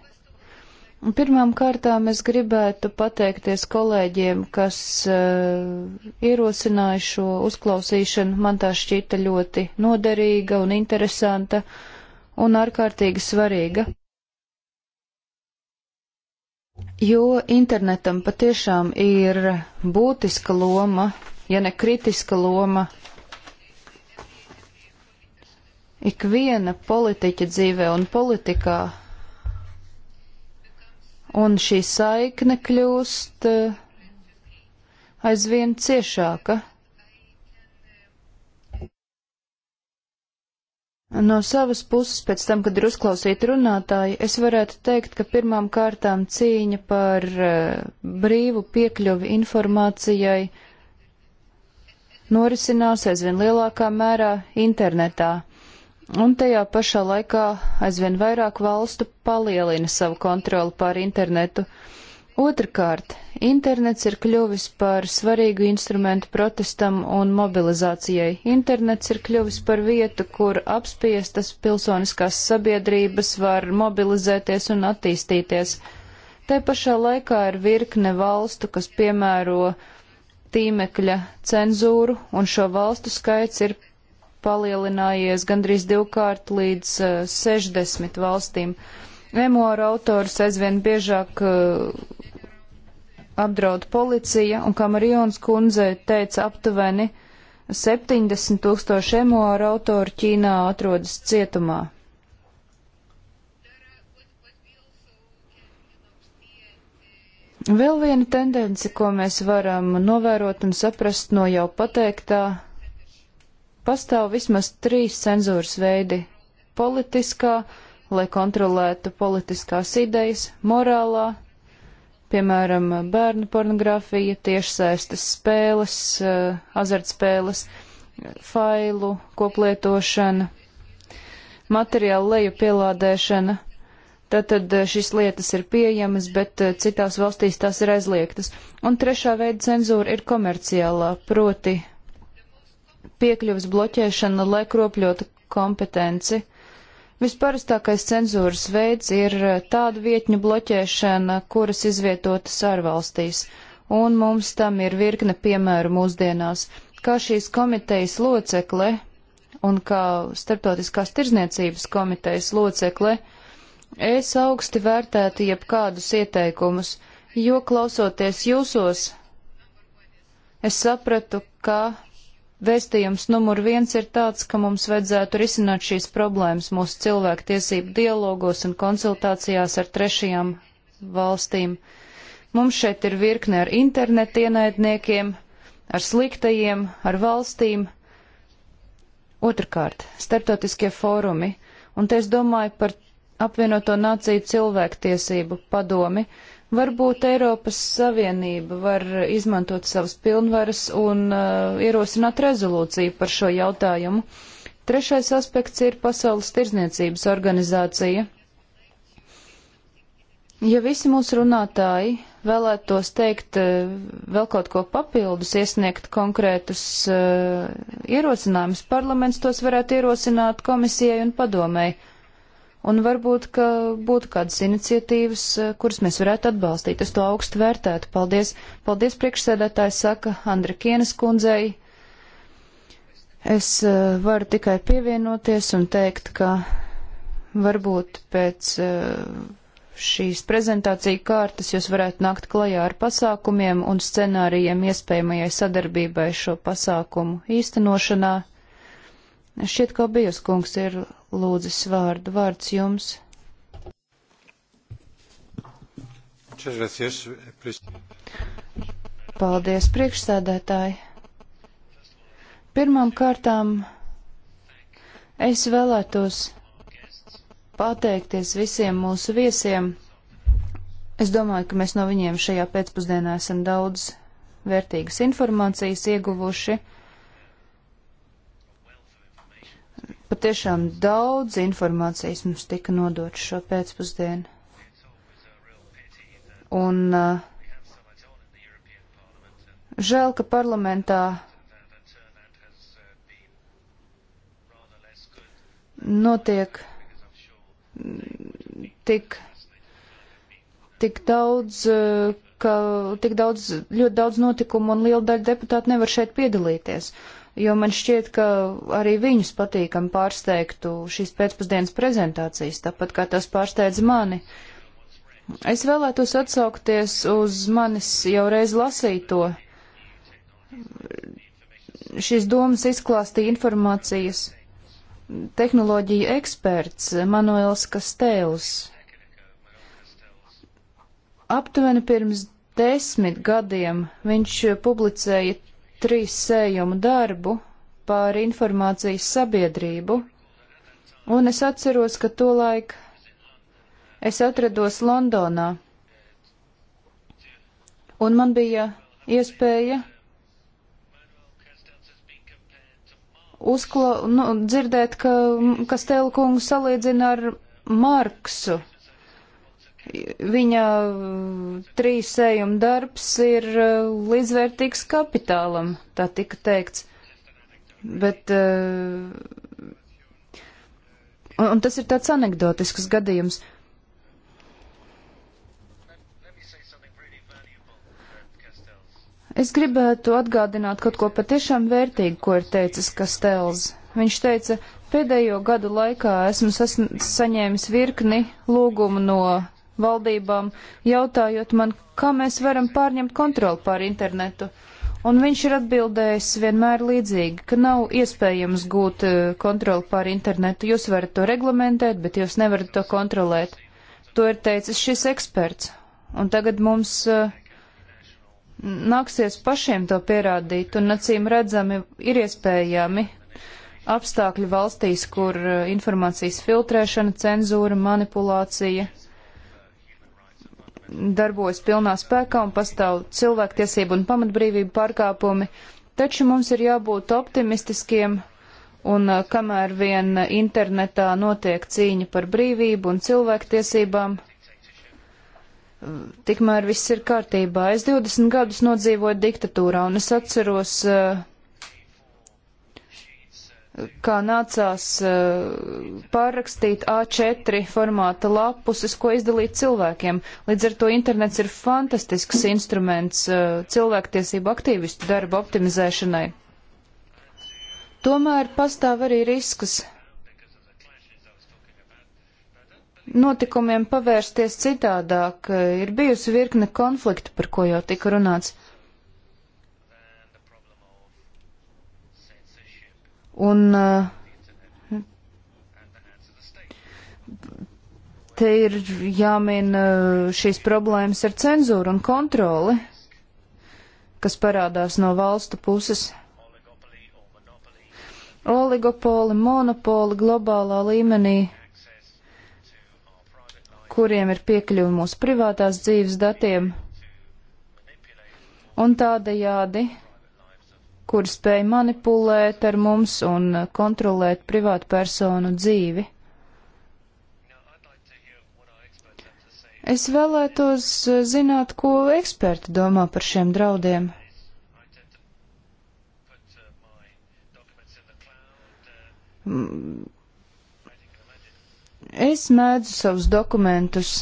A: Pirmām kārtām es gribētu pateikties kolēģiem, kas uh, ierosināja šo uzklausīšanu. Man tā šķita ļoti noderīga un interesanta un ārkārtīgi svarīga. Jo internetam patiešām ir būtiska loma, ja ne kritiska loma, ikviena politiķa dzīvē un politikā un šī saikne kļūst eh, aizvien ciešāka. No savas puses, pēc tam, kad ir uzklausīti runātāji, es varētu teikt, ka pirmām kārtām cīņa par eh, brīvu piekļuvi informācijai norisinās aizvien lielākā mērā internetā un tajā pašā laikā aizvien vairāk valstu palielina savu kontroli pār internetu. Otrakārt, internets ir kļuvis par svarīgu instrumentu protestam un mobilizācijai. Internets ir kļuvis par vietu, kur apspiestas pilsoniskās sabiedrības var mobilizēties un attīstīties. Te pašā laikā ir virkne valstu, kas piemēro tīmekļa cenzūru, un šo valstu skaits ir palielinājies gandrīz divkārt līdz 60 eh, valstīm. Memoāra autors aizvien biežāk eh, apdraud policija, un kā Marijonas kundze teica, aptuveni 70 tūkstoši memoāra autori Ķīnā atrodas cietumā. Vēl viena tendence, ko mēs varam novērot un saprast no jau pateiktā, pastāv vismaz trīs cenzūras veidi - politiskā, lai kontrolētu politiskās idejas, morālā, piemēram, bērnu pornogrāfija, tiešsaistes spēles, eh, azartspēles, failu koplietošana, materiāla leju pielādēšana. Tātad eh, šīs lietas ir pieejamas, bet eh, citās valstīs tās ir aizliegtas. Un trešā veida cenzūra ir komerciālā, proti piekļuvas bloķēšana, lai kropļotu kompetenci. Visparastākais cenzūras veids ir eh, tāda vietņu bloķēšana, kuras izvietotas ārvalstīs, un mums tam ir virkne piemēru mūsdienās. Kā šīs komitejas locekle un kā starptautiskās tirzniecības komitejas locekle, es augsti vērtētu jebkādus ieteikumus, jo klausoties jūsos, es sapratu, ka Vēstījums numur viens ir tāds, ka mums vajadzētu risināt šīs problēmas mūsu cilvēktiesību dialogos un konsultācijās ar trešajām valstīm. Mums šeit ir virkne ar internetu ienaidniekiem, ar sliktajiem, ar valstīm. Otrakārt, starptautiskie fórumi, un te es domāju par apvienoto nāciju cilvēktiesību padomi, Varbūt Eiropas Savienība var izmantot savas pilnvaras un uh, ierosināt rezolūciju par šo jautājumu. Trešais aspekts ir Pasaules tirzniecības organizācija. Ja visi mūsu runātāji vēlētos teikt uh, vēl kaut ko papildus, iesniegt konkrētus uh, ierosinājumus, parlaments tos varētu ierosināt komisijai un padomēji. Un varbūt, ka būtu kādas iniciatīvas, eh, kuras mēs varētu atbalstīt. Es to augstu vērtētu. Paldies, paldies priekšsēdētājs saka Andra Kienas kundzei. Es eh, varu tikai pievienoties un teikt, ka varbūt pēc eh, šīs prezentācija kārtas jūs varētu nākt klajā ar pasākumiem un scenārijiem iespējamajai sadarbībai šo pasākumu īstenošanā. Šķiet, ka Bijus kungs ir lūdzis vārdu. Vārds jums. Paldies, priekšsēdētāji. Pirmām kārtām es vēlētos pateikties visiem mūsu viesiem. Es domāju, ka mēs no viņiem šajā pēcpusdienā esam daudz vērtīgas informācijas ieguvuši. Patiešām daudz informācijas mums tika nodots šo pēcpusdienu. Un uh, žēl, ka parlamentā notiek mm, tik, tik daudz, uh, ka tik daudz, ļoti daudz notikumu un liela daļa deputātu nevar šeit piedalīties. Uh, jo man šķiet, ka arī viņus patīkam pārsteigtu šīs pēcpusdienas prezentācijas, tāpat kā tas pārsteidz mani. Es vēlētos atsaukties uz manis jau reiz lasīto. Šīs domas izklāstīja informācijas tehnoloģija eksperts Manuels Kastēls. Aptuveni pirms desmit gadiem viņš publicēja trīs sējumu darbu par informācijas sabiedrību, un es atceros, ka tolaik es atrados Londonā, un man bija iespēja uzkla, nu, dzirdēt, ka Kastelkungu salīdzina ar Marksu. Viņa mm, trīsējuma darbs ir mm, līdzvērtīgs kapitālam, tā tika teikts. Bet, mm, un tas ir tāds anegdotisks gadījums. Es gribētu atgādināt kaut ko patiešām vērtīgu, ko ir teicis Kastels. Viņš teica, pēdējo gadu laikā esmu saņēmis virkni lūgumu no valdībām, jautājot man, kā mēs varam pārņemt kontroli pār internetu. Un viņš ir atbildējis vienmēr līdzīgi, ka nav iespējams gūt eh, kontroli pār internetu. Jūs varat to reglamentēt, bet jūs nevarat to kontrolēt. To ir teicis šis eksperts. Un tagad mums uh, nāksies pašiem to pierādīt, un acīm redzami ir iespējami apstākļi valstīs, kur eh, informācijas filtrēšana, cenzūra, manipulācija darbojas pilnā spēkā un pastāv cilvēktiesību un pamatbrīvību pārkāpumi, taču mums ir jābūt optimistiskiem un eh, kamēr vien internetā notiek cīņa par brīvību un cilvēktiesībām, eh, tikmēr viss ir kārtībā. Es 20 gadus nodzīvoju diktatūrā un es atceros uh, kā nācās eh, pārrakstīt A4 formāta lapuses, ko izdalīt cilvēkiem. Līdz ar to internets ir fantastisks instruments eh, cilvēktiesību aktīvistu darba optimizēšanai. Tomēr pastāv arī risks notikumiem pavērsties citādāk. Eh, ir bijusi virkne konflikta, par ko jau tika runāts. Un eh, te ir jāmin eh, šīs problēmas ar cenzūru un kontroli, kas parādās no valstu puses. Oligopoli, monopoli globālā līmenī, kuriem ir piekļuvi mūsu privātās dzīves datiem, un tādējādi kur spēj manipulēt ar mums un uh, kontrolēt privātu personu dzīvi. Es vēlētos uh, zināt, ko eksperti domā par šiem draudiem. Mm. Es mēdzu savus dokumentus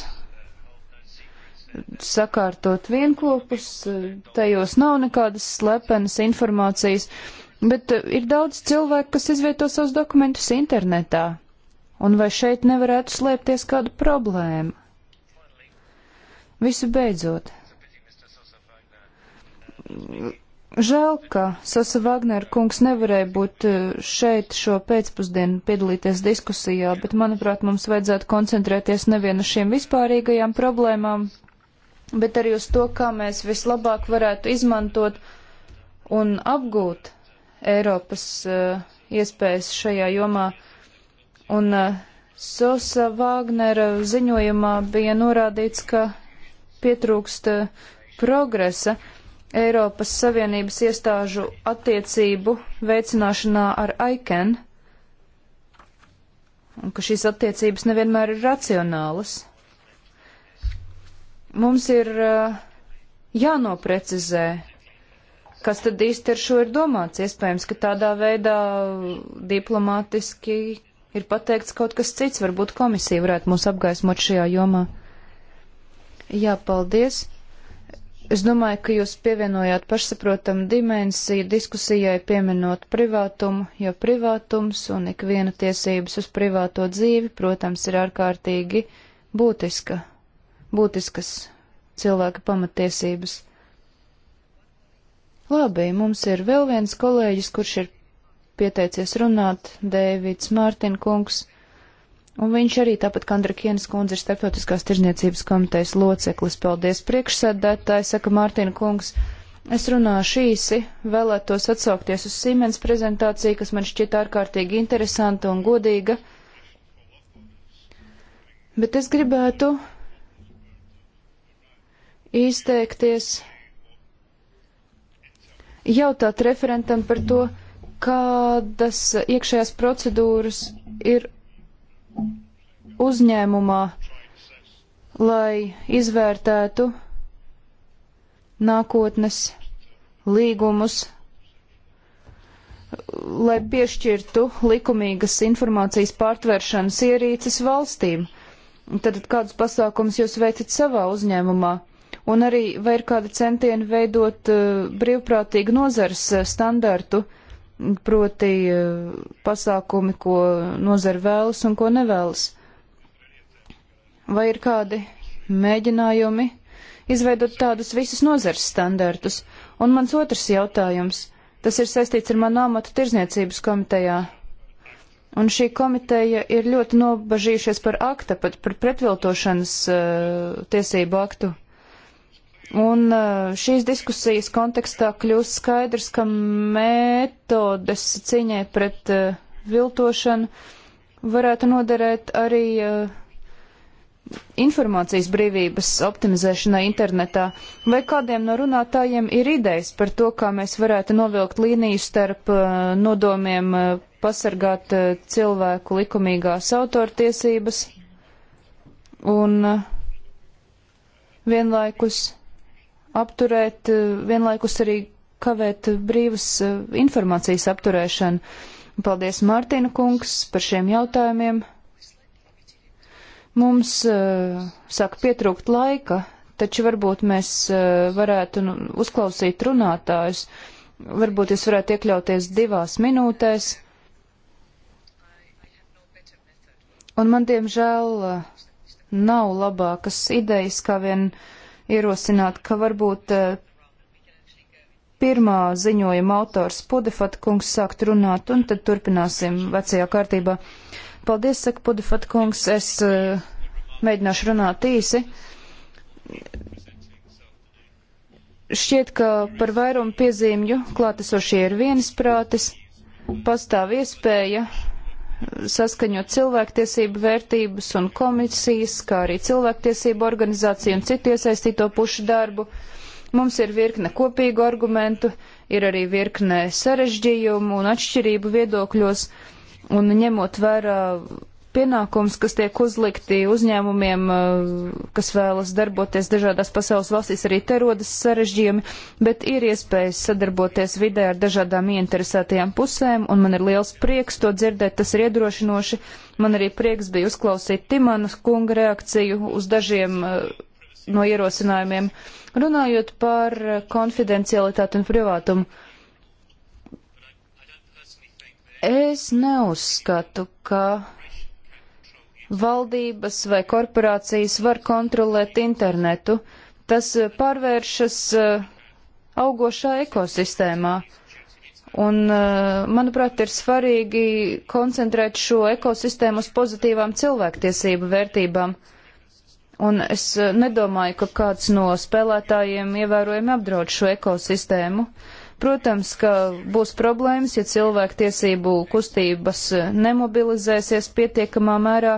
A: sakārtot vienkopus, tajos nav nekādas slepenas informācijas, bet eh, ir daudz cilvēku, kas izvieto savus dokumentus internetā. Un vai šeit nevarētu slēpties kāda problēma? Visu beidzot. Žēl, ka Sasa Vagner kungs nevarēja būt eh, šeit šo pēcpusdienu piedalīties diskusijā, bet, manuprāt, mums vajadzētu koncentrēties nevienu šiem vispārīgajām problēmām, bet arī uz to, kā mēs vislabāk varētu izmantot un apgūt Eiropas uh, iespējas šajā jomā. Un uh, Sosa Vāgnera ziņojumā bija norādīts, ka pietrūkst uh, progresa Eiropas Savienības iestāžu attiecību veicināšanā ar ICANN, un ka šīs attiecības nevienmēr ir racionālas mums ir eh, jānoprecizē, kas tad īsti ar šo ir domāts. Iespējams, ka tādā veidā diplomātiski ir pateikts kaut kas cits, varbūt komisija varētu mūs apgaismot šajā jomā. Jā, paldies. Es domāju, ka jūs pievienojāt pašsaprotamu dimensiju diskusijai pieminot privātumu, jo privātums un ikviena tiesības uz privāto dzīvi, protams, ir ārkārtīgi būtiska būtiskas cilvēka pamatiesības. Labi, mums ir vēl viens kolēģis, kurš ir pieteicies runāt, Dēvids Mārtiņa kungs, un viņš arī tāpat kā Andrakienas kundze ir starptautiskās tirzniecības komitejas loceklis. Paldies priekšsēdētāji, saka Mārtiņa kungs. Es runāšu īsi, vēlētos atsaukties uz Siemens prezentāciju, kas man šķiet ārkārtīgi interesanta un godīga, bet es gribētu izteikties, jautāt referentam par to, kādas iekšējās procedūras ir uzņēmumā, lai izvērtētu nākotnes līgumus, lai piešķirtu likumīgas informācijas pārtvēršanas ierīces valstīm. Tad kādus pasākumus jūs veicat savā uzņēmumā? Un arī vai ir kādi centieni veidot uh, brīvprātīgu nozars eh, standartu, proti uh, pasākumi, ko nozara vēlas un ko nevēlas? Vai ir kādi mēģinājumi izveidot tādus visus nozars standartus? Un mans otrs jautājums, tas ir saistīts ar manu amatu tirzniecības komitejā. Un šī komiteja ir ļoti nobažījušies par akta, pat par pretviltošanas uh, tiesību aktu Un uh, šīs diskusijas kontekstā kļūst skaidrs, ka metodes ciņai pret uh, viltošanu varētu noderēt arī uh, informācijas brīvības optimizēšanai internetā, vai kādiem no runātājiem ir idejas par to, kā mēs varētu novilkt līniju starp nodomiem pasargāt cilvēku likumīgās autortiesības un vienlaikus apturēt, eh, vienlaikus arī kavēt brīvas eh, informācijas apturēšanu. Paldies, Mārtiņa kungs, par šiem jautājumiem. Mums uh, sāk pietrūkt laika, taču varbūt mēs uh, varētu nu, uzklausīt runātājus. Varbūt jūs varētu iekļauties divās minūtēs. Un man, diemžēl, nav labākas idejas, kā vien uh, ierosināt, ka varbūt eh, pirmā ziņojuma autors Pudefat kungs sākt runāt, un tad turpināsim vecajā kārtībā. Paldies, saka Pudefat kungs, es eh, mēģināšu runāt īsi šķiet, ka par vairumu piezīmju klātesošie ir viensprātis, pastāv iespēja saskaņot cilvēktiesību vērtības un komisijas, kā arī cilvēktiesību organizāciju un citu iesaistīto pušu darbu. Mums ir virkne kopīgu argumentu, ir arī virkne sarežģījumu un atšķirību viedokļos, un ņemot vērā pienākums, kas tiek uzlikti uzņēmumiem, uh, kas vēlas darboties dažādās pasaules valstīs, arī te rodas sarežģījumi, bet ir iespējas sadarboties vidē ar dažādām ieinteresētajām pusēm, un man ir liels prieks to dzirdēt, tas ir iedrošinoši. Man arī prieks bija uzklausīt Timanas kunga reakciju uz dažiem uh, no ierosinājumiem, runājot par uh, konfidencialitāti un privātumu. Es neuzskatu, ka valdības vai korporācijas var kontrolēt internetu. Tas eh, pārvēršas eh, augošā ekosistēmā. Un, eh, manuprāt, ir svarīgi koncentrēt šo ekosistēmu uz pozitīvām cilvēktiesību vērtībām. Un es nedomāju, ka kāds no spēlētājiem ievērojami apdraud šo ekosistēmu. Uh, Protams, ka būs problēmas, ja cilvēktiesību kustības nemobilizēsies pietiekamā mērā.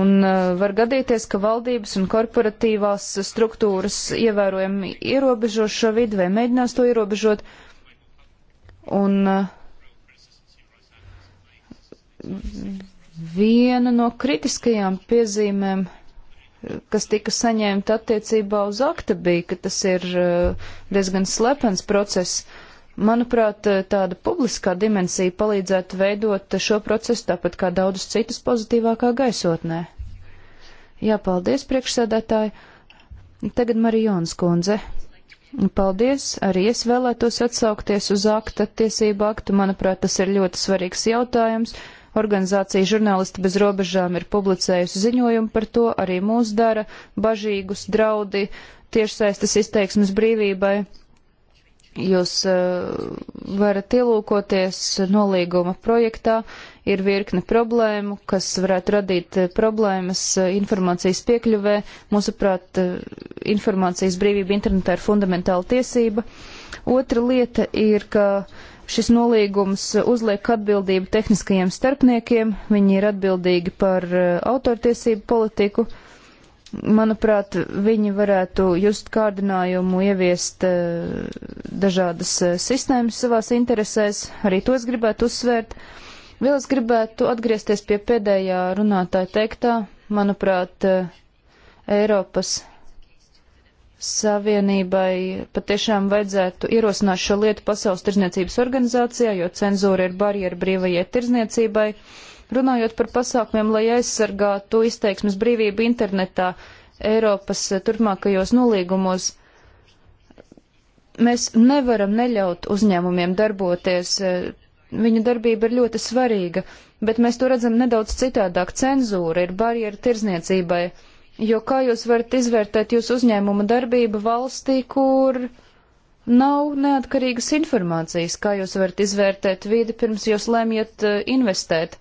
A: Un eh, var gadīties, ka valdības un korporatīvās struktūras ievērojami ierobežo šo vidu vai mēģinās to ierobežot. Un eh, viena no kritiskajām piezīmēm kas tika saņemta attiecībā uz akta bija, ka tas ir uh, diezgan slepens process. Manuprāt, uh, tāda publiskā dimensija palīdzētu veidot šo procesu tāpat kā daudzus citus pozitīvākā gaisotnē. Jā, paldies, priekšsēdētāji. Tagad Marijonas kundze. Paldies, arī es vēlētos atsaukties uz akta tiesību aktu. Manuprāt, tas ir ļoti svarīgs jautājums. Uh, Organizācija Žurnālisti bez robežām ir publicējusi ziņojumu par to, arī mūs dara bažīgus draudi tiešsaistes izteiksmes brīvībai. Jūs uh, varat ielūkoties nolīguma projektā, ir virkne problēmu, kas varētu radīt eh, problēmas eh, informācijas piekļuvē. Mūsuprāt, informācijas brīvība internetā ir fundamentāla tiesība. Otra lieta ir, ka uh, Šis nolīgums uzliek atbildību tehniskajiem starpniekiem, viņi ir atbildīgi par eh, autortiesību politiku. Manuprāt, viņi varētu just kārdinājumu ieviest eh, dažādas eh, sistēmas savās interesēs, arī tos gribētu uzsvērt. Vēl es gribētu atgriezties pie pēdējā runātāja teiktā. Manuprāt, Eiropas Savienībai patiešām vajadzētu ierosināt šo lietu Pasaules tirzniecības organizācijā, jo cenzūra ir barjera brīvajai tirzniecībai. Runājot par pasākumiem, lai aizsargātu izteiksmes brīvību internetā Eiropas turpmākajos nolīgumos, mēs nevaram neļaut uzņēmumiem darboties. Viņa darbība ir ļoti svarīga, bet mēs to redzam nedaudz citādāk. Cenzūra ir barjera tirzniecībai. Jo kā jūs varat izvērtēt jūsu uzņēmuma darbību valstī, kur nav neatkarīgas informācijas? Kā jūs varat izvērtēt vidi pirms jūs lemjat eh, investēt?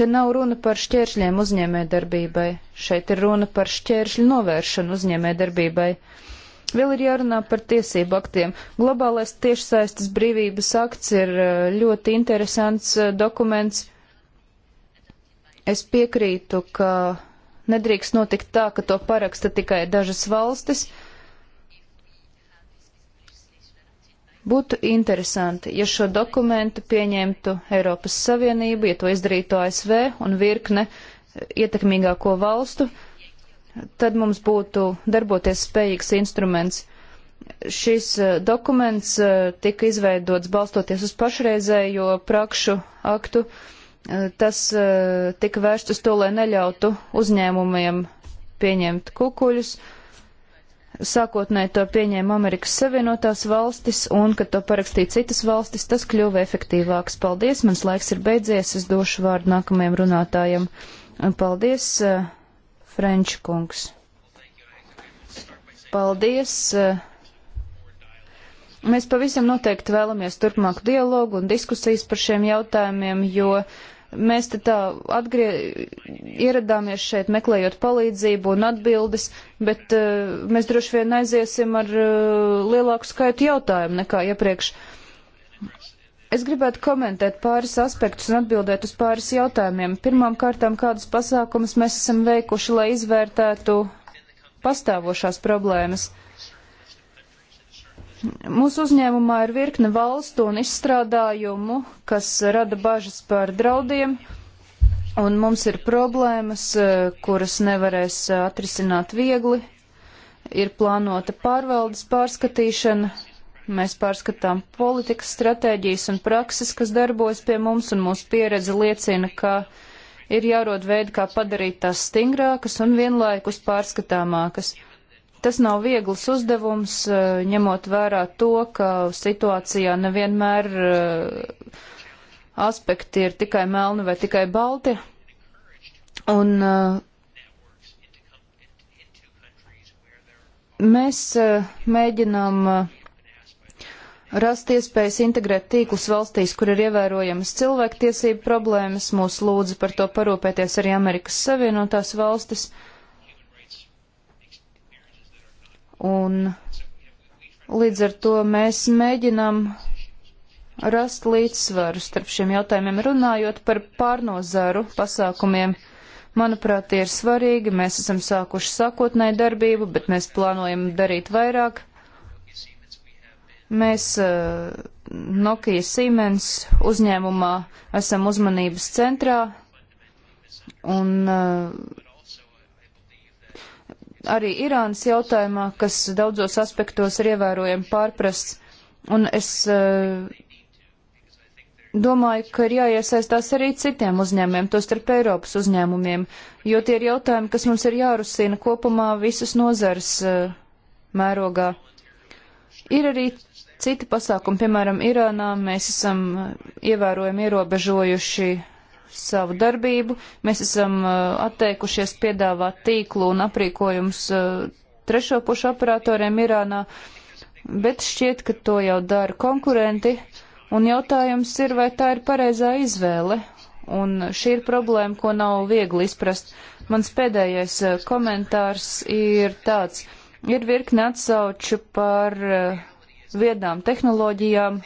A: Te nav runa par šķēršļiem uzņēmē darbībai, šeit ir runa par šķēršļu novēršanu uzņēmē darbībai. Vēl ir jārunā par tiesību aktiem. Globālais tiešsaistes brīvības akts ir eh, ļoti interesants eh, dokuments. Es piekrītu, ka Nedrīkst notikt tā, ka to paraksta tikai dažas valstis. Būtu interesanti, ja šo dokumentu pieņemtu Eiropas Savienība, ja to izdarītu ASV un virkne ietekmīgāko valstu, tad mums būtu darboties spējīgs instruments. Šis eh, dokuments eh, tika izveidots balstoties uz pašreizējo prakšu aktu. Uh, Eh, tas eh, tika vērsts uz to, lai neļautu uzņēmumiem pieņemt kukuļus. Sākotnēji to pieņēma Amerikas Savienotās valstis, un, kad to parakstīja citas valstis, tas kļuva efektīvāks. Paldies, mans laiks ir beidzies, es došu vārdu nākamajam runātājam. Eh, paldies, Frenč kungs. Paldies. Mēs pavisam noteikti vēlamies turpmāku dialogu un diskusijas par šiem jautājumiem, jo uh, Mēs te tā atgrie... ieradāmies šeit meklējot palīdzību un atbildes, bet uh, mēs droši vien aiziesim ar uh, lielāku skaitu jautājumu nekā iepriekš. Es gribētu komentēt pāris aspektus un atbildēt uz pāris jautājumiem. Pirmām kārtām, kādus pasākumus mēs esam veikuši, lai izvērtētu pastāvošās problēmas. Uh, Mūsu uzņēmumā ir virkne valstu un izstrādājumu, kas rada bažas par draudiem, un mums ir problēmas, eh, kuras nevarēs eh, atrisināt viegli. Ir plānota pārvaldes pārskatīšana, mēs pārskatām politikas stratēģijas un prakses, kas darbojas pie mums, un mūsu pieredze liecina, ka ir jārod veidi, kā padarīt tās stingrākas un vienlaikus pārskatāmākas. Tas nav viegls uzdevums, eh, ņemot vērā to, ka situācijā nevienmēr eh, aspekti ir tikai melni vai tikai balti. Un eh, mēs mēģinām rast iespējas integrēt tīklus valstīs, kur ir ievērojamas cilvēktiesību problēmas. Mūs lūdza par to parūpēties arī Amerikas Savienotās valstis. Uh, Un līdz ar to mēs mēģinam rast līdzsvaru starp šiem jautājumiem, runājot par pārnozaru pasākumiem. Manuprāt, tie ir svarīgi. Mēs esam sākuši sākotnēju darbību, bet mēs plānojam darīt vairāk. Mēs uh, Nokia Siemens uzņēmumā esam uzmanības centrā un uh, arī Irānas jautājumā, kas daudzos aspektos ir ievērojami pārprasts. Un es eh, domāju, ka ir jāiesaistās arī citiem uzņēmumiem, tostarp Eiropas uzņēmumiem, jo tie ir jautājumi, kas mums ir jārusina kopumā visas nozares eh, mērogā. Ir arī citi pasākumi, piemēram, Irānā mēs esam eh, ievērojami ierobežojuši savu darbību. Mēs esam uh, atteikušies piedāvāt tīklu un aprīkojums uh, trešo pušu operatoriem Irānā, bet šķiet, ka to jau dara konkurenti. Un jautājums ir, vai tā ir pareizā izvēle. Un šī ir problēma, ko nav viegli izprast. Mans pēdējais uh, komentārs ir tāds. Ir virkne atsauču par viedām tehnoloģijām,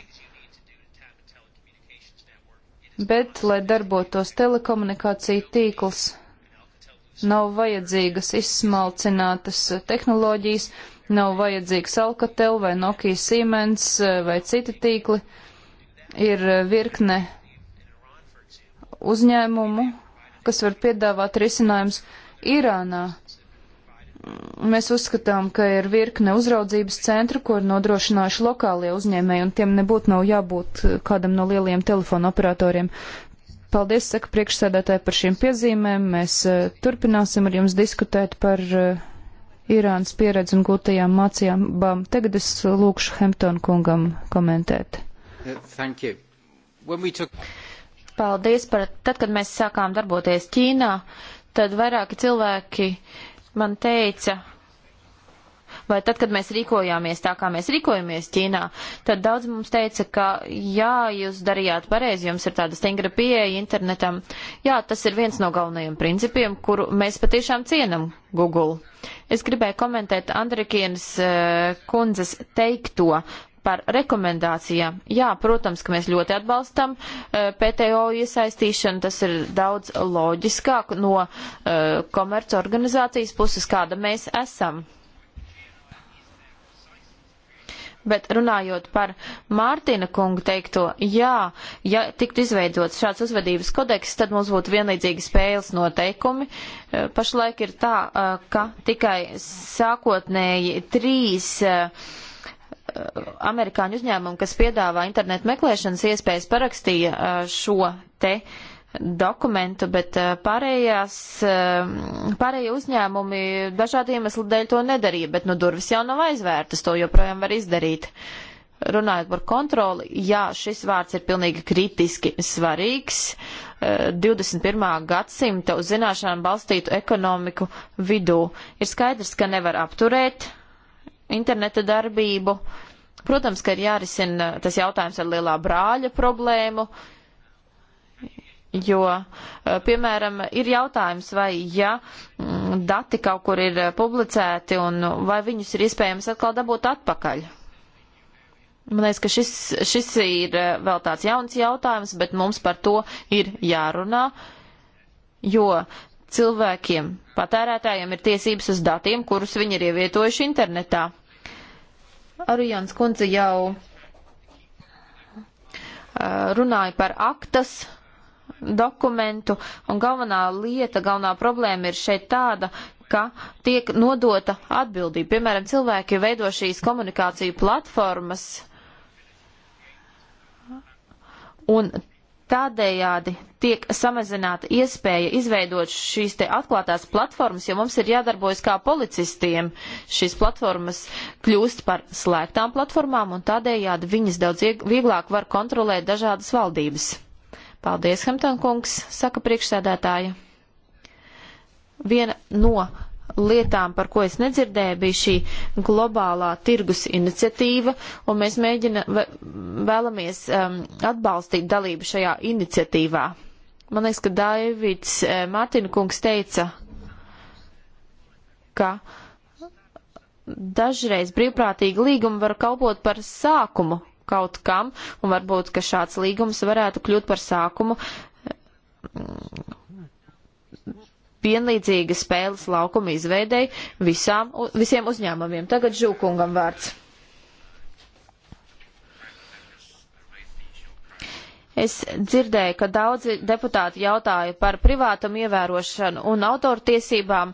A: bet, lai darbotos telekomunikācija tīkls, nav vajadzīgas izsmalcinātas tehnoloģijas, nav vajadzīgs Alcatel vai Nokia Siemens eh, vai citi tīkli. Ir eh, virkne uzņēmumu, kas var piedāvāt risinājums Irānā. Mēs uzskatām, ka ir virkne uzraudzības centru, ko ir nodrošinājuši lokālie uzņēmēji, un tiem nebūtu nav jābūt eh, kādam no lielajiem telefonu operatoriem. Paldies, saka priekšsēdētāji, par šīm piezīmēm. Mēs uh, turpināsim ar jums diskutēt par uh, Irānas pieredzi un gūtajām mācībām.
C: Tagad es lūkšu Hemptonu kungam komentēt.
B: Uh, took...
C: Paldies par, tad, kad mēs sākām darboties Ķīnā, tad vairāki cilvēki uh, man teica, vai tad, kad mēs rīkojāmies tā, kā mēs rīkojamies Ķīnā, tad daudz mums teica, ka jā, jūs darījāt pareizi, jums ir tāda stingra pieeja internetam. Jā, tas ir viens no galvenajiem principiem, kuru mēs patiešām cienam Google. Es gribēju komentēt Andrikienas uh, kundzes teikto par rekomendācijām. Jā, protams, ka mēs ļoti atbalstam eh, PTO iesaistīšanu, tas ir daudz loģiskāk no eh, komerca organizācijas puses, kāda mēs esam. Bet runājot par Mārtiņa kungu teikto, jā, ja tiktu izveidots šāds uzvedības kodeks, tad mums būtu vienlīdzīgi spēles noteikumi. Eh, pašlaik ir tā, ka tikai sākotnēji trīs uh, amerikāņu uzņēmumu, kas piedāvā internetu meklēšanas iespējas, parakstīja šo te dokumentu, bet pārējās, pārējie uzņēmumi dažādu iemeslu dēļ to nedarīja, bet nu durvis jau nav aizvērtas, to joprojām var izdarīt. Runājot par kontroli, jā, šis vārds ir pilnīgi kritiski svarīgs. 21. gadsimta uz zināšanām balstītu ekonomiku vidū ir skaidrs, ka nevar apturēt interneta darbību, uh, Protams, ka ir jārisina tas jautājums ar lielā brāļa problēmu, jo, eh, piemēram, ir jautājums, vai ja mm, dati kaut kur ir eh, publicēti un vai viņus ir iespējams atkal dabūt atpakaļ. Man liekas, ka šis, šis ir eh, vēl tāds jauns jautājums, bet mums par to ir jārunā, jo cilvēkiem, patērētājiem ir tiesības uz datiem, kurus viņi ir ievietojuši internetā. Arujans kundze jau runāja par aktas dokumentu, un galvenā lieta, galvenā problēma ir šeit tāda, ka tiek nodota atbildība. Piemēram, cilvēki veido šīs komunikāciju platformas, un tādējādi tiek samazināta iespēja izveidot šīs te atklātās platformas, jo mums ir jādarbojas kā policistiem. Šīs platformas kļūst par slēgtām platformām un tādējādi viņas daudz vieglāk var kontrolēt dažādas valdības. Paldies, Hampton kungs, saka priekšsēdētāja. Viena no lietām, par ko es nedzirdēju, bija šī globālā tirgus iniciatīva, un mēs mēģina, vēlamies um, atbalstīt dalību šajā iniciatīvā. Man liekas, ka Daivids eh, Mārtiņkungs teica, ka dažreiz brīvprātīgi līgumi var kalpot par sākumu kaut kam, un varbūt, ka šāds līgums varētu kļūt par sākumu mm, vienlīdzīga spēles laukuma izveidei visām, visiem uzņēmumiem. Tagad Žūkungam vārds. Es dzirdēju, ka daudzi deputāti jautāja par privātumu ievērošanu un autortiesībām.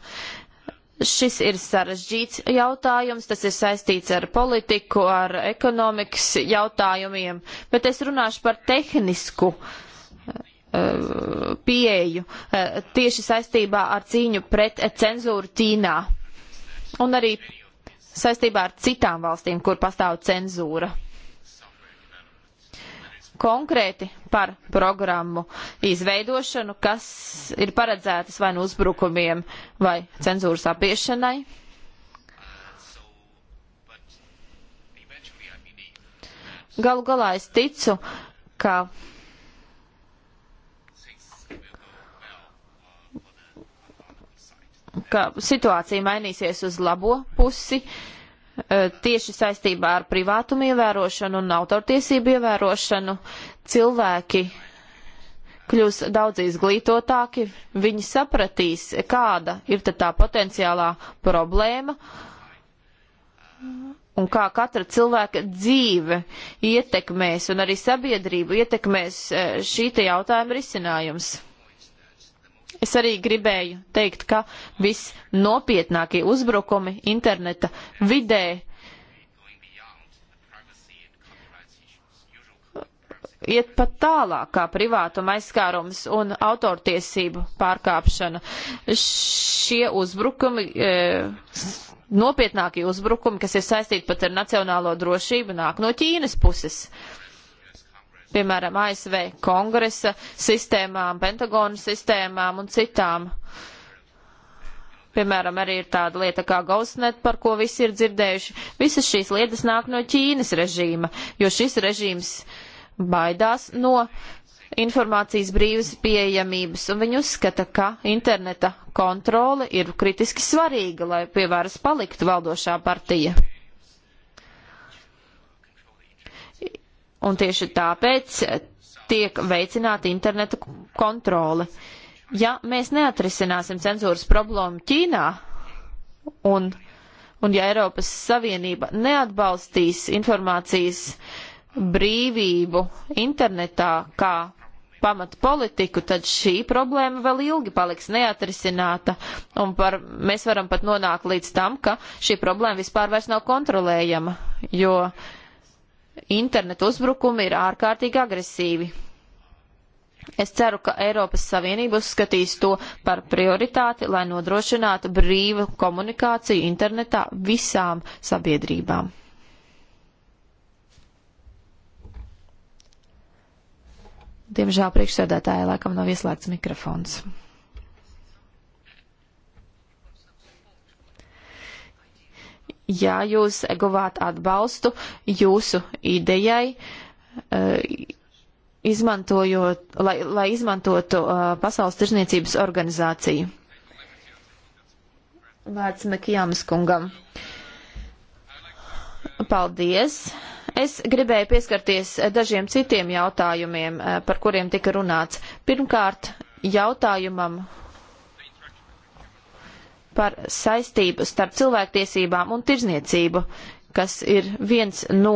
C: Šis ir sarežģīts jautājums, tas ir saistīts ar politiku, ar ekonomikas jautājumiem, bet es runāšu par tehnisku uh, pieeju uh, tieši saistībā ar cīņu pret cenzūru Ķīnā un arī saistībā ar citām valstīm, kur pastāv cenzūra konkrēti par programmu izveidošanu, kas ir paredzētas vai nu uzbrukumiem, vai cenzūras apiešanai. Galu galā es ticu, ka ka situācija mainīsies uz labo pusi, uh, Eh, tieši saistībā ar privātumu ievērošanu un autortiesību ievērošanu cilvēki kļūs daudz izglītotāki, viņi sapratīs, kāda ir tā potenciālā problēma un kā katra cilvēka dzīve ietekmēs un arī sabiedrību ietekmēs eh, šīta jautājuma risinājums. Es arī gribēju teikt, ka visnopietnākie uzbrukumi interneta vidē uh, iet pat tālāk kā privātuma aizskārums un autortiesību pārkāpšana. Šie uzbrukumi, e, nopietnākie uzbrukumi, kas ir saistīti pat ar nacionālo drošību, nāk no Ķīnas puses. E, piemēram, ASV kongresa sistēmām, Pentagonu sistēmām un citām. Piemēram, arī ir tāda lieta kā Gausnet, par ko visi ir dzirdējuši. Visas šīs lietas nāk no Ķīnas režīma, jo šis režīms baidās no informācijas brīvas pieejamības, un viņi uzskata, ka interneta kontrole ir kritiski svarīga, lai pie varas paliktu valdošā partija. Un tieši tāpēc tiek veicināta interneta kontrole. Ja mēs neatrisināsim cenzūras problēmu Ķīnā un, un ja Eiropas Savienība neatbalstīs informācijas brīvību internetā kā pamatu politiku, tad šī problēma vēl ilgi paliks neatrisināta. Un par, mēs varam pat nonākt līdz tam, ka šī problēma vispār vairs nav kontrolējama, jo internetu uzbrukumi ir ārkārtīgi agresīvi. Es ceru, ka Eiropas Savienība uzskatīs to par prioritāti, lai nodrošinātu brīvu komunikāciju internetā visām sabiedrībām. Diemžēl priekšsēdētāja laikam nav ieslēgts mikrofons. ja jūs guvāt atbalstu jūsu idejai, e, izmantojot, lai, lai izmantotu e, Pasaules tirzniecības organizāciju. Vārds Mekijāmas kungam. Paldies! Es gribēju pieskarties dažiem citiem jautājumiem, e, par kuriem tika runāts. Pirmkārt, jautājumam, par saistību starp cilvēktiesībām un tirzniecību, kas ir viens no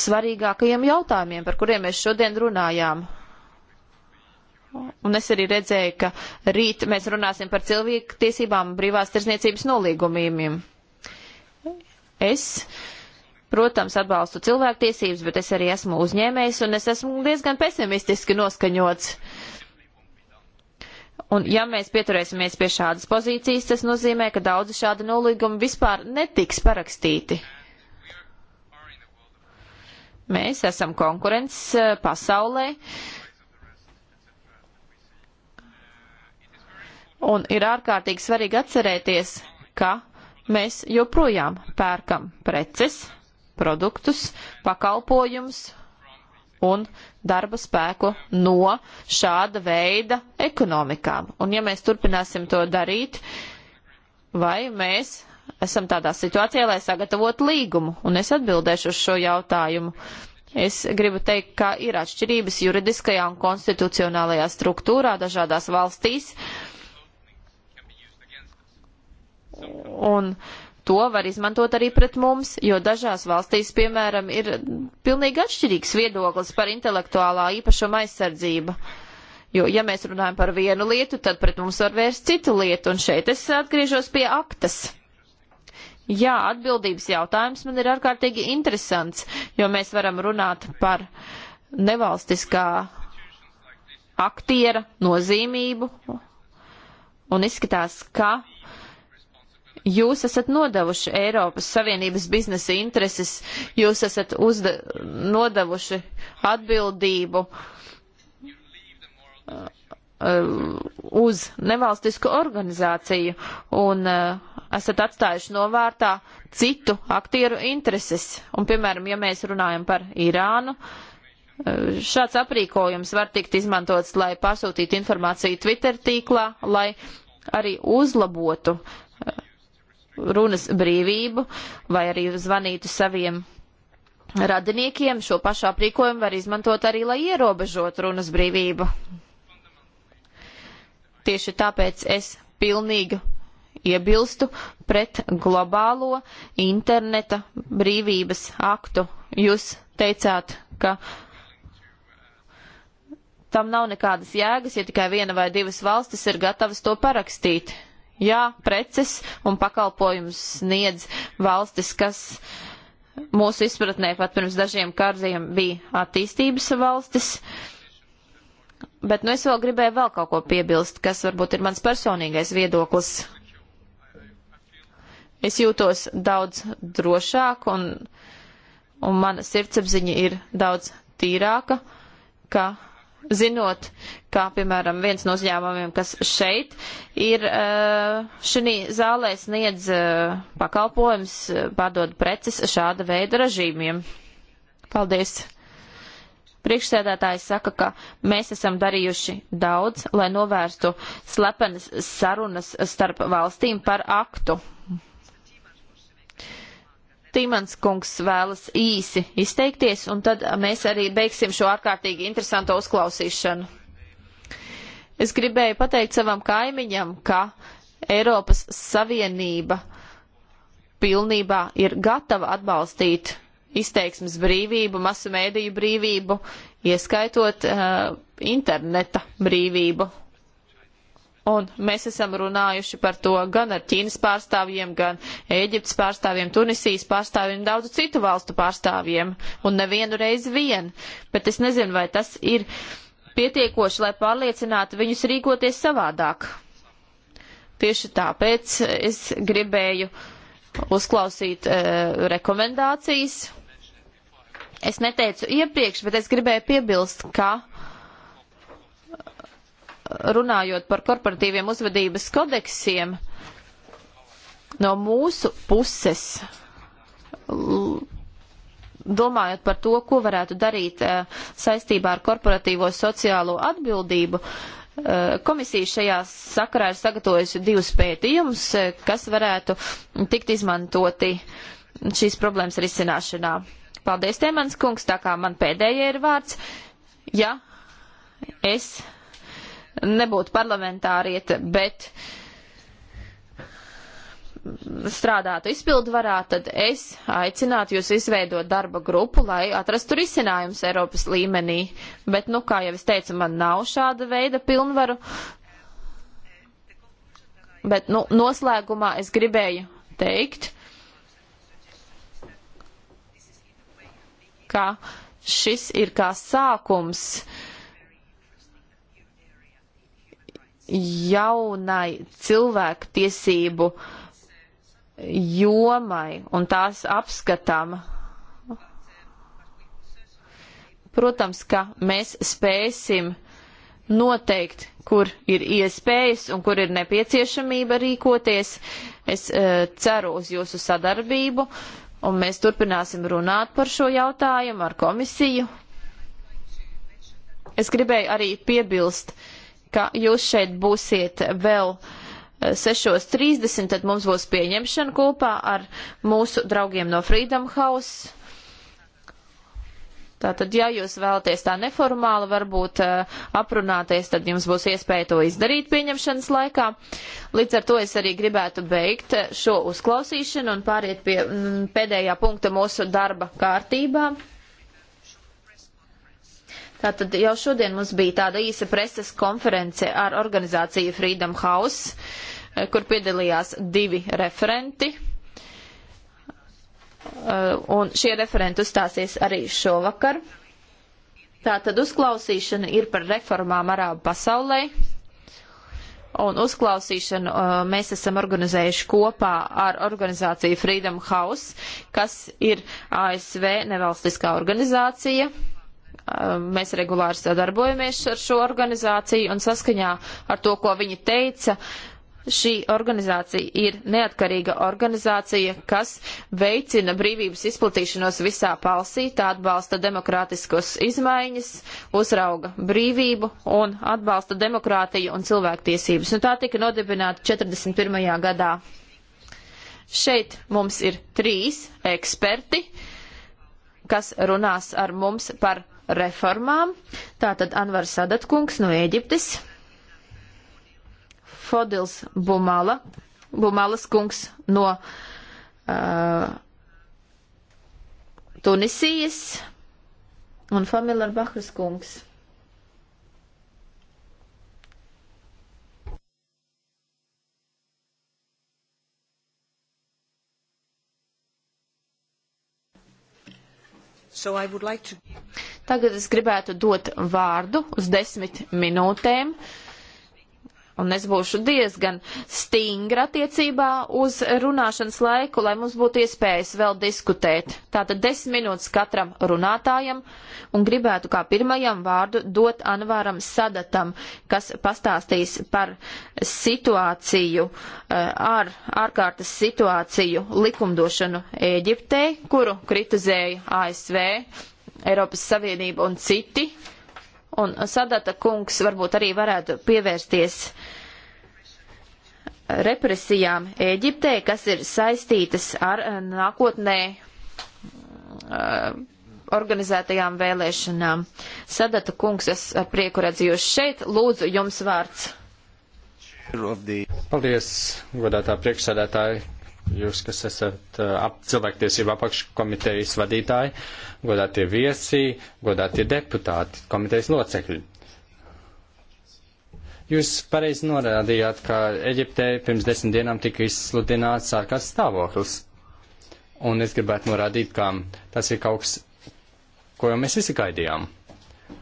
C: svarīgākajiem jautājumiem, par kuriem mēs šodien runājām. Un es arī redzēju, ka rīt mēs runāsim par cilvēktiesībām brīvās tirzniecības nolīgumiem. Es, protams, atbalstu cilvēktiesības, bet es arī esmu uzņēmējs un es esmu diezgan pesimistiski noskaņots. Uh, Un ja mēs pieturēsimies pie šādas pozīcijas, tas nozīmē, ka daudzi šādi nolīgumi vispār netiks parakstīti. Mēs esam konkurences eh, pasaulē. Un ir ārkārtīgi svarīgi atcerēties, ka mēs joprojām pērkam preces, produktus, pakalpojumus un darba spēku no šāda veida ekonomikām. Un ja mēs turpināsim to darīt, vai mēs esam tādā situācijā, lai sagatavotu līgumu? Un es atbildēšu uz šo jautājumu. Es gribu teikt, ka ir atšķirības juridiskajā un konstitucionālajā struktūrā dažādās valstīs. Un, uh, to var izmantot arī pret mums, jo dažās valstīs, piemēram, ir pilnīgi atšķirīgs viedoklis par intelektuālā īpašuma aizsardzību. Jo, ja mēs runājam par vienu lietu, tad pret mums var vērst citu lietu, un šeit es atgriežos pie aktas. Jā, atbildības jautājums man ir ārkārtīgi interesants, jo mēs varam runāt par nevalstiskā aktiera nozīmību, un izskatās, ka Jūs esat nodevuši Eiropas Savienības biznesa intereses, jūs esat uzda, nodevuši atbildību uh, uh, uz nevalstisku organizāciju un uh, esat atstājuši novārtā citu aktieru intereses. Un, piemēram, ja mēs runājam par Irānu, uh, šāds aprīkojums var tikt izmantots, lai pasūtītu informāciju Twitter tīklā, lai arī uzlabotu runas brīvību vai arī zvanītu saviem radiniekiem. Šo pašu aprīkojumu var izmantot arī, lai ierobežotu runas brīvību. Tieši tāpēc es pilnīgi iebilstu pret globālo interneta brīvības aktu. Jūs teicāt, ka tam nav nekādas jēgas, ja tikai viena vai divas valstis ir gatavas to parakstīt. Jā, preces un pakalpojums sniedz valstis, kas mūsu izpratnē pat pirms dažiem kārdiem bija attīstības valstis. Bet nu es vēl gribēju vēl kaut ko piebilst, kas varbūt ir mans personīgais viedoklis. Es jūtos daudz drošāk un, un mana sirdsapziņa ir daudz tīrāka, ka zinot, kā piemēram viens no uzņēmumiem, kas šeit ir eh, šī zālē sniedz eh, pakalpojums, eh, pārdod preces šāda veida režīmiem. Paldies! Priekšsēdētājs saka, ka mēs esam darījuši daudz, lai novērstu slepenas sarunas starp valstīm par aktu. Timans kungs vēlas īsi izteikties, un tad mēs arī beigsim šo ārkārtīgi interesanto uzklausīšanu. Es gribēju pateikt savam kaimiņam, ka Eiropas Savienība pilnībā ir gatava atbalstīt izteiksmes brīvību, masu mēdīju brīvību, ieskaitot uh, interneta brīvību Un mēs esam runājuši par to gan ar Ķīnas pārstāvjiem, gan Ēģiptes pārstāvjiem, Tunisijas pārstāvjiem, daudzu citu valstu pārstāvjiem. Un nevienu reizi vien. Bet es nezinu, vai tas ir pietiekoši, lai pārliecinātu viņus rīkoties savādāk. Tieši tāpēc es gribēju uzklausīt e, rekomendācijas. Es neteicu iepriekš, bet es gribēju piebilst, ka runājot par korporatīviem uzvedības kodeksiem, no mūsu puses, domājot par to, ko varētu darīt eh, saistībā ar korporatīvo sociālo atbildību, eh, Komisija šajā sakarā ir sagatavojusi divus pētījumus, eh, kas varētu tikt izmantoti šīs problēmas risināšanā. Paldies, Tiemans kungs, tā kā man pēdējie ir vārds. Ja es nebūtu parlamentāriete, bet strādātu izpildu varā, tad es aicinātu jūs izveidot darba grupu, lai atrastu risinājums Eiropas līmenī. Bet, nu, kā jau es teicu, man nav šāda veida pilnvaru. Bet, nu, noslēgumā es gribēju teikt, ka šis ir kā sākums uh, jaunai cilvēku tiesību jomai un tās apskatam. Protams, ka mēs spēsim noteikt, kur ir iespējas un kur ir nepieciešamība rīkoties. Es uh, ceru uz jūsu sadarbību un mēs turpināsim runāt par šo jautājumu ar komisiju. Es gribēju arī piebilst, uh, ka jūs šeit būsiet vēl 6.30, eh, tad mums būs pieņemšana kopā ar mūsu draugiem no Freedom House. Tātad, ja jūs vēlaties tā neformāli varbūt eh, aprunāties, tad jums būs iespēja to izdarīt pieņemšanas laikā. Līdz ar to es arī gribētu beigt eh, šo uzklausīšanu un pāriet pie mm, pēdējā punkta mūsu darba kārtībā. Tātad jau šodien mums bija tāda īsa preses konference ar organizāciju Freedom House, eh, kur piedalījās divi referenti. Eh, un šie referenti uzstāsies arī šovakar. Tātad uzklausīšana ir par reformām Arābu pasaulē. Un uzklausīšanu eh, mēs esam organizējuši kopā ar organizāciju Freedom House, kas ir ASV nevalstiskā organizācija, Mēs regulāri sadarbojamies ar šo organizāciju un saskaņā ar to, ko viņi teica, šī organizācija ir neatkarīga organizācija, kas veicina brīvības izplatīšanos visā palsī, tā atbalsta demokrātiskos izmaiņas, uzrauga brīvību un atbalsta demokrātiju un cilvēktiesības. Un nu, tā tika nodibināta 41. gadā. Šeit mums ir trīs eksperti, kas runās ar mums par reformām. Tātad Anvars Sadatkungs no Ēģiptes, Fodils Bumala, Bumalas kungs no uh, Tunisijas un Familar Bahras kungs So like to... Tagad es gribētu dot vārdu uz desmit minūtēm uh, un es būšu diezgan stingra attiecībā uz runāšanas laiku, lai mums būtu iespējas vēl diskutēt. Tātad desmit minūtes katram runātājam un gribētu kā pirmajam vārdu dot Anvāram Sadatam, kas pastāstīs par situāciju ar eh, ārkārtas situāciju likumdošanu Ēģiptē, kuru kritizēja ASV, Eiropas Savienība un citi un Sadata kungs varbūt arī varētu pievērsties represijām Ēģiptē, kas ir saistītas ar eh, nākotnē eh, organizētajām vēlēšanām. Sadata kungs, es ar prieku redzu jūs šeit. Lūdzu, jums vārds.
B: Paldies, godātā priekšsēdētāja jūs, kas esat ap, cilvēktiesība apakškomitejas vadītāji, godātie viesi, godātie deputāti, komitejas locekļi. Jūs pareizi norādījāt, ka Eģiptē pirms desmit dienām tika izsludināts ārkārtas stāvoklis. Un es gribētu norādīt, ka tas ir kaut kas, ko jau mēs visi gaidījām.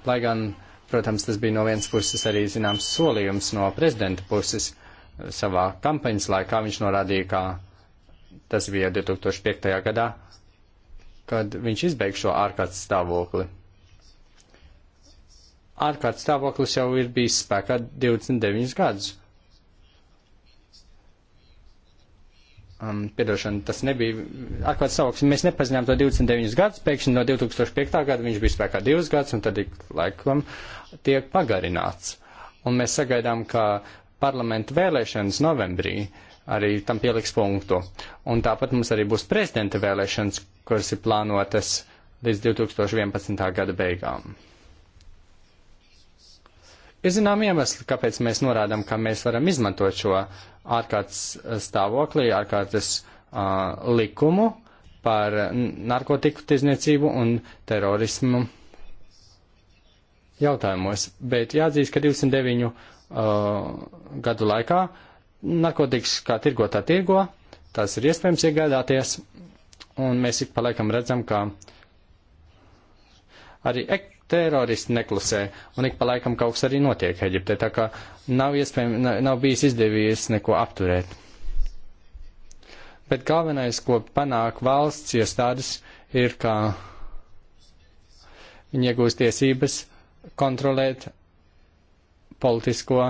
B: Lai gan, protams, tas bija no vienas puses arī zināms solījums no prezidenta puses savā kampaņas laikā. Viņš norādīja, ka Tas bija 2005. gadā, kad viņš izbeig šo ārkārtas stāvokli. Ārkārtas stāvoklis jau ir bijis spēkā 29 gadus. Um, piedošana, tas nebija ārkārtas stāvoklis. Mēs nepazinām to 29 gadus, pēkšņi no 2005. gada viņš bija spēkā 2 gadus, un tad ik laikam tiek pagarināts. Un mēs sagaidām, ka parlamentu vēlēšanas novembrī uh, arī tam pieliks punktu. Un tāpat mums arī būs prezidenta vēlēšanas, kuras ir plānotas līdz 2011. gada beigām. Ir zinām iemesli, kāpēc mēs norādām, ka mēs varam izmantot šo ārkārtas stāvoklī, ārkārtas uh, likumu par narkotiku tirzniecību un terorismu jautājumos. Bet jāatzīst, ka 209 uh, gadu laikā uh, narkotikas kā tirgotā tirgo, tās ir iespējams iegādāties, un mēs ik pa laikam redzam, ka arī ek teroristi neklusē, un ik pa laikam kaut kas arī notiek Eģiptē, tā kā nav iespējams, nav, nav bijis izdevies neko apturēt. Bet galvenais, ko panāk valsts iestādes, ir, ka viņi iegūst tiesības kontrolēt politisko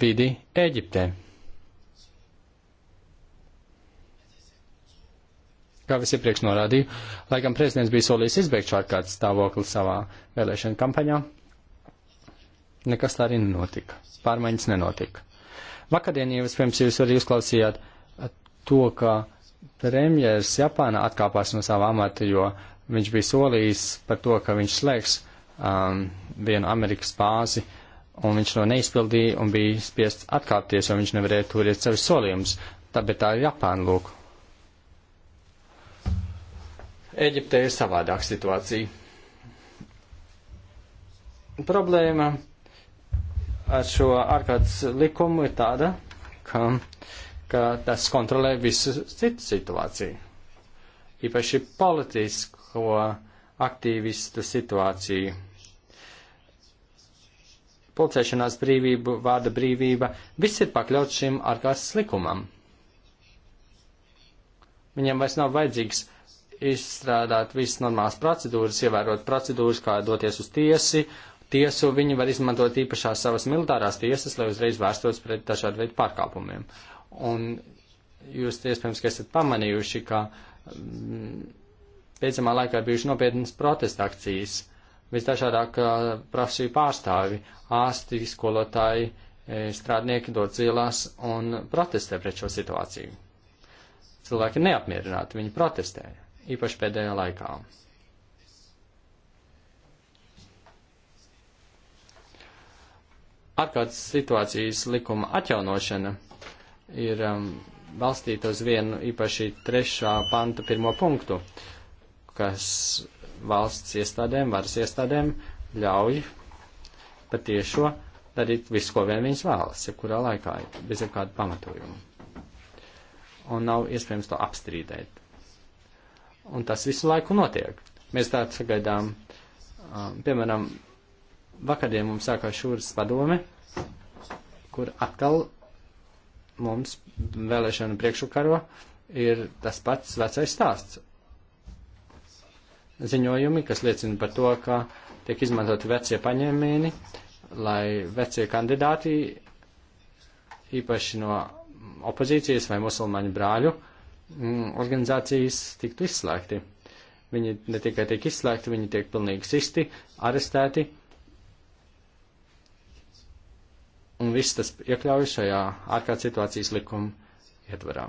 B: vidi Eģiptē. kā es iepriekš norādīju, lai gan prezidents bija solījis izbeigt šo ārkārtas stāvokli savā vēlēšana kampaņā, nekas tā arī nenotika. Pārmaiņas nenotika. Vakardien, ja vispirms jūs arī uzklausījāt eh, to, ka premjers Japāna atkāpās no sava amata, jo viņš bija solījis par to, ka viņš slēgs um, vienu Amerikas bāzi, un viņš to neizpildīja un bija spiests atkāpties, jo viņš nevarēja turēt savus solījumus. Tā, bet tā ir Japāna lūk. Eģiptē ir savādāka situācija. Problēma ar šo ārkārtas likumu ir tāda, ka, ka tas kontrolē visu citu situāciju. Īpaši politisko aktīvistu situāciju. Pulcēšanās brīvība, vārda brīvība, viss ir pakļauts šim ārkārtas likumam. Viņam vairs nav vajadzīgs izstrādāt visas normālas procedūras, ievērot procedūras, kā doties uz tiesi. Tiesu viņi var izmantot īpašās savas militārās tiesas, lai uzreiz vērstos pret dažādu veidu pārkāpumiem. Un jūs iespējams, ka esat pamanījuši, ka mm, beidzamā laikā bijuši nopietnas protesta akcijas. Visdažādāk uh, prasīju pārstāvi, ārsti, skolotāji, e, strādnieki dod zilās un protestē pret šo situāciju. Cilvēki neapmierināti, viņi protestēja īpaši pēdējā laikā. Ārkārtas situācijas likuma atjaunošana ir um, balstīta uz vienu īpaši trešā panta pirmo punktu, kas valsts iestādēm, varas iestādēm ļauj patiešo darīt visu, ko vien viņas vēlas, jebkurā laikā, bez jebkāda pamatojuma. Un nav iespējams to apstrīdēt. Un tas visu laiku notiek. Mēs tā sagaidām, um, piemēram, vakardien mums sākās šūras padome, kur atkal mums vēlēšana priekšukarva ir tas pats vecais stāsts. Ziņojumi, kas liecina par to, ka tiek izmantoti vecie paņēmieni, lai vecie kandidāti, īpaši no opozīcijas vai musulmaņu brāļu, uh, Mm, organizācijas tiktu izslēgti. Viņi ne tikai tiek izslēgti, viņi tiek pilnīgi sisti, arestēti. Un viss tas iekļaujas šajā ārkārtas situācijas likuma ietvarā.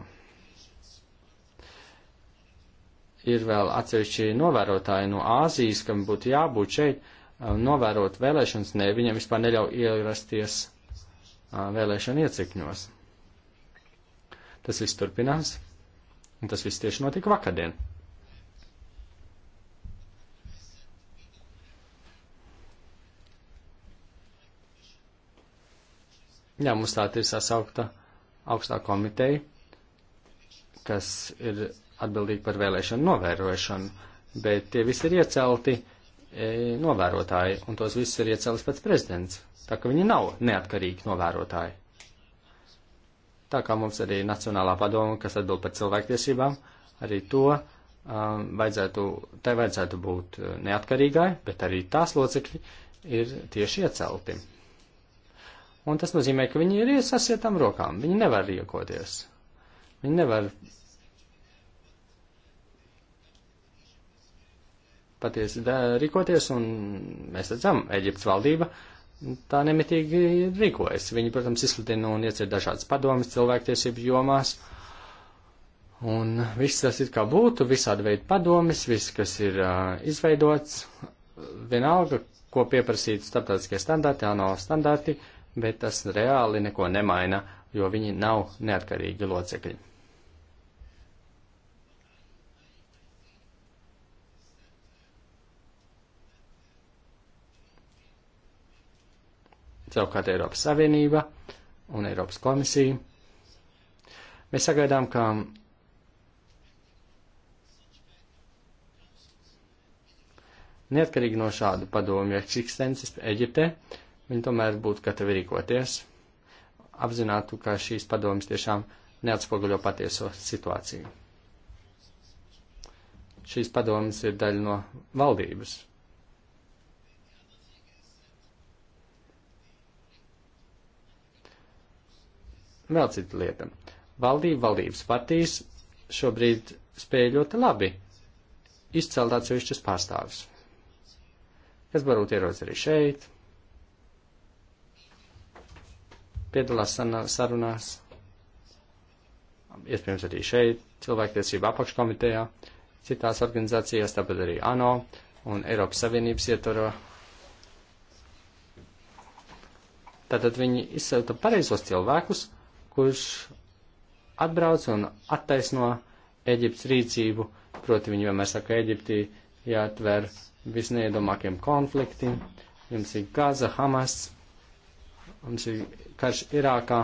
B: Ir vēl atsevišķi novērotāji no Āzijas, kam būtu jābūt šeit, uh, novērot vēlēšanas, ne, viņiem vispār neļauj ierasties uh, vēlēšana iecikņos. Tas viss turpinās. Un tas viss tieši notika vakardien. Jā, mums tā ir sasaukta augstā komiteja, kas ir atbildīga par vēlēšanu novērošanu, bet tie visi ir iecelti e, novērotāji, un tos visus ir iecēlis pats prezidents. Tā ka viņi nav neatkarīgi novērotāji tā kā mums arī Nacionālā padoma, kas atbild par cilvēktiesībām, arī to um, vajadzētu, tai vajadzētu būt uh, neatkarīgai, bet arī tās locekļi ir tieši iecelti. Un tas nozīmē, ka viņi ir iesasietām rokām, viņi nevar riekoties. Viņi nevar patiesi rīkoties, un mēs redzam, Eģiptes valdība uh, tā nemitīgi rīkojas. Viņi, protams, izsludina un iecir dažādas padomas cilvēktiesību jomās. Un viss tas ir kā būtu, visādi veidi padomis, viss, kas ir uh, izveidots, vienalga, ko pieprasīt starptautiskie standarti, ANO standarti, bet tas reāli neko nemaina, jo viņi nav neatkarīgi locekļi. savukārt Eiropas Savienība un Eiropas komisija. Mēs sagaidām, ka neatkarīgi no šādu padomju eksistences Eģipte, viņi tomēr būtu gatavi rīkoties, apzinātu, ka šīs padomjas tiešām neatspoguļo patieso situāciju. Šīs padomjas ir daļa no valdības, Vēl cita lieta. Valdība, valdības partijas šobrīd spēja ļoti labi izcelt atsevišķus pārstāvis, kas varbūt ierodas arī šeit, piedalās sarunās, iespējams arī šeit, cilvēktiesība apakškomitejā, citās organizācijās, tāpat arī ANO un Eiropas Savienības ietvaro. Tātad viņi izcelta pareizos cilvēkus, kurš atbrauc un attaisno Eģiptes rīcību, proti viņi vienmēr saka, Eģiptī jāatver visneiedomākiem konfliktiem, jums ir Gaza, Hamas, mums ir karš Irākā,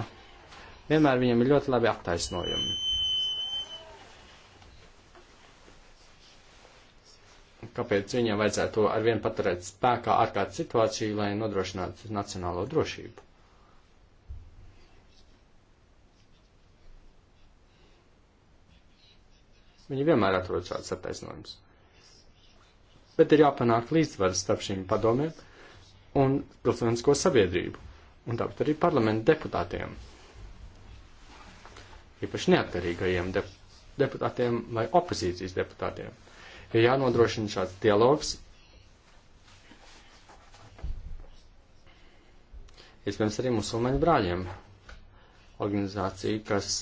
B: vienmēr viņam ir ļoti labi attaisnojumi. Kāpēc viņam vajadzētu to arvien paturēt spēkā ārkārtas situāciju, lai nodrošinātu nacionālo drošību? Viņi vienmēr atrod šādas attaisnojumus. Bet ir jāpanāk līdzsvars starp šīm padomēm un pilsonisko sabiedrību, un tāpat arī parlamentu deputātiem. Īpaši neatkarīgajiem dep deputātiem vai opozīcijas deputātiem. Ir jānodrošina šāds dialogs. Iespējams, arī musulmaņu brāļiem organizācija, kas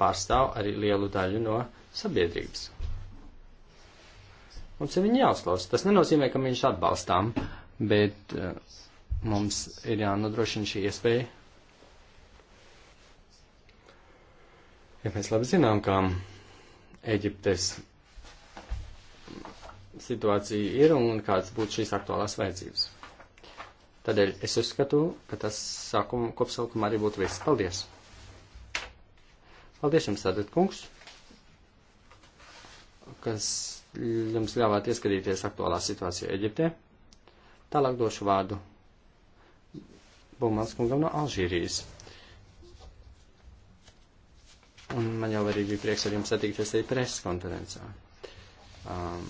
B: pārstāv arī lielu daļu no sabiedrības. Mums ir viņi jāuzklausa. Tas nenozīmē, ka viņš atbalstām, bet uh, mums ir jānodrošina šī iespēja. Ja mēs labi zinām, ka Eģiptes situācija ir un kādas būtu šīs aktuālās vajadzības. Tādēļ es uzskatu, ka tas sākuma kopsaukuma arī būtu viss. Paldies! Paldies jums tātad, kungs, kas jums ļāvāt ieskatīties aktuālā situācija Eģiptē. Tālāk došu vārdu Bumals kungam no Alžīrijas. Un man jau arī bija prieks ar jums satikties arī preses konferencā. Um,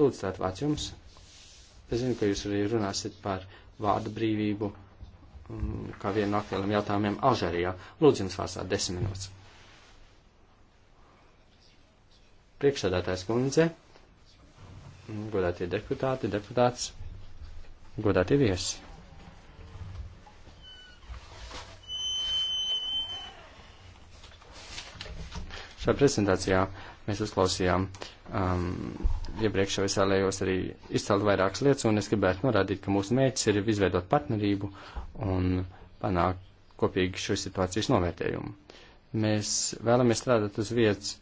B: lūdzu, tātad vārds jums. Es zinu, ka jūs arī runāsiet par vārdu brīvību kā vienu no aktuāliem jautājumiem Alžērijā. Lūdzu, jums vārstā desmit minūtes. Priekšsēdētājs kundze, godātie deputāti, deputāts, godātie viesi. Šajā prezentācijā Mēs uzklausījām um, iepriekšējos ēlējos arī izcelt vairākas lietas, un es gribētu norādīt, ka mūsu mērķis ir izveidot partnerību un panākt kopīgi šo situācijas novērtējumu. Mēs vēlamies strādāt uz vietas,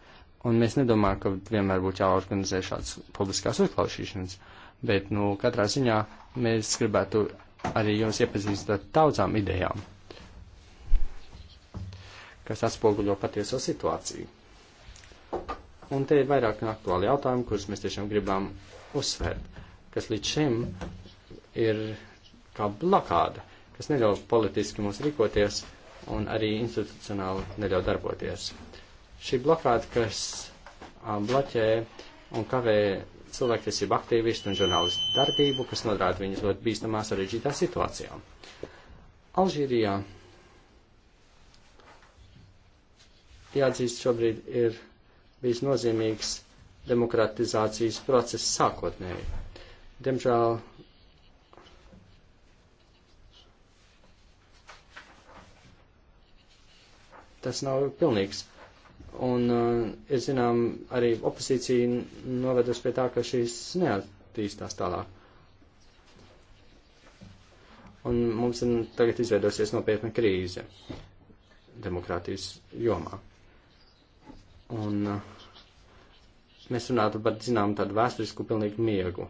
B: un mēs nedomājam, ka vienmēr būtu jāorganizē šāds publiskās uzklausīšanas, bet, nu, katrā ziņā mēs gribētu arī jūs iepazīstināt ar daudzām idejām, kas atspoguļo patieso situāciju. Un te ir vairāk aktuāli jautājumi, kurus mēs tiešām gribam uzsvērt, kas līdz šim ir kā blokāda, kas neļauj politiski mums rīkoties un arī institucionāli neļauj darboties. Šī blokāda, kas bloķē un kavē cilvēktiesību aktīvistu un žurnālistu darbību, kas nodrāda viņus ļoti bīstamā sarežģītā situācijā. Alžīrijā jāatzīst šobrīd ir bijis nozīmīgs demokratizācijas process sākotnēji. Diemžēl tas nav pilnīgs. Un uh, ir zinām, arī opozīcija novedas pie tā, ka šīs neattīstās tālāk. Un mums ir tagad izveidosies nopietna krīze demokrātijas jomā. Un uh, mēs runātu par, zinām, tādu vēsturisku pilnīgu miegu.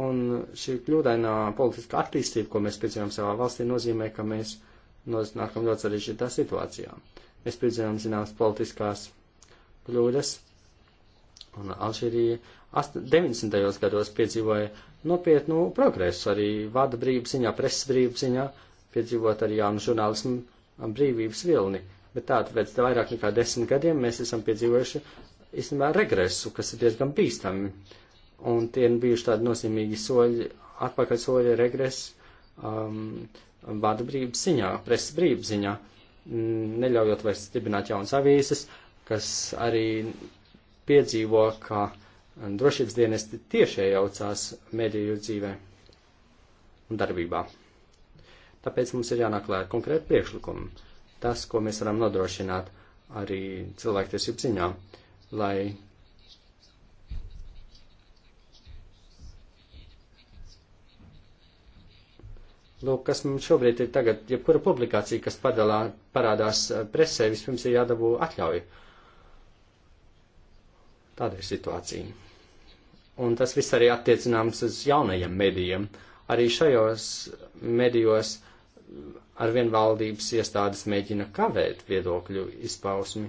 B: Un šī kļūdainā politiskā attīstība, ko mēs piedzīvām savā valstī, nozīmē, ka mēs nonākam ļoti sarežģītā situācijā. Mēs piedzīvām zināmas politiskās kļūdas, un Alžīrija 90. gados piedzīvoja nopietnu progresu arī vārda brīvības ziņā, presas brīvības ziņā, uh, piedzīvot arī jaunu žurnālismu um, brīvības vilni, bet tādu pēc vairāk nekā desmit gadiem mēs esam piedzīvojuši īstenībā regresu, kas ir diezgan bīstami. Un tie ir bijuši tādi nozīmīgi soļi, atpakaļ soļi regresu um, vārdu brīvības ziņā, presas brīvības ziņā, mm, neļaujot vairs stibināt jaunas avīzes, kas arī piedzīvo, ka um, drošības dienesti tiešie jaucās mediju dzīvē un darbībā. Tāpēc mums ir jānaklē ar konkrētu priekšlikumu. Tas, ko mēs varam nodrošināt arī cilvēktiesību ziņā, lai Lūk, kas mums šobrīd ir tagad, jebkura publikācija, kas padalā, parādās eh, presē, vispirms ir jādabū atļauju. Tāda ir situācija. Un tas viss arī attiecināms uz jaunajiem medijiem. Arī šajos medijos arvien valdības iestādes mēģina kavēt viedokļu izpausmi,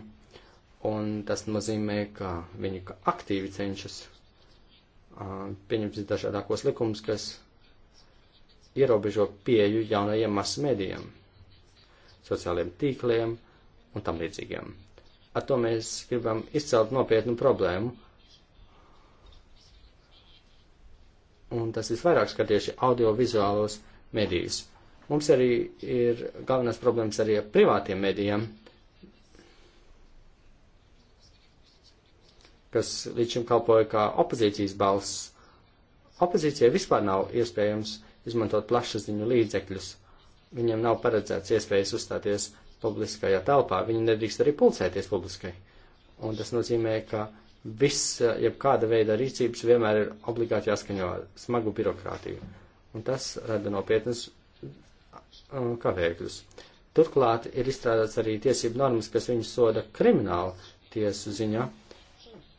B: un tas nozīmē, ka viņi aktīvi cenšas pieņemt dažādākos likumus, kas ierobežo pieju jaunajiem masmedijiem, sociāliem tīkliem un tam līdzīgiem. Ar to mēs gribam izcelt nopietnu problēmu. Un tas visvairāk skar tieši audiovizuālos medijus. Mums arī ir galvenās problēmas arī ar privātiem medijiem, kas līdz šim kalpoja kā opozīcijas balss. Opozīcijai vispār nav iespējams izmantot plašsaziņu līdzekļus. Viņiem nav paredzēts iespējas uzstāties publiskajā telpā, viņi nedrīkst arī pulcēties publiskai. Un tas nozīmē, ka viss, jebkāda veida rīcības vienmēr ir obligāti jāskaņo smagu birokrātiju. Un tas rada nopietnas kavēkļus. Turklāt ir izstrādāts arī tiesību normas, kas viņus soda krimināla tiesu ziņā,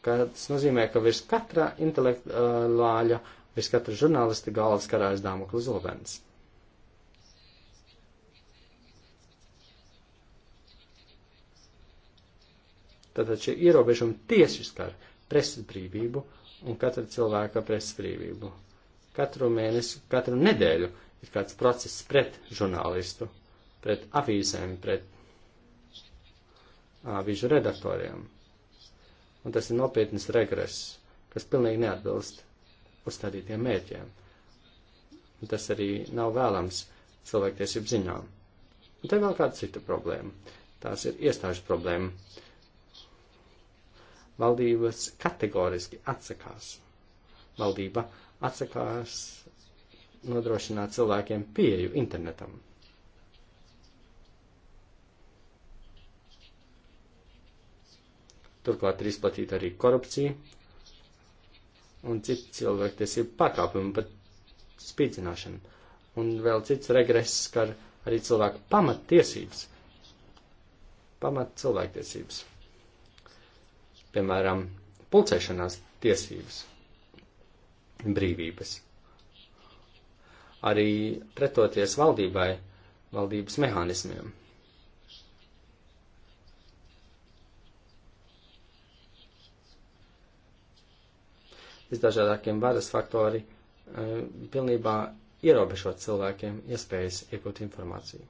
B: kas nozīmē, ka virs katra intelektuāļa, virs katra žurnālista galvas karājas Dāmoklis Zobens. Tātad šie ierobežumi tieši skar presas brīvību un katra cilvēka presas brīvību. Katru mēnesi, katru nedēļu ir kāds process pret žurnālistu, pret avīzēm, pret avīžu redaktoriem. Un tas ir nopietnis regress, kas pilnīgi neatbilst uzstādītiem mērķiem. Un tas arī nav vēlams cilvēktiesību ziņām. Un te vēl kāda cita problēma. Tās ir iestāžu problēma. Valdības kategoriski atsakās. Valdība atsakās nodrošināt cilvēkiem pieju internetam. Turklāt ir izplatīta arī korupcija un citi cilvēktiesību pārkāpumi, pat spīdzināšana. Un vēl cits regress skar arī cilvēku pamattiesības, pamat cilvēktiesības. Piemēram, pulcēšanās tiesības, brīvības arī pretoties valdībai, valdības mehānismiem. Visdažādākiem varas faktori eh, pilnībā ierobežot cilvēkiem iespējas iegūt informāciju.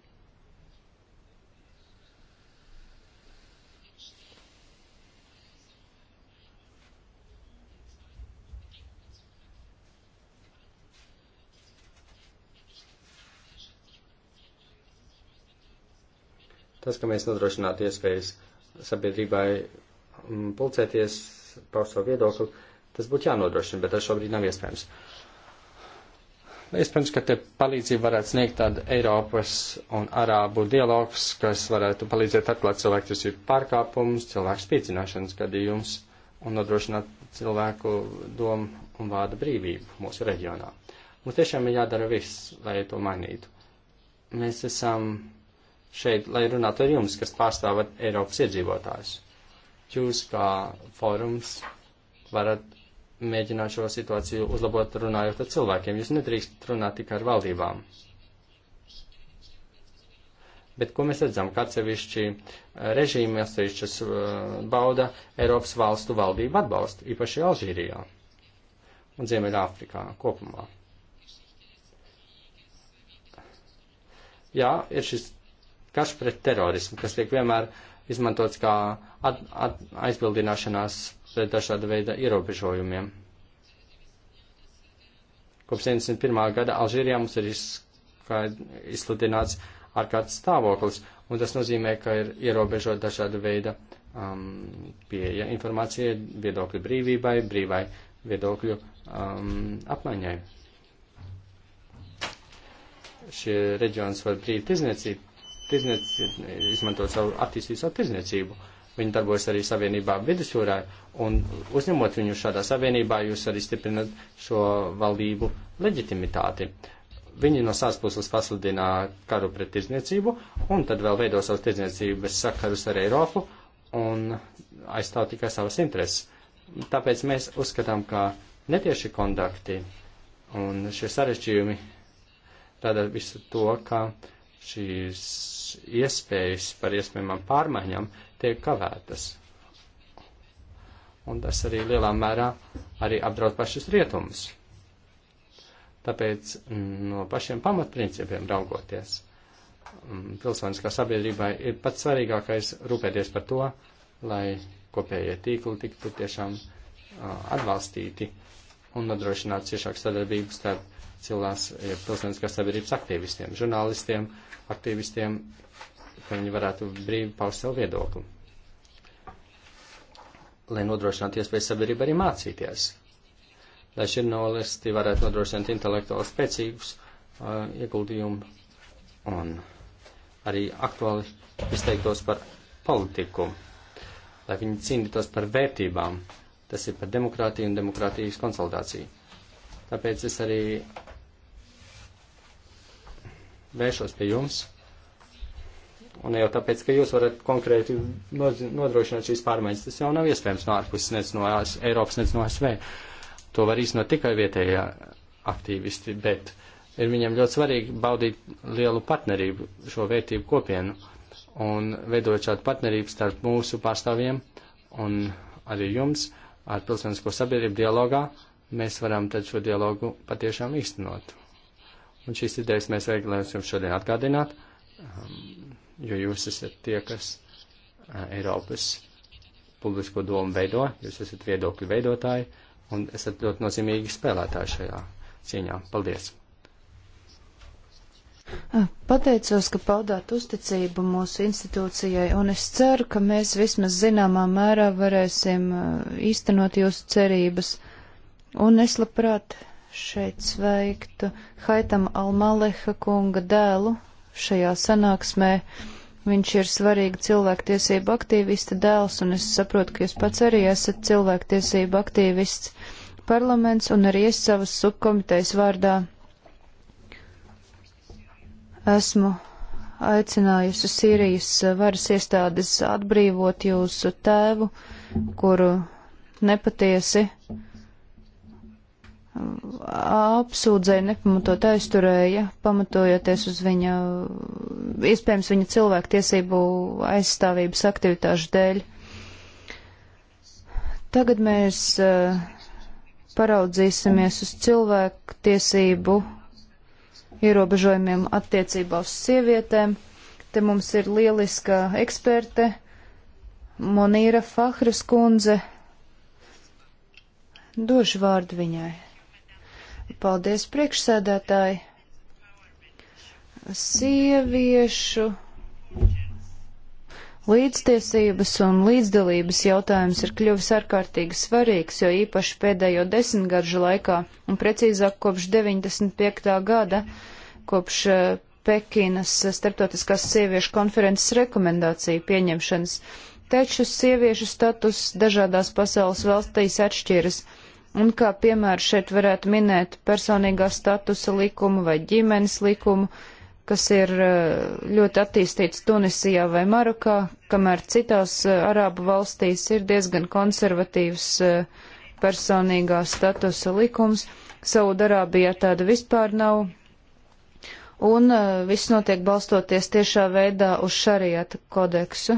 B: Tas, ka mēs nodrošinātu iespējas sabiedrībai mm, pulcēties, paust savu viedokli, tas būtu jānodrošina, bet tas šobrīd nav iespējams. Nu, iespējams, ka te palīdzību varētu sniegt tāda Eiropas un Arābu dialogs, kas varētu palīdzēt atklāt cilvēku tiesību pārkāpumus, cilvēku spīcināšanas gadījumus un nodrošināt cilvēku domu un vārda brīvību mūsu reģionā. Mums tiešām ir jādara viss, lai to mainītu. Mēs esam šeit, lai runātu ar jums, kas pārstāvat Eiropas iedzīvotājus. Jūs kā fórums varat mēģināt šo situāciju uzlabot runājot ar cilvēkiem. Jūs nedrīkst runāt tikai ar valdībām. Bet ko mēs redzam, ka atsevišķi eh, režīmi, atsevišķas eh, bauda Eiropas valstu valdību atbalstu, īpaši Alžīrijā un Ziemeļāfrikā kopumā. Jā, ir šis karš pret terorismu, kas tiek vienmēr izmantots kā at, at, aizbildināšanās pret dažāda veida ierobežojumiem. Kopš 71. gada Alžīrijā mums ir izsludināts ārkārtas stāvoklis, un tas nozīmē, ka ir ierobežot dažāda veida um, pieeja informācijai, viedokļu brīvībai, brīvai viedokļu um, apmaiņai. Šie reģions var brīvi tirzniecību izmantot savu attīstīt savu tirzniecību. Viņi darbojas arī savienībā vidusjūrā, un uzņemot viņu šādā savienībā, jūs arī stiprinat šo valdību leģitimitāti. Viņi no savas puses pasludina karu pret tirzniecību, un tad vēl veido savus tirzniecības sakarus ar Eiropu, un aizstāv tikai savas intereses. Tāpēc mēs uzskatām, ka netieši kontakti un šie sarežģījumi rada visu to, ka uh, šīs iespējas par iespējamām pārmaiņām tiek kavētas. Un tas arī lielā mērā arī apdraud pašus rietumus. Tāpēc mm, no pašiem pamatprincipiem raugoties, mm, pilsoniskā sabiedrībai ir pats svarīgākais rūpēties par to, lai kopējie tīkli tiktu tiešām atbalstīti un nodrošināt ciešāku sadarbību starp cilvēks, eh, pilsētiskās sabiedrības aktīvistiem, žurnālistiem, aktīvistiem, ka viņi varētu brīvi paust savu viedokli. Lai nodrošinātu iespēju sabiedrību arī mācīties. Lai žurnālisti varētu nodrošināt intelektuāli spēcīgus uh, ieguldījumu un arī aktuāli izteiktos par politiku, lai viņi cīnītos par vērtībām, Tas ir par demokrātiju un demokrātijas konsolidāciju. Tāpēc es arī vēršos pie jums. Un jau tāpēc, ka jūs varat konkrēti nodrošināt šīs pārmaiņas, tas jau nav iespējams no ārpuses, nec no AS, Eiropas, nec no ASV. To var īstenot tikai vietējā aktīvisti, bet ir viņiem ļoti svarīgi baudīt lielu partnerību, šo vērtību kopienu un veidot šādu partnerību starp mūsu pārstāvjiem un arī jums ar pilsonisko sabiedrību dialogā mēs varam tad šo dialogu patiešām īstenot. Un šīs idejas mēs vēlamies jums šodien atgādināt, um, jo jūs esat tie, kas uh, Eiropas publisko domu veido, jūs esat viedokļu veidotāji un esat ļoti nozīmīgi spēlētāji šajā cīņā. Paldies!
A: Ah, pateicos, ka paudāt uzticību mūsu institūcijai, un es ceru, ka mēs vismaz zināmā mērā varēsim ah, īstenot jūsu cerības. Un es labprāt šeit sveiktu Haitam Almaleha kunga dēlu šajā sanāksmē. Viņš ir svarīga cilvēktiesība aktīvista dēls, un es saprotu, ka jūs pats arī esat cilvēktiesība aktīvists parlaments, un arī es savas subkomitejas vārdā Esmu aicinājusi Sīrijas varas iestādes atbrīvot jūsu tēvu, kuru nepatiesi apsūdzēja, nepamatot aizturēja, pamatojoties uz viņa, iespējams, viņa cilvēktiesību aizstāvības aktivitāšu dēļ. Tagad mēs eh, paraudzīsimies uz cilvēktiesību ierobežojumiem attiecībā uz sievietēm. Te mums ir lieliska eksperte Monīra Fahras kundze. Došu vārdu viņai. Paldies, priekšsēdētāji. Sieviešu līdztiesības un līdzdalības jautājums ir kļuvis ārkārtīgi svarīgs, jo īpaši pēdējo desmitgaržu laikā, un precīzāk kopš 95. gada, mm kopš eh, Pekinas starptautiskās sieviešu konferences rekomendāciju pieņemšanas, taču sieviešu status dažādās pasaules valstīs atšķiras, un kā piemēru šeit varētu minēt personīgā statusa likumu vai ģimenes likumu, kas ir eh, ļoti attīstīts Tunisijā vai Marokā, kamēr citās eh, Arābu valstīs ir diezgan konservatīvs personīgā statusa likums. Saudarābijā tāda vispār nav, un uh, viss notiek balstoties tiešā veidā uz šariata kodeksu.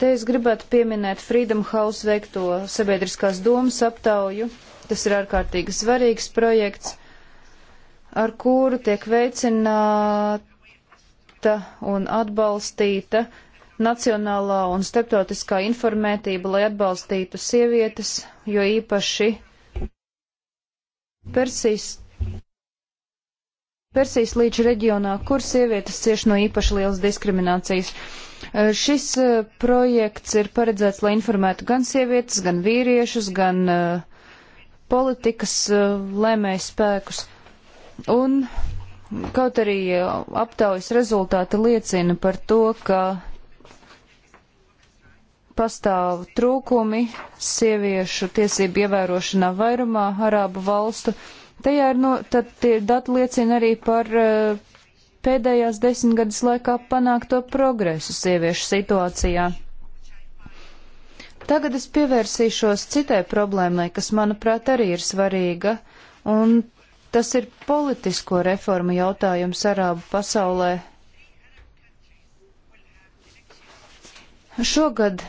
A: Te es gribētu pieminēt Freedom House veikto sabiedriskās domas aptauju. Tas ir ārkārtīgi svarīgs projekts, ar kuru tiek veicināta un atbalstīta nacionālā un starptautiskā informētība, lai atbalstītu sievietes, jo īpaši Persijas Persijas līča reģionā, kur sievietes cieš no īpaši lielas diskriminācijas. Šis projekts ir paredzēts, lai informētu gan sievietes, gan vīriešus, gan politikas lēmēju spēkus. Un kaut arī aptaujas rezultāti liecina par to, ka pastāv trūkumi sieviešu tiesību ievērošanā vairumā arābu valstu. Uh, Tajā ir, no, tad tie dati liecina arī par eh, pēdējās desmitgades laikā panākto progresu sieviešu situācijā. Tagad es pievērsīšos citai problēmai, kas, manuprāt, arī ir svarīga, un tas ir politisko reformu jautājums Arābu pasaulē. Šogad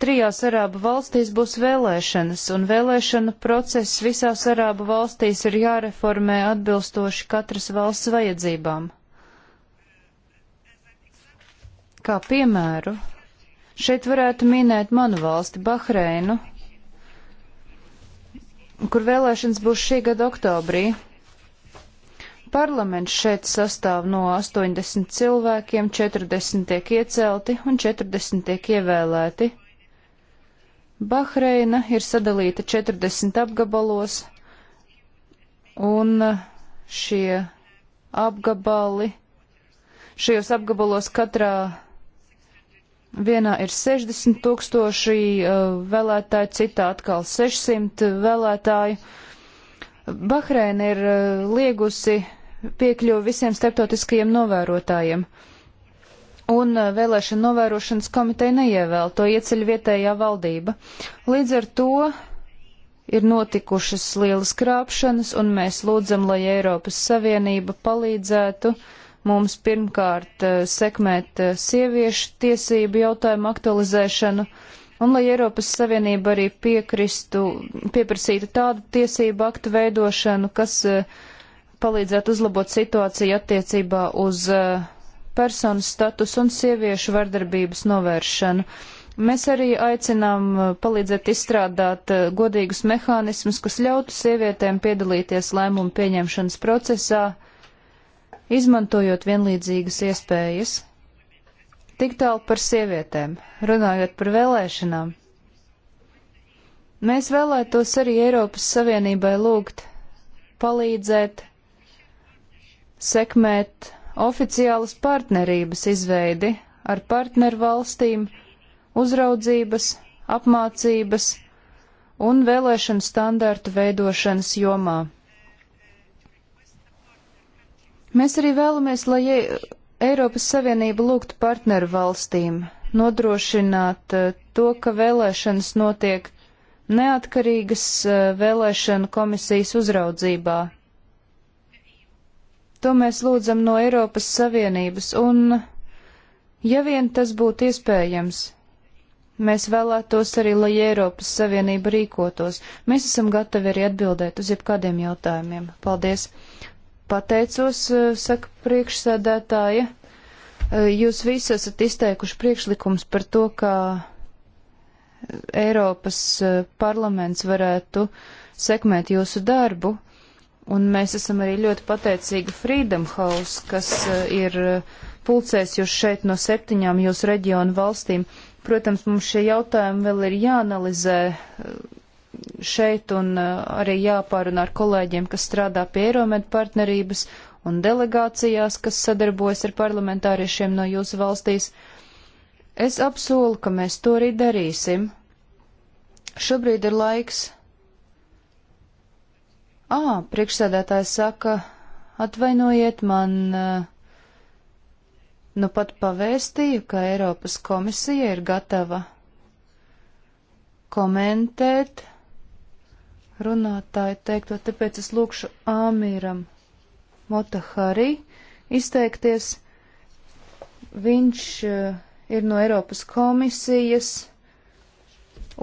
A: trijās arābu valstīs būs vēlēšanas, un vēlēšana process visās arābu valstīs ir jāreformē atbilstoši katras valsts vajadzībām. Kā piemēru, šeit varētu minēt manu valsti, Bahreinu, kur vēlēšanas būs šī gada oktobrī. Parlaments šeit sastāv no 80 cilvēkiem, 40 tiek iecelti un 40 tiek ievēlēti. Bahreina ir sadalīta 40 apgabalos, un šie apgabali, šajos apgabalos katrā vienā ir 60 tūkstoši eh, vēlētāji, citā atkal 600 vēlētāju. Bahreina ir eh, liegusi piekļuvi visiem starptautiskajiem novērotājiem un eh, vēlēšana novērošanas komiteja neievēl, to ieceļ vietējā valdība. Līdz ar to ir notikušas lielas krāpšanas, un mēs lūdzam, lai Eiropas Savienība palīdzētu mums pirmkārt eh, sekmēt eh, sieviešu tiesību jautājumu aktualizēšanu, un lai Eiropas Savienība arī piekristu, pieprasītu tādu tiesību aktu veidošanu, kas palīdzētu uzlabot situāciju attiecībā uz uh, personas status un sieviešu vardarbības novēršanu. Mēs arī aicinām uh, palīdzēt izstrādāt uh, godīgus mehānismus, kas ļautu sievietēm piedalīties lēmumu pieņemšanas procesā, izmantojot vienlīdzīgas iespējas. Tik tālu par sievietēm, runājot par vēlēšanām. Mēs vēlētos arī Eiropas Savienībai lūgt palīdzēt, sekmēt oficiālas partnerības izveidi ar partnervalstīm, uzraudzības, apmācības un vēlēšanu standārtu veidošanas jomā. Mēs arī vēlamies, lai e- Eiropas Savienība lūgtu partneru valstīm nodrošināt eh, to, ka vēlēšanas notiek neatkarīgas eh, vēlēšanu komisijas uzraudzībā To mēs lūdzam no Eiropas Savienības, un, ja vien tas būtu iespējams, mēs vēlētos arī, lai Eiropas Savienība rīkotos. Mēs esam gatavi arī atbildēt uz jebkādiem jautājumiem. Paldies! Pateicos, eh, saka priekšsēdētāja. Eh, jūs visi esat izteikuši priekšlikums par to, kā eh, Eiropas parlaments varētu sekmēt jūsu darbu. Un mēs esam arī ļoti pateicīgi Freedom House, kas eh, ir eh, pulcēs jūs šeit no septiņām jūsu reģionu valstīm. Protams, mums šie jautājumi vēl ir jāanalizē eh, šeit un arī jāpārunā ar kolēģiem, kas strādā pie Eiromed partnerības un delegācijās, kas sadarbojas ar parlamentāriešiem no jūsu valstīs. Es apsolu, ka mēs to arī darīsim. Šobrīd ir laiks Ā, priekšsēdētājs saka, atvainojiet man, nu pat pavēstīju, ka Eiropas komisija ir gatava komentēt runātāju teikto, tāpēc es lūkšu Āmīram Motahari izteikties. Viņš ir no Eiropas komisijas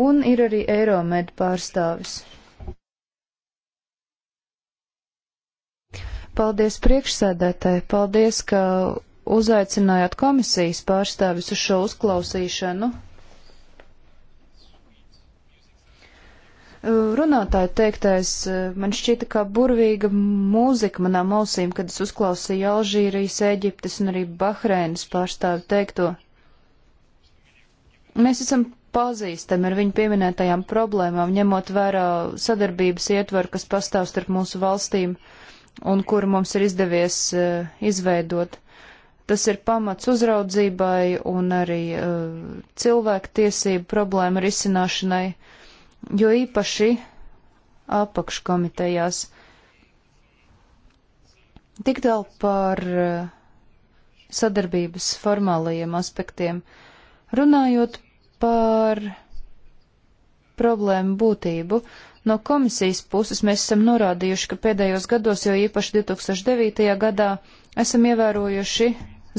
A: un ir arī Eiromed pārstāvis. Paldies priekšsēdētāji, paldies, ka uzaicinājāt komisijas pārstāvis uz šo uzklausīšanu. Runātāja teiktais man šķita kā burvīga mūzika manām ausīm, kad es uzklausīju Alžīrijas, Eģiptes un arī Bahreinas pārstāvi teikto. Mēs esam pazīstami ar viņu pieminētajām problēmām, ņemot vērā sadarbības ietvaru, kas pastāv starp mūsu valstīm. Uh, un kuru mums ir izdevies uh, izveidot. Tas ir pamats uzraudzībai un arī uh, eh, cilvēku tiesību problēmu risināšanai, jo īpaši apakškomitejās. Tik tālu par uh, sadarbības formālajiem aspektiem. Runājot par problēmu būtību, No komisijas puses mēs esam norādījuši, ka pēdējos gados, jo īpaši 2009. gadā, esam ievērojuši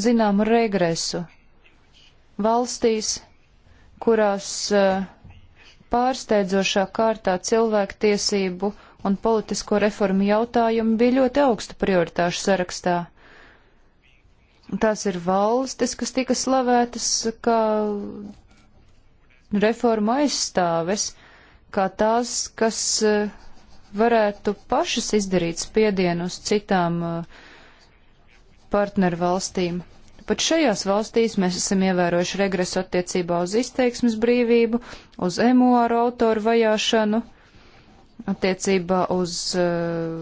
A: zināmu regresu valstīs, kurās eh, pārsteidzošā kārtā cilvēktiesību un politisko reformu jautājumi bija ļoti augstu prioritāšu sarakstā. Tās ir valstis, kas tika slavētas kā reforma aizstāves. Uh, kā tās, kas eh, varētu pašas izdarīt spiedienu uz citām eh, partneru valstīm. Pat šajās valstīs mēs esam ievērojuši regresu attiecībā uz izteiksmes brīvību, uz emuāru autoru vajāšanu, attiecībā uz uh,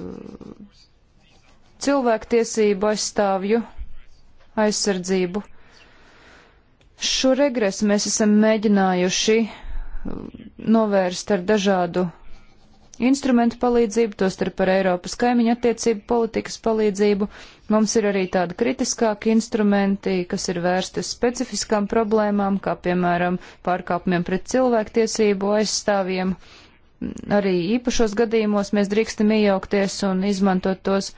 A: cilvēktiesību aizstāvju aizsardzību. Šo regresu mēs esam mēģinājuši novērst ar dažādu instrumentu palīdzību, tostarp ar Eiropas kaimiņu attiecību politikas palīdzību. Mums ir arī tādi kritiskāki instrumenti, kas ir vērsti uz specifiskām problēmām, kā piemēram pārkāpumiem pret cilvēktiesību aizstāvjiem. Arī īpašos gadījumos mēs drīkstam iejaukties un izmantot tos.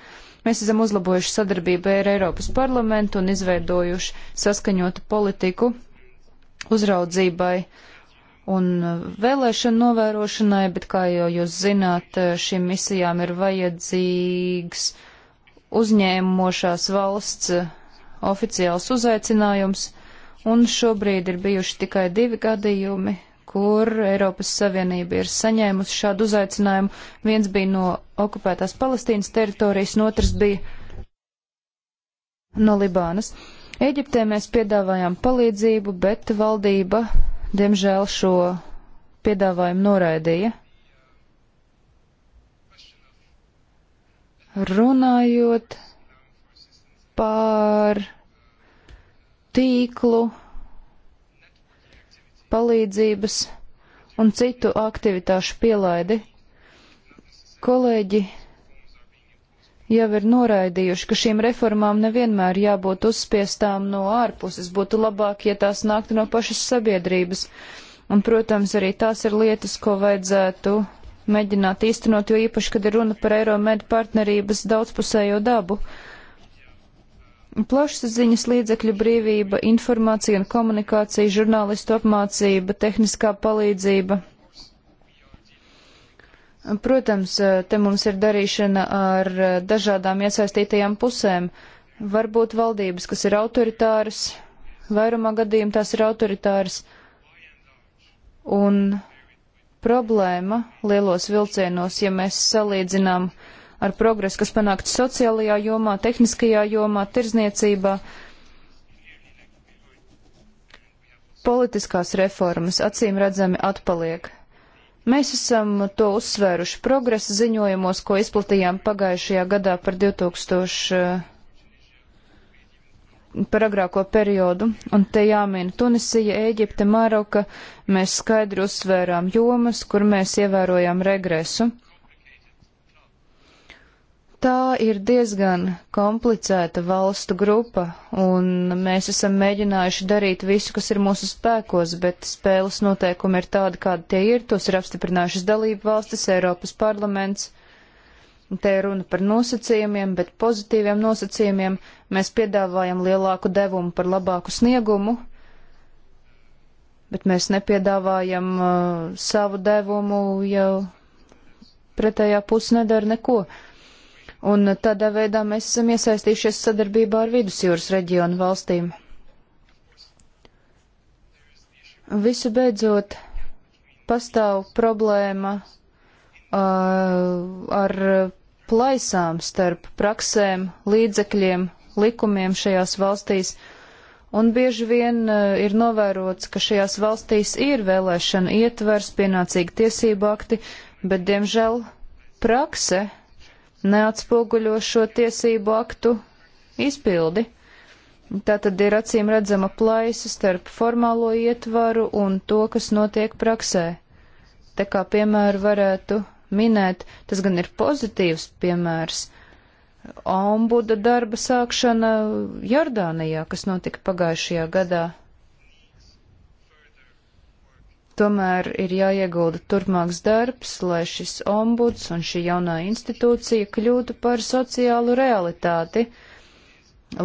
A: Mēs esam uzlabojuši sadarbību ar Eiropas parlamentu un izveidojuši saskaņotu politiku uzraudzībai uh, un uh, vēlēšanu novērošanai, bet, kā jau jūs zināt, uh, šīm misijām ir vajadzīgs uzņēmošās valsts uh, oficiāls uzaicinājums, un šobrīd ir bijuši tikai divi gadījumi, kur Eiropas Savienība ir saņēmusi šādu uzaicinājumu. Viens bija no okupētās Palestīnas teritorijas, un otrs bija no Libānas. Eģiptē mēs piedāvājām palīdzību, bet valdība diemžēl šo piedāvājumu noraidīja. Runājot par tīklu palīdzības un citu aktivitāšu pielaidi, kolēģi jau ir noraidījuši, ka šīm reformām nevienmēr jābūt uzspiestām no ārpuses, būtu labāk, ja tās nāktu no pašas sabiedrības. Un, protams, arī tās ir lietas, ko vajadzētu mēģināt īstenot, jo īpaši, kad ir runa par Eiromed partnerības daudzpusējo dabu. Plašsaziņas līdzekļu brīvība, informācija un komunikācija, žurnālistu apmācība, tehniskā palīdzība, Protams, te mums ir darīšana ar dažādām iesaistītajām pusēm. Varbūt valdības, kas ir autoritāras, vairumā gadījumā tās ir autoritāras. Un problēma lielos vilcienos, ja mēs salīdzinām ar progresu, kas panākts sociālajā jomā, tehniskajā jomā, tirzniecībā, politiskās reformas acīm redzami atpaliek. Mēs esam to uzsvēruši progresa ziņojumos, ko izplatījām pagājušajā gadā par 2000 eh, par agrāko periodu, un te jāmina Tunisija, Ēģipte, Maroka, mēs skaidri uzsvērām jomas, kur mēs ievērojām regresu. Tā ir diezgan komplicēta valstu grupa, un mēs esam mēģinājuši darīt visu, kas ir mūsu spēkos, bet spēles noteikumi ir tādi, kādi tie ir. Tos ir apstiprinājušas dalību valstis, Eiropas parlaments. Te ir runa par nosacījumiem, bet pozitīviem nosacījumiem mēs piedāvājam lielāku devumu par labāku sniegumu, bet mēs nepiedāvājam uh, savu devumu, ja pretējā puse nedara neko. Uh, un tādā veidā mēs esam iesaistījušies sadarbībā ar Vidusjūras reģionu valstīm. Visu beidzot, pastāv problēma uh, ar plaisām starp praksēm, līdzekļiem, likumiem šajās valstīs, un bieži vien uh, ir novērots, ka šajās valstīs ir vēlēšana ietvers, pienācīgi tiesību akti, bet, diemžēl, prakse neatspoguļo šo tiesību aktu izpildi. Tā tad ir acīm redzama plaisa starp formālo ietvaru un to, kas notiek praksē. Te kā piemēru varētu minēt, tas gan ir pozitīvs piemērs, ombuda darba sākšana Jordānijā, kas notika pagājušajā gadā. Tomēr ir jāiegulda turpmāks darbs, lai šis ombuds un šī jaunā institūcija kļūtu par sociālu realitāti,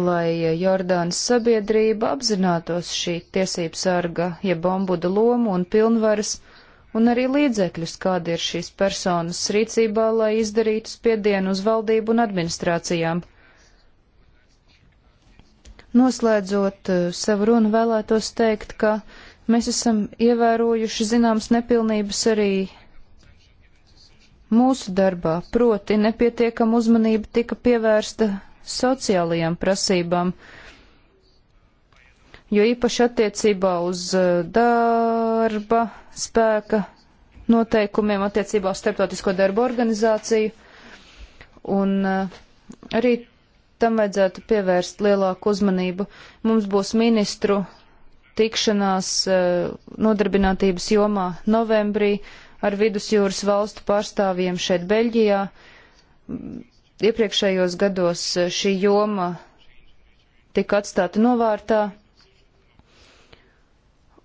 A: lai Jordānas sabiedrība apzinātos šī tiesību sarga, jeb ombuda lomu un pilnvaras, un arī līdzekļus, kādi ir šīs personas rīcībā, lai izdarītu spiedienu uz valdību un administrācijām. Noslēdzot eh, savu runu vēlētos teikt, ka Mēs esam ievērojuši zināmas nepilnības arī mūsu darbā, proti nepietiekama uzmanība tika pievērsta sociālajām prasībām, jo īpaši attiecībā uz eh, darba spēka noteikumiem, attiecībā uz starptautisko darbu organizāciju, un eh, arī tam vajadzētu pievērst lielāku uzmanību. Mums būs ministru tikšanās eh, nodarbinātības jomā novembrī ar vidusjūras valstu pārstāvjiem šeit Beļģijā. Mm, iepriekšējos gados eh, šī joma tika atstāta novārtā,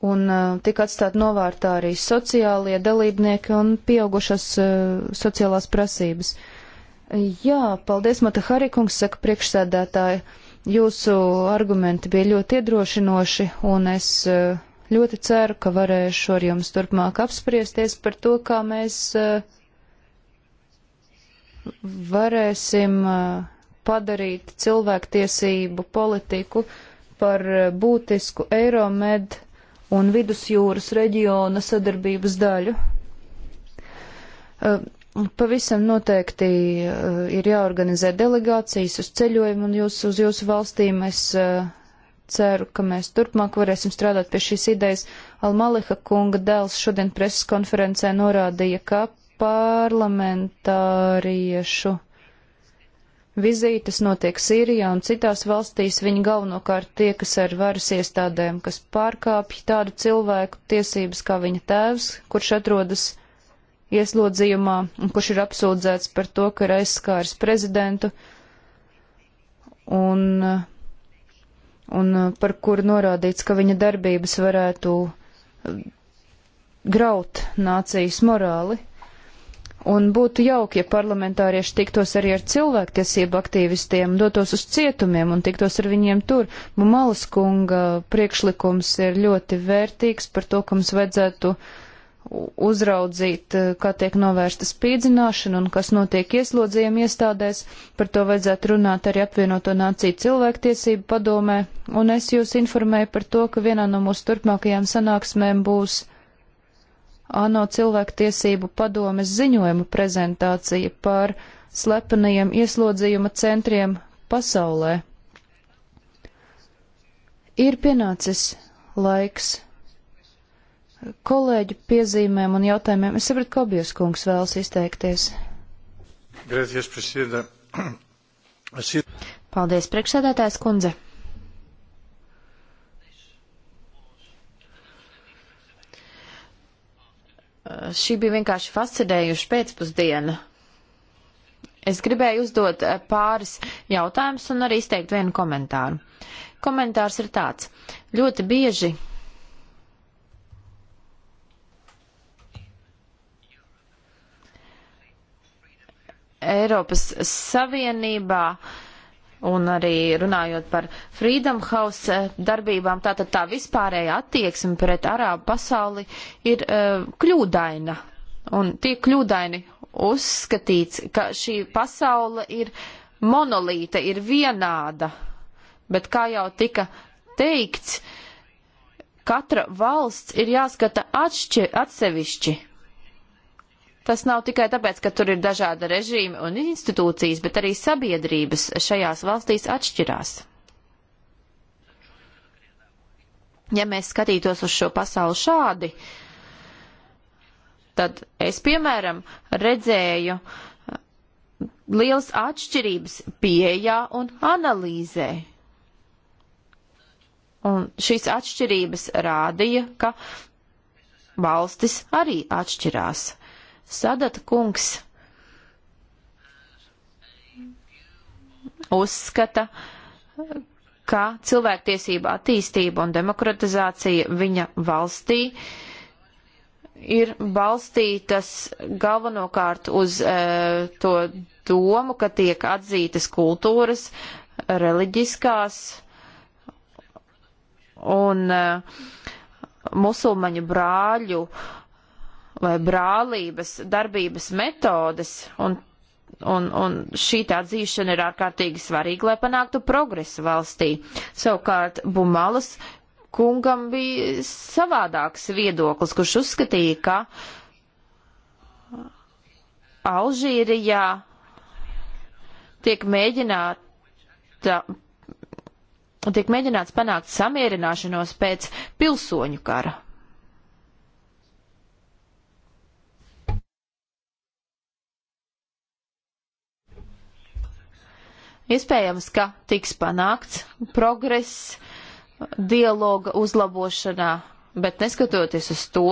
A: un eh, tika atstāta novārtā arī sociālie dalībnieki un pieaugušas sociālās prasības. Jā, paldies, Mata Harikungs, saka priekšsēdētāja. Jūsu argumenti bija ļoti iedrošinoši, un es eh, ļoti ceru, ka varēšu ar jums turpmāk apspriesties par to, kā mēs eh, varēsim eh, padarīt cilvēktiesību politiku par būtisku Eiromed un Vidusjūras reģiona sadarbības daļu. Pavisam noteikti uh, ir jāorganizē delegācijas uz ceļojumu un jūs, uz jūsu valstīm. Es uh, ceru, ka mēs turpmāk varēsim strādāt pie šīs idejas. Almaliha kunga dēls šodien preses konferencē norādīja, ka parlamentāriešu vizītes notiek Sīrijā un citās valstīs. Viņi galvenokārt tiekas ar varas iestādēm, kas pārkāpj tādu cilvēku tiesības kā viņa tēvs, kurš atrodas ieslodzījumā un kurš ir apsūdzēts par to, ka ir aizskāris prezidentu un, un par kuru norādīts, ka viņa darbības varētu uh, graut nācijas morāli. Un būtu jauki, ja parlamentārieši tiktos arī ar cilvēktiesību aktīvistiem, dotos uz cietumiem un tiktos ar viņiem tur. Malas kunga priekšlikums ir ļoti vērtīgs par to, ka mums vajadzētu uh, uzraudzīt, eh, kā tiek novērsta spīdzināšana un kas notiek ieslodzījuma iestādēs. Par to vajadzētu runāt arī apvienoto nāciju cilvēktiesību padomē, un es jūs informēju par to, ka vienā no mūsu turpmākajām sanāksmēm būs ANO cilvēktiesību padomes ziņojuma prezentācija par slepenajiem ieslodzījuma centriem pasaulē. Ir pienācis laiks kolēģu piezīmēm un jautājumiem. Es sapratu, ka Obijas kungs vēlas izteikties.
B: Grēties, prasīdā.
C: Paldies, priekšsēdētājs kundze. Šī bija vienkārši fascinējuša pēcpusdiena. Es gribēju uzdot eh, pāris jautājumus un arī izteikt vienu komentāru. Komentārs ir tāds. Ļoti bieži Eiropas Savienībā un arī runājot par Freedom House eh, darbībām, tātad tā vispārēja attieksme pret arābu pasauli ir uh, kļūdaina. Un tiek kļūdaini uzskatīts, ka šī pasaule ir monolīta, ir vienāda. Bet kā jau tika teikts, katra valsts ir jāskata atšķi, atsevišķi. Tas nav tikai tāpēc, ka tur ir dažāda režīma un institūcijas, bet arī sabiedrības šajās valstīs atšķirās. Ja mēs skatītos uz šo pasauli šādi, tad es, piemēram, redzēju uh, liels atšķirības pieejā un analīzē. Un šīs atšķirības rādīja, ka valstis arī atšķirās. Sadata kungs uzskata, ka cilvēktiesība attīstība un demokratizācija viņa valstī ir balstītas galvenokārt uz e, to domu, ka tiek atzītas kultūras, reliģiskās un e, musulmaņu brāļu uh, vai brālības darbības metodes, un, un, un šī tā atzīšana ir ārkārtīgi svarīga, lai panāktu progresu valstī. Savukārt Bumalas kungam bija savādāks viedoklis, kurš uzskatīja, ka Alžīrijā tiek mēģināta tiek mēģināts panākt samierināšanos pēc pilsoņu kara. Iespējams, ka tiks panākts progress dialoga uzlabošanā, bet neskatoties uz to,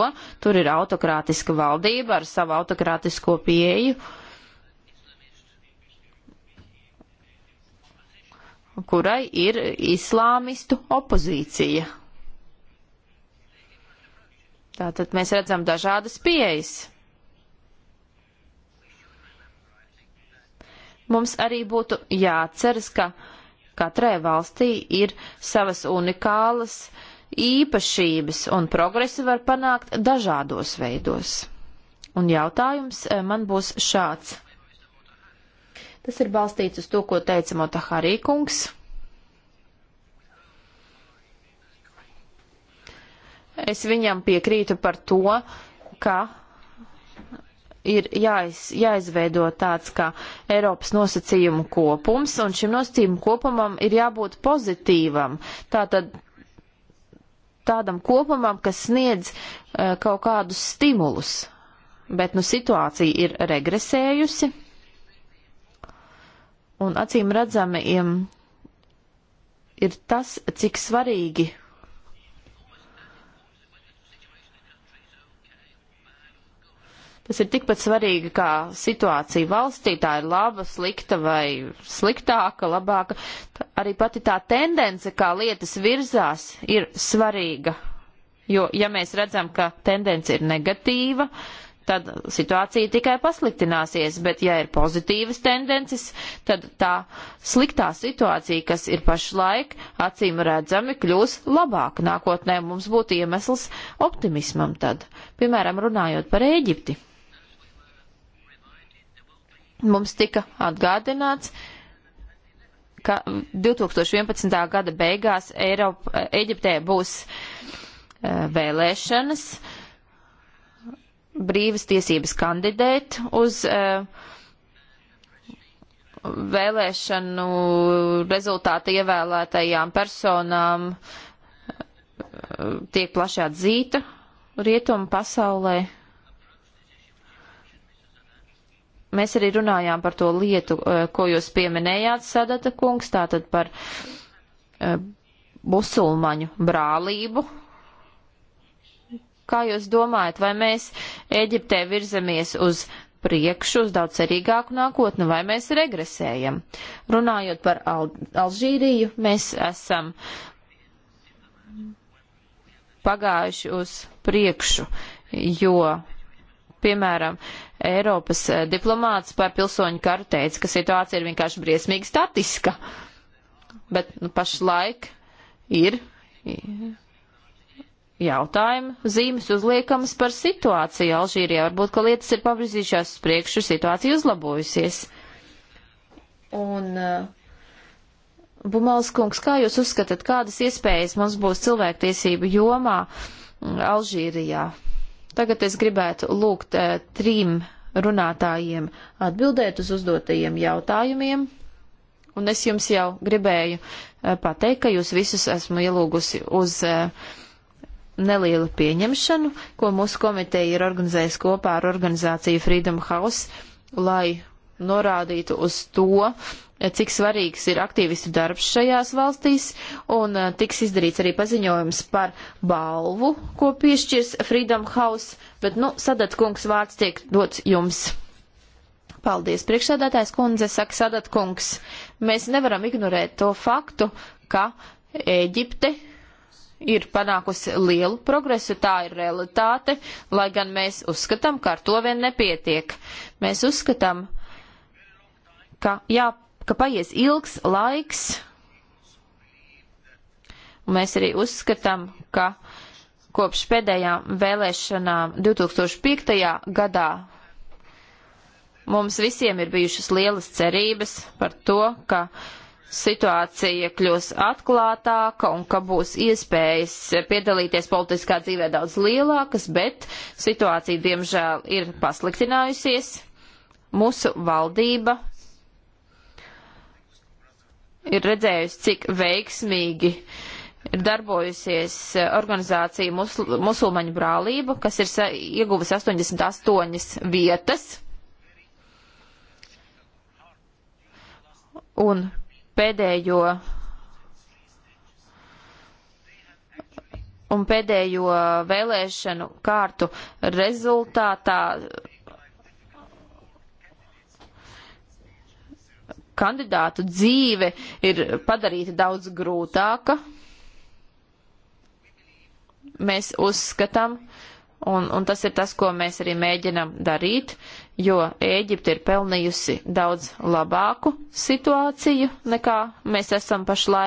C: tur ir autokrātiska valdība ar savu autokrātisko pieeju, kurai ir islāmistu opozīcija. Tātad mēs redzam dažādas pieejas. Mums arī būtu jāatceras, ka katrai valstī ir savas unikālas īpašības, un progresu var panākt dažādos veidos. Un jautājums eh, man būs šāds. Tas ir balstīts uz to, ko teica Motahārī kungs. Es viņam piekrītu par to, ka ir jāiz, jāizveido tāds kā Eiropas nosacījumu kopums, un šim nosacījumu kopumam ir jābūt pozitīvam. Tātad tādam kopumam, kas sniedz uh, kaut kādus stimulus. Bet nu situācija ir regresējusi, un acīm redzami ir tas, cik svarīgi Tas ir tikpat svarīgi kā situācija valstī, tā ir laba, slikta vai sliktāka, labāka. Arī pati tā tendence, kā lietas virzās, ir svarīga. Jo, ja mēs redzam, ka tendence ir negatīva, tad situācija tikai pasliktināsies, bet ja ir pozitīvas tendences, tad tā sliktā situācija, kas ir pašlaik, acīm redzami kļūs labāk nākotnē, mums būtu iemesls optimismam tad, piemēram, runājot par Ēģipti mums tika atgādināts, ka 2011. gada beigās Eiropa, Eģiptē būs eh, vēlēšanas, brīvas tiesības kandidēt uz eh, vēlēšanu rezultātu ievēlētajām personām eh, tiek plaši atzīta rietumu pasaulē. Mēs arī runājām par to lietu, eh, ko jūs pieminējāt, Sadata kungs, tātad par eh, musulmaņu brālību. Kā jūs domājat, vai mēs Eģiptē virzamies uz priekšu, uz daudz cerīgāku nākotni, vai mēs regresējam? Runājot par Al Alžīriju, mēs esam pagājuši uz priekšu, jo piemēram, Eiropas eh, diplomāts par pilsoņu karu teica, ka situācija ir vienkārši briesmīgi statiska. Bet nu, pašlaik ir jautājuma zīmes uzliekamas par situāciju Alžīrijā. Varbūt, ka lietas ir pavirzījušās uz priekšu, situācija uzlabojusies. Un uh, eh, Bumalskungs, kā jūs uzskatāt, kādas iespējas mums būs cilvēktiesību jomā mm, Alžīrijā? Tagad es gribētu lūgt eh, trim runātājiem atbildēt uz uzdotajiem jautājumiem. Un es jums jau gribēju eh, pateikt, ka jūs visus esmu ielūgusi uz eh, nelielu pieņemšanu, ko mūsu komiteja ir organizējusi kopā ar organizāciju Freedom House, lai norādītu uz to, cik svarīgs ir aktīvistu darbs šajās valstīs, un eh, tiks izdarīts arī paziņojums par balvu, ko piešķirs Freedom House, bet, nu, sadat kungs vārds tiek dots jums. Paldies, priekšsēdētājs kundze, saka sadat kungs. Mēs nevaram ignorēt to faktu, ka Ēģipte ir panākusi lielu progresu, tā ir realitāte, lai gan mēs uzskatām, ka ar to vien nepietiek. Mēs uzskatām, ka jā, ka paies ilgs laiks, un mēs arī uzskatām, ka kopš pēdējām vēlēšanām 2005. gadā mums visiem ir bijušas lielas cerības par to, ka situācija kļūs atklātāka un ka būs iespējas piedalīties politiskā dzīvē daudz lielākas, bet situācija diemžēl ir pasliktinājusies. Mūsu valdība ir redzējusi, cik veiksmīgi ir darbojusies eh, organizācija musl musulmaņu brālība, kas ir ieguvis 88 vietas. Un pēdējo un pēdējo vēlēšanu kārtu rezultātā kandidātu dzīve ir padarīta daudz grūtāka. Mēs uzskatām, un, un tas ir tas, ko mēs arī mēģinam darīt, jo Ēģipte ir pelnījusi daudz labāku situāciju nekā mēs esam pašlaik.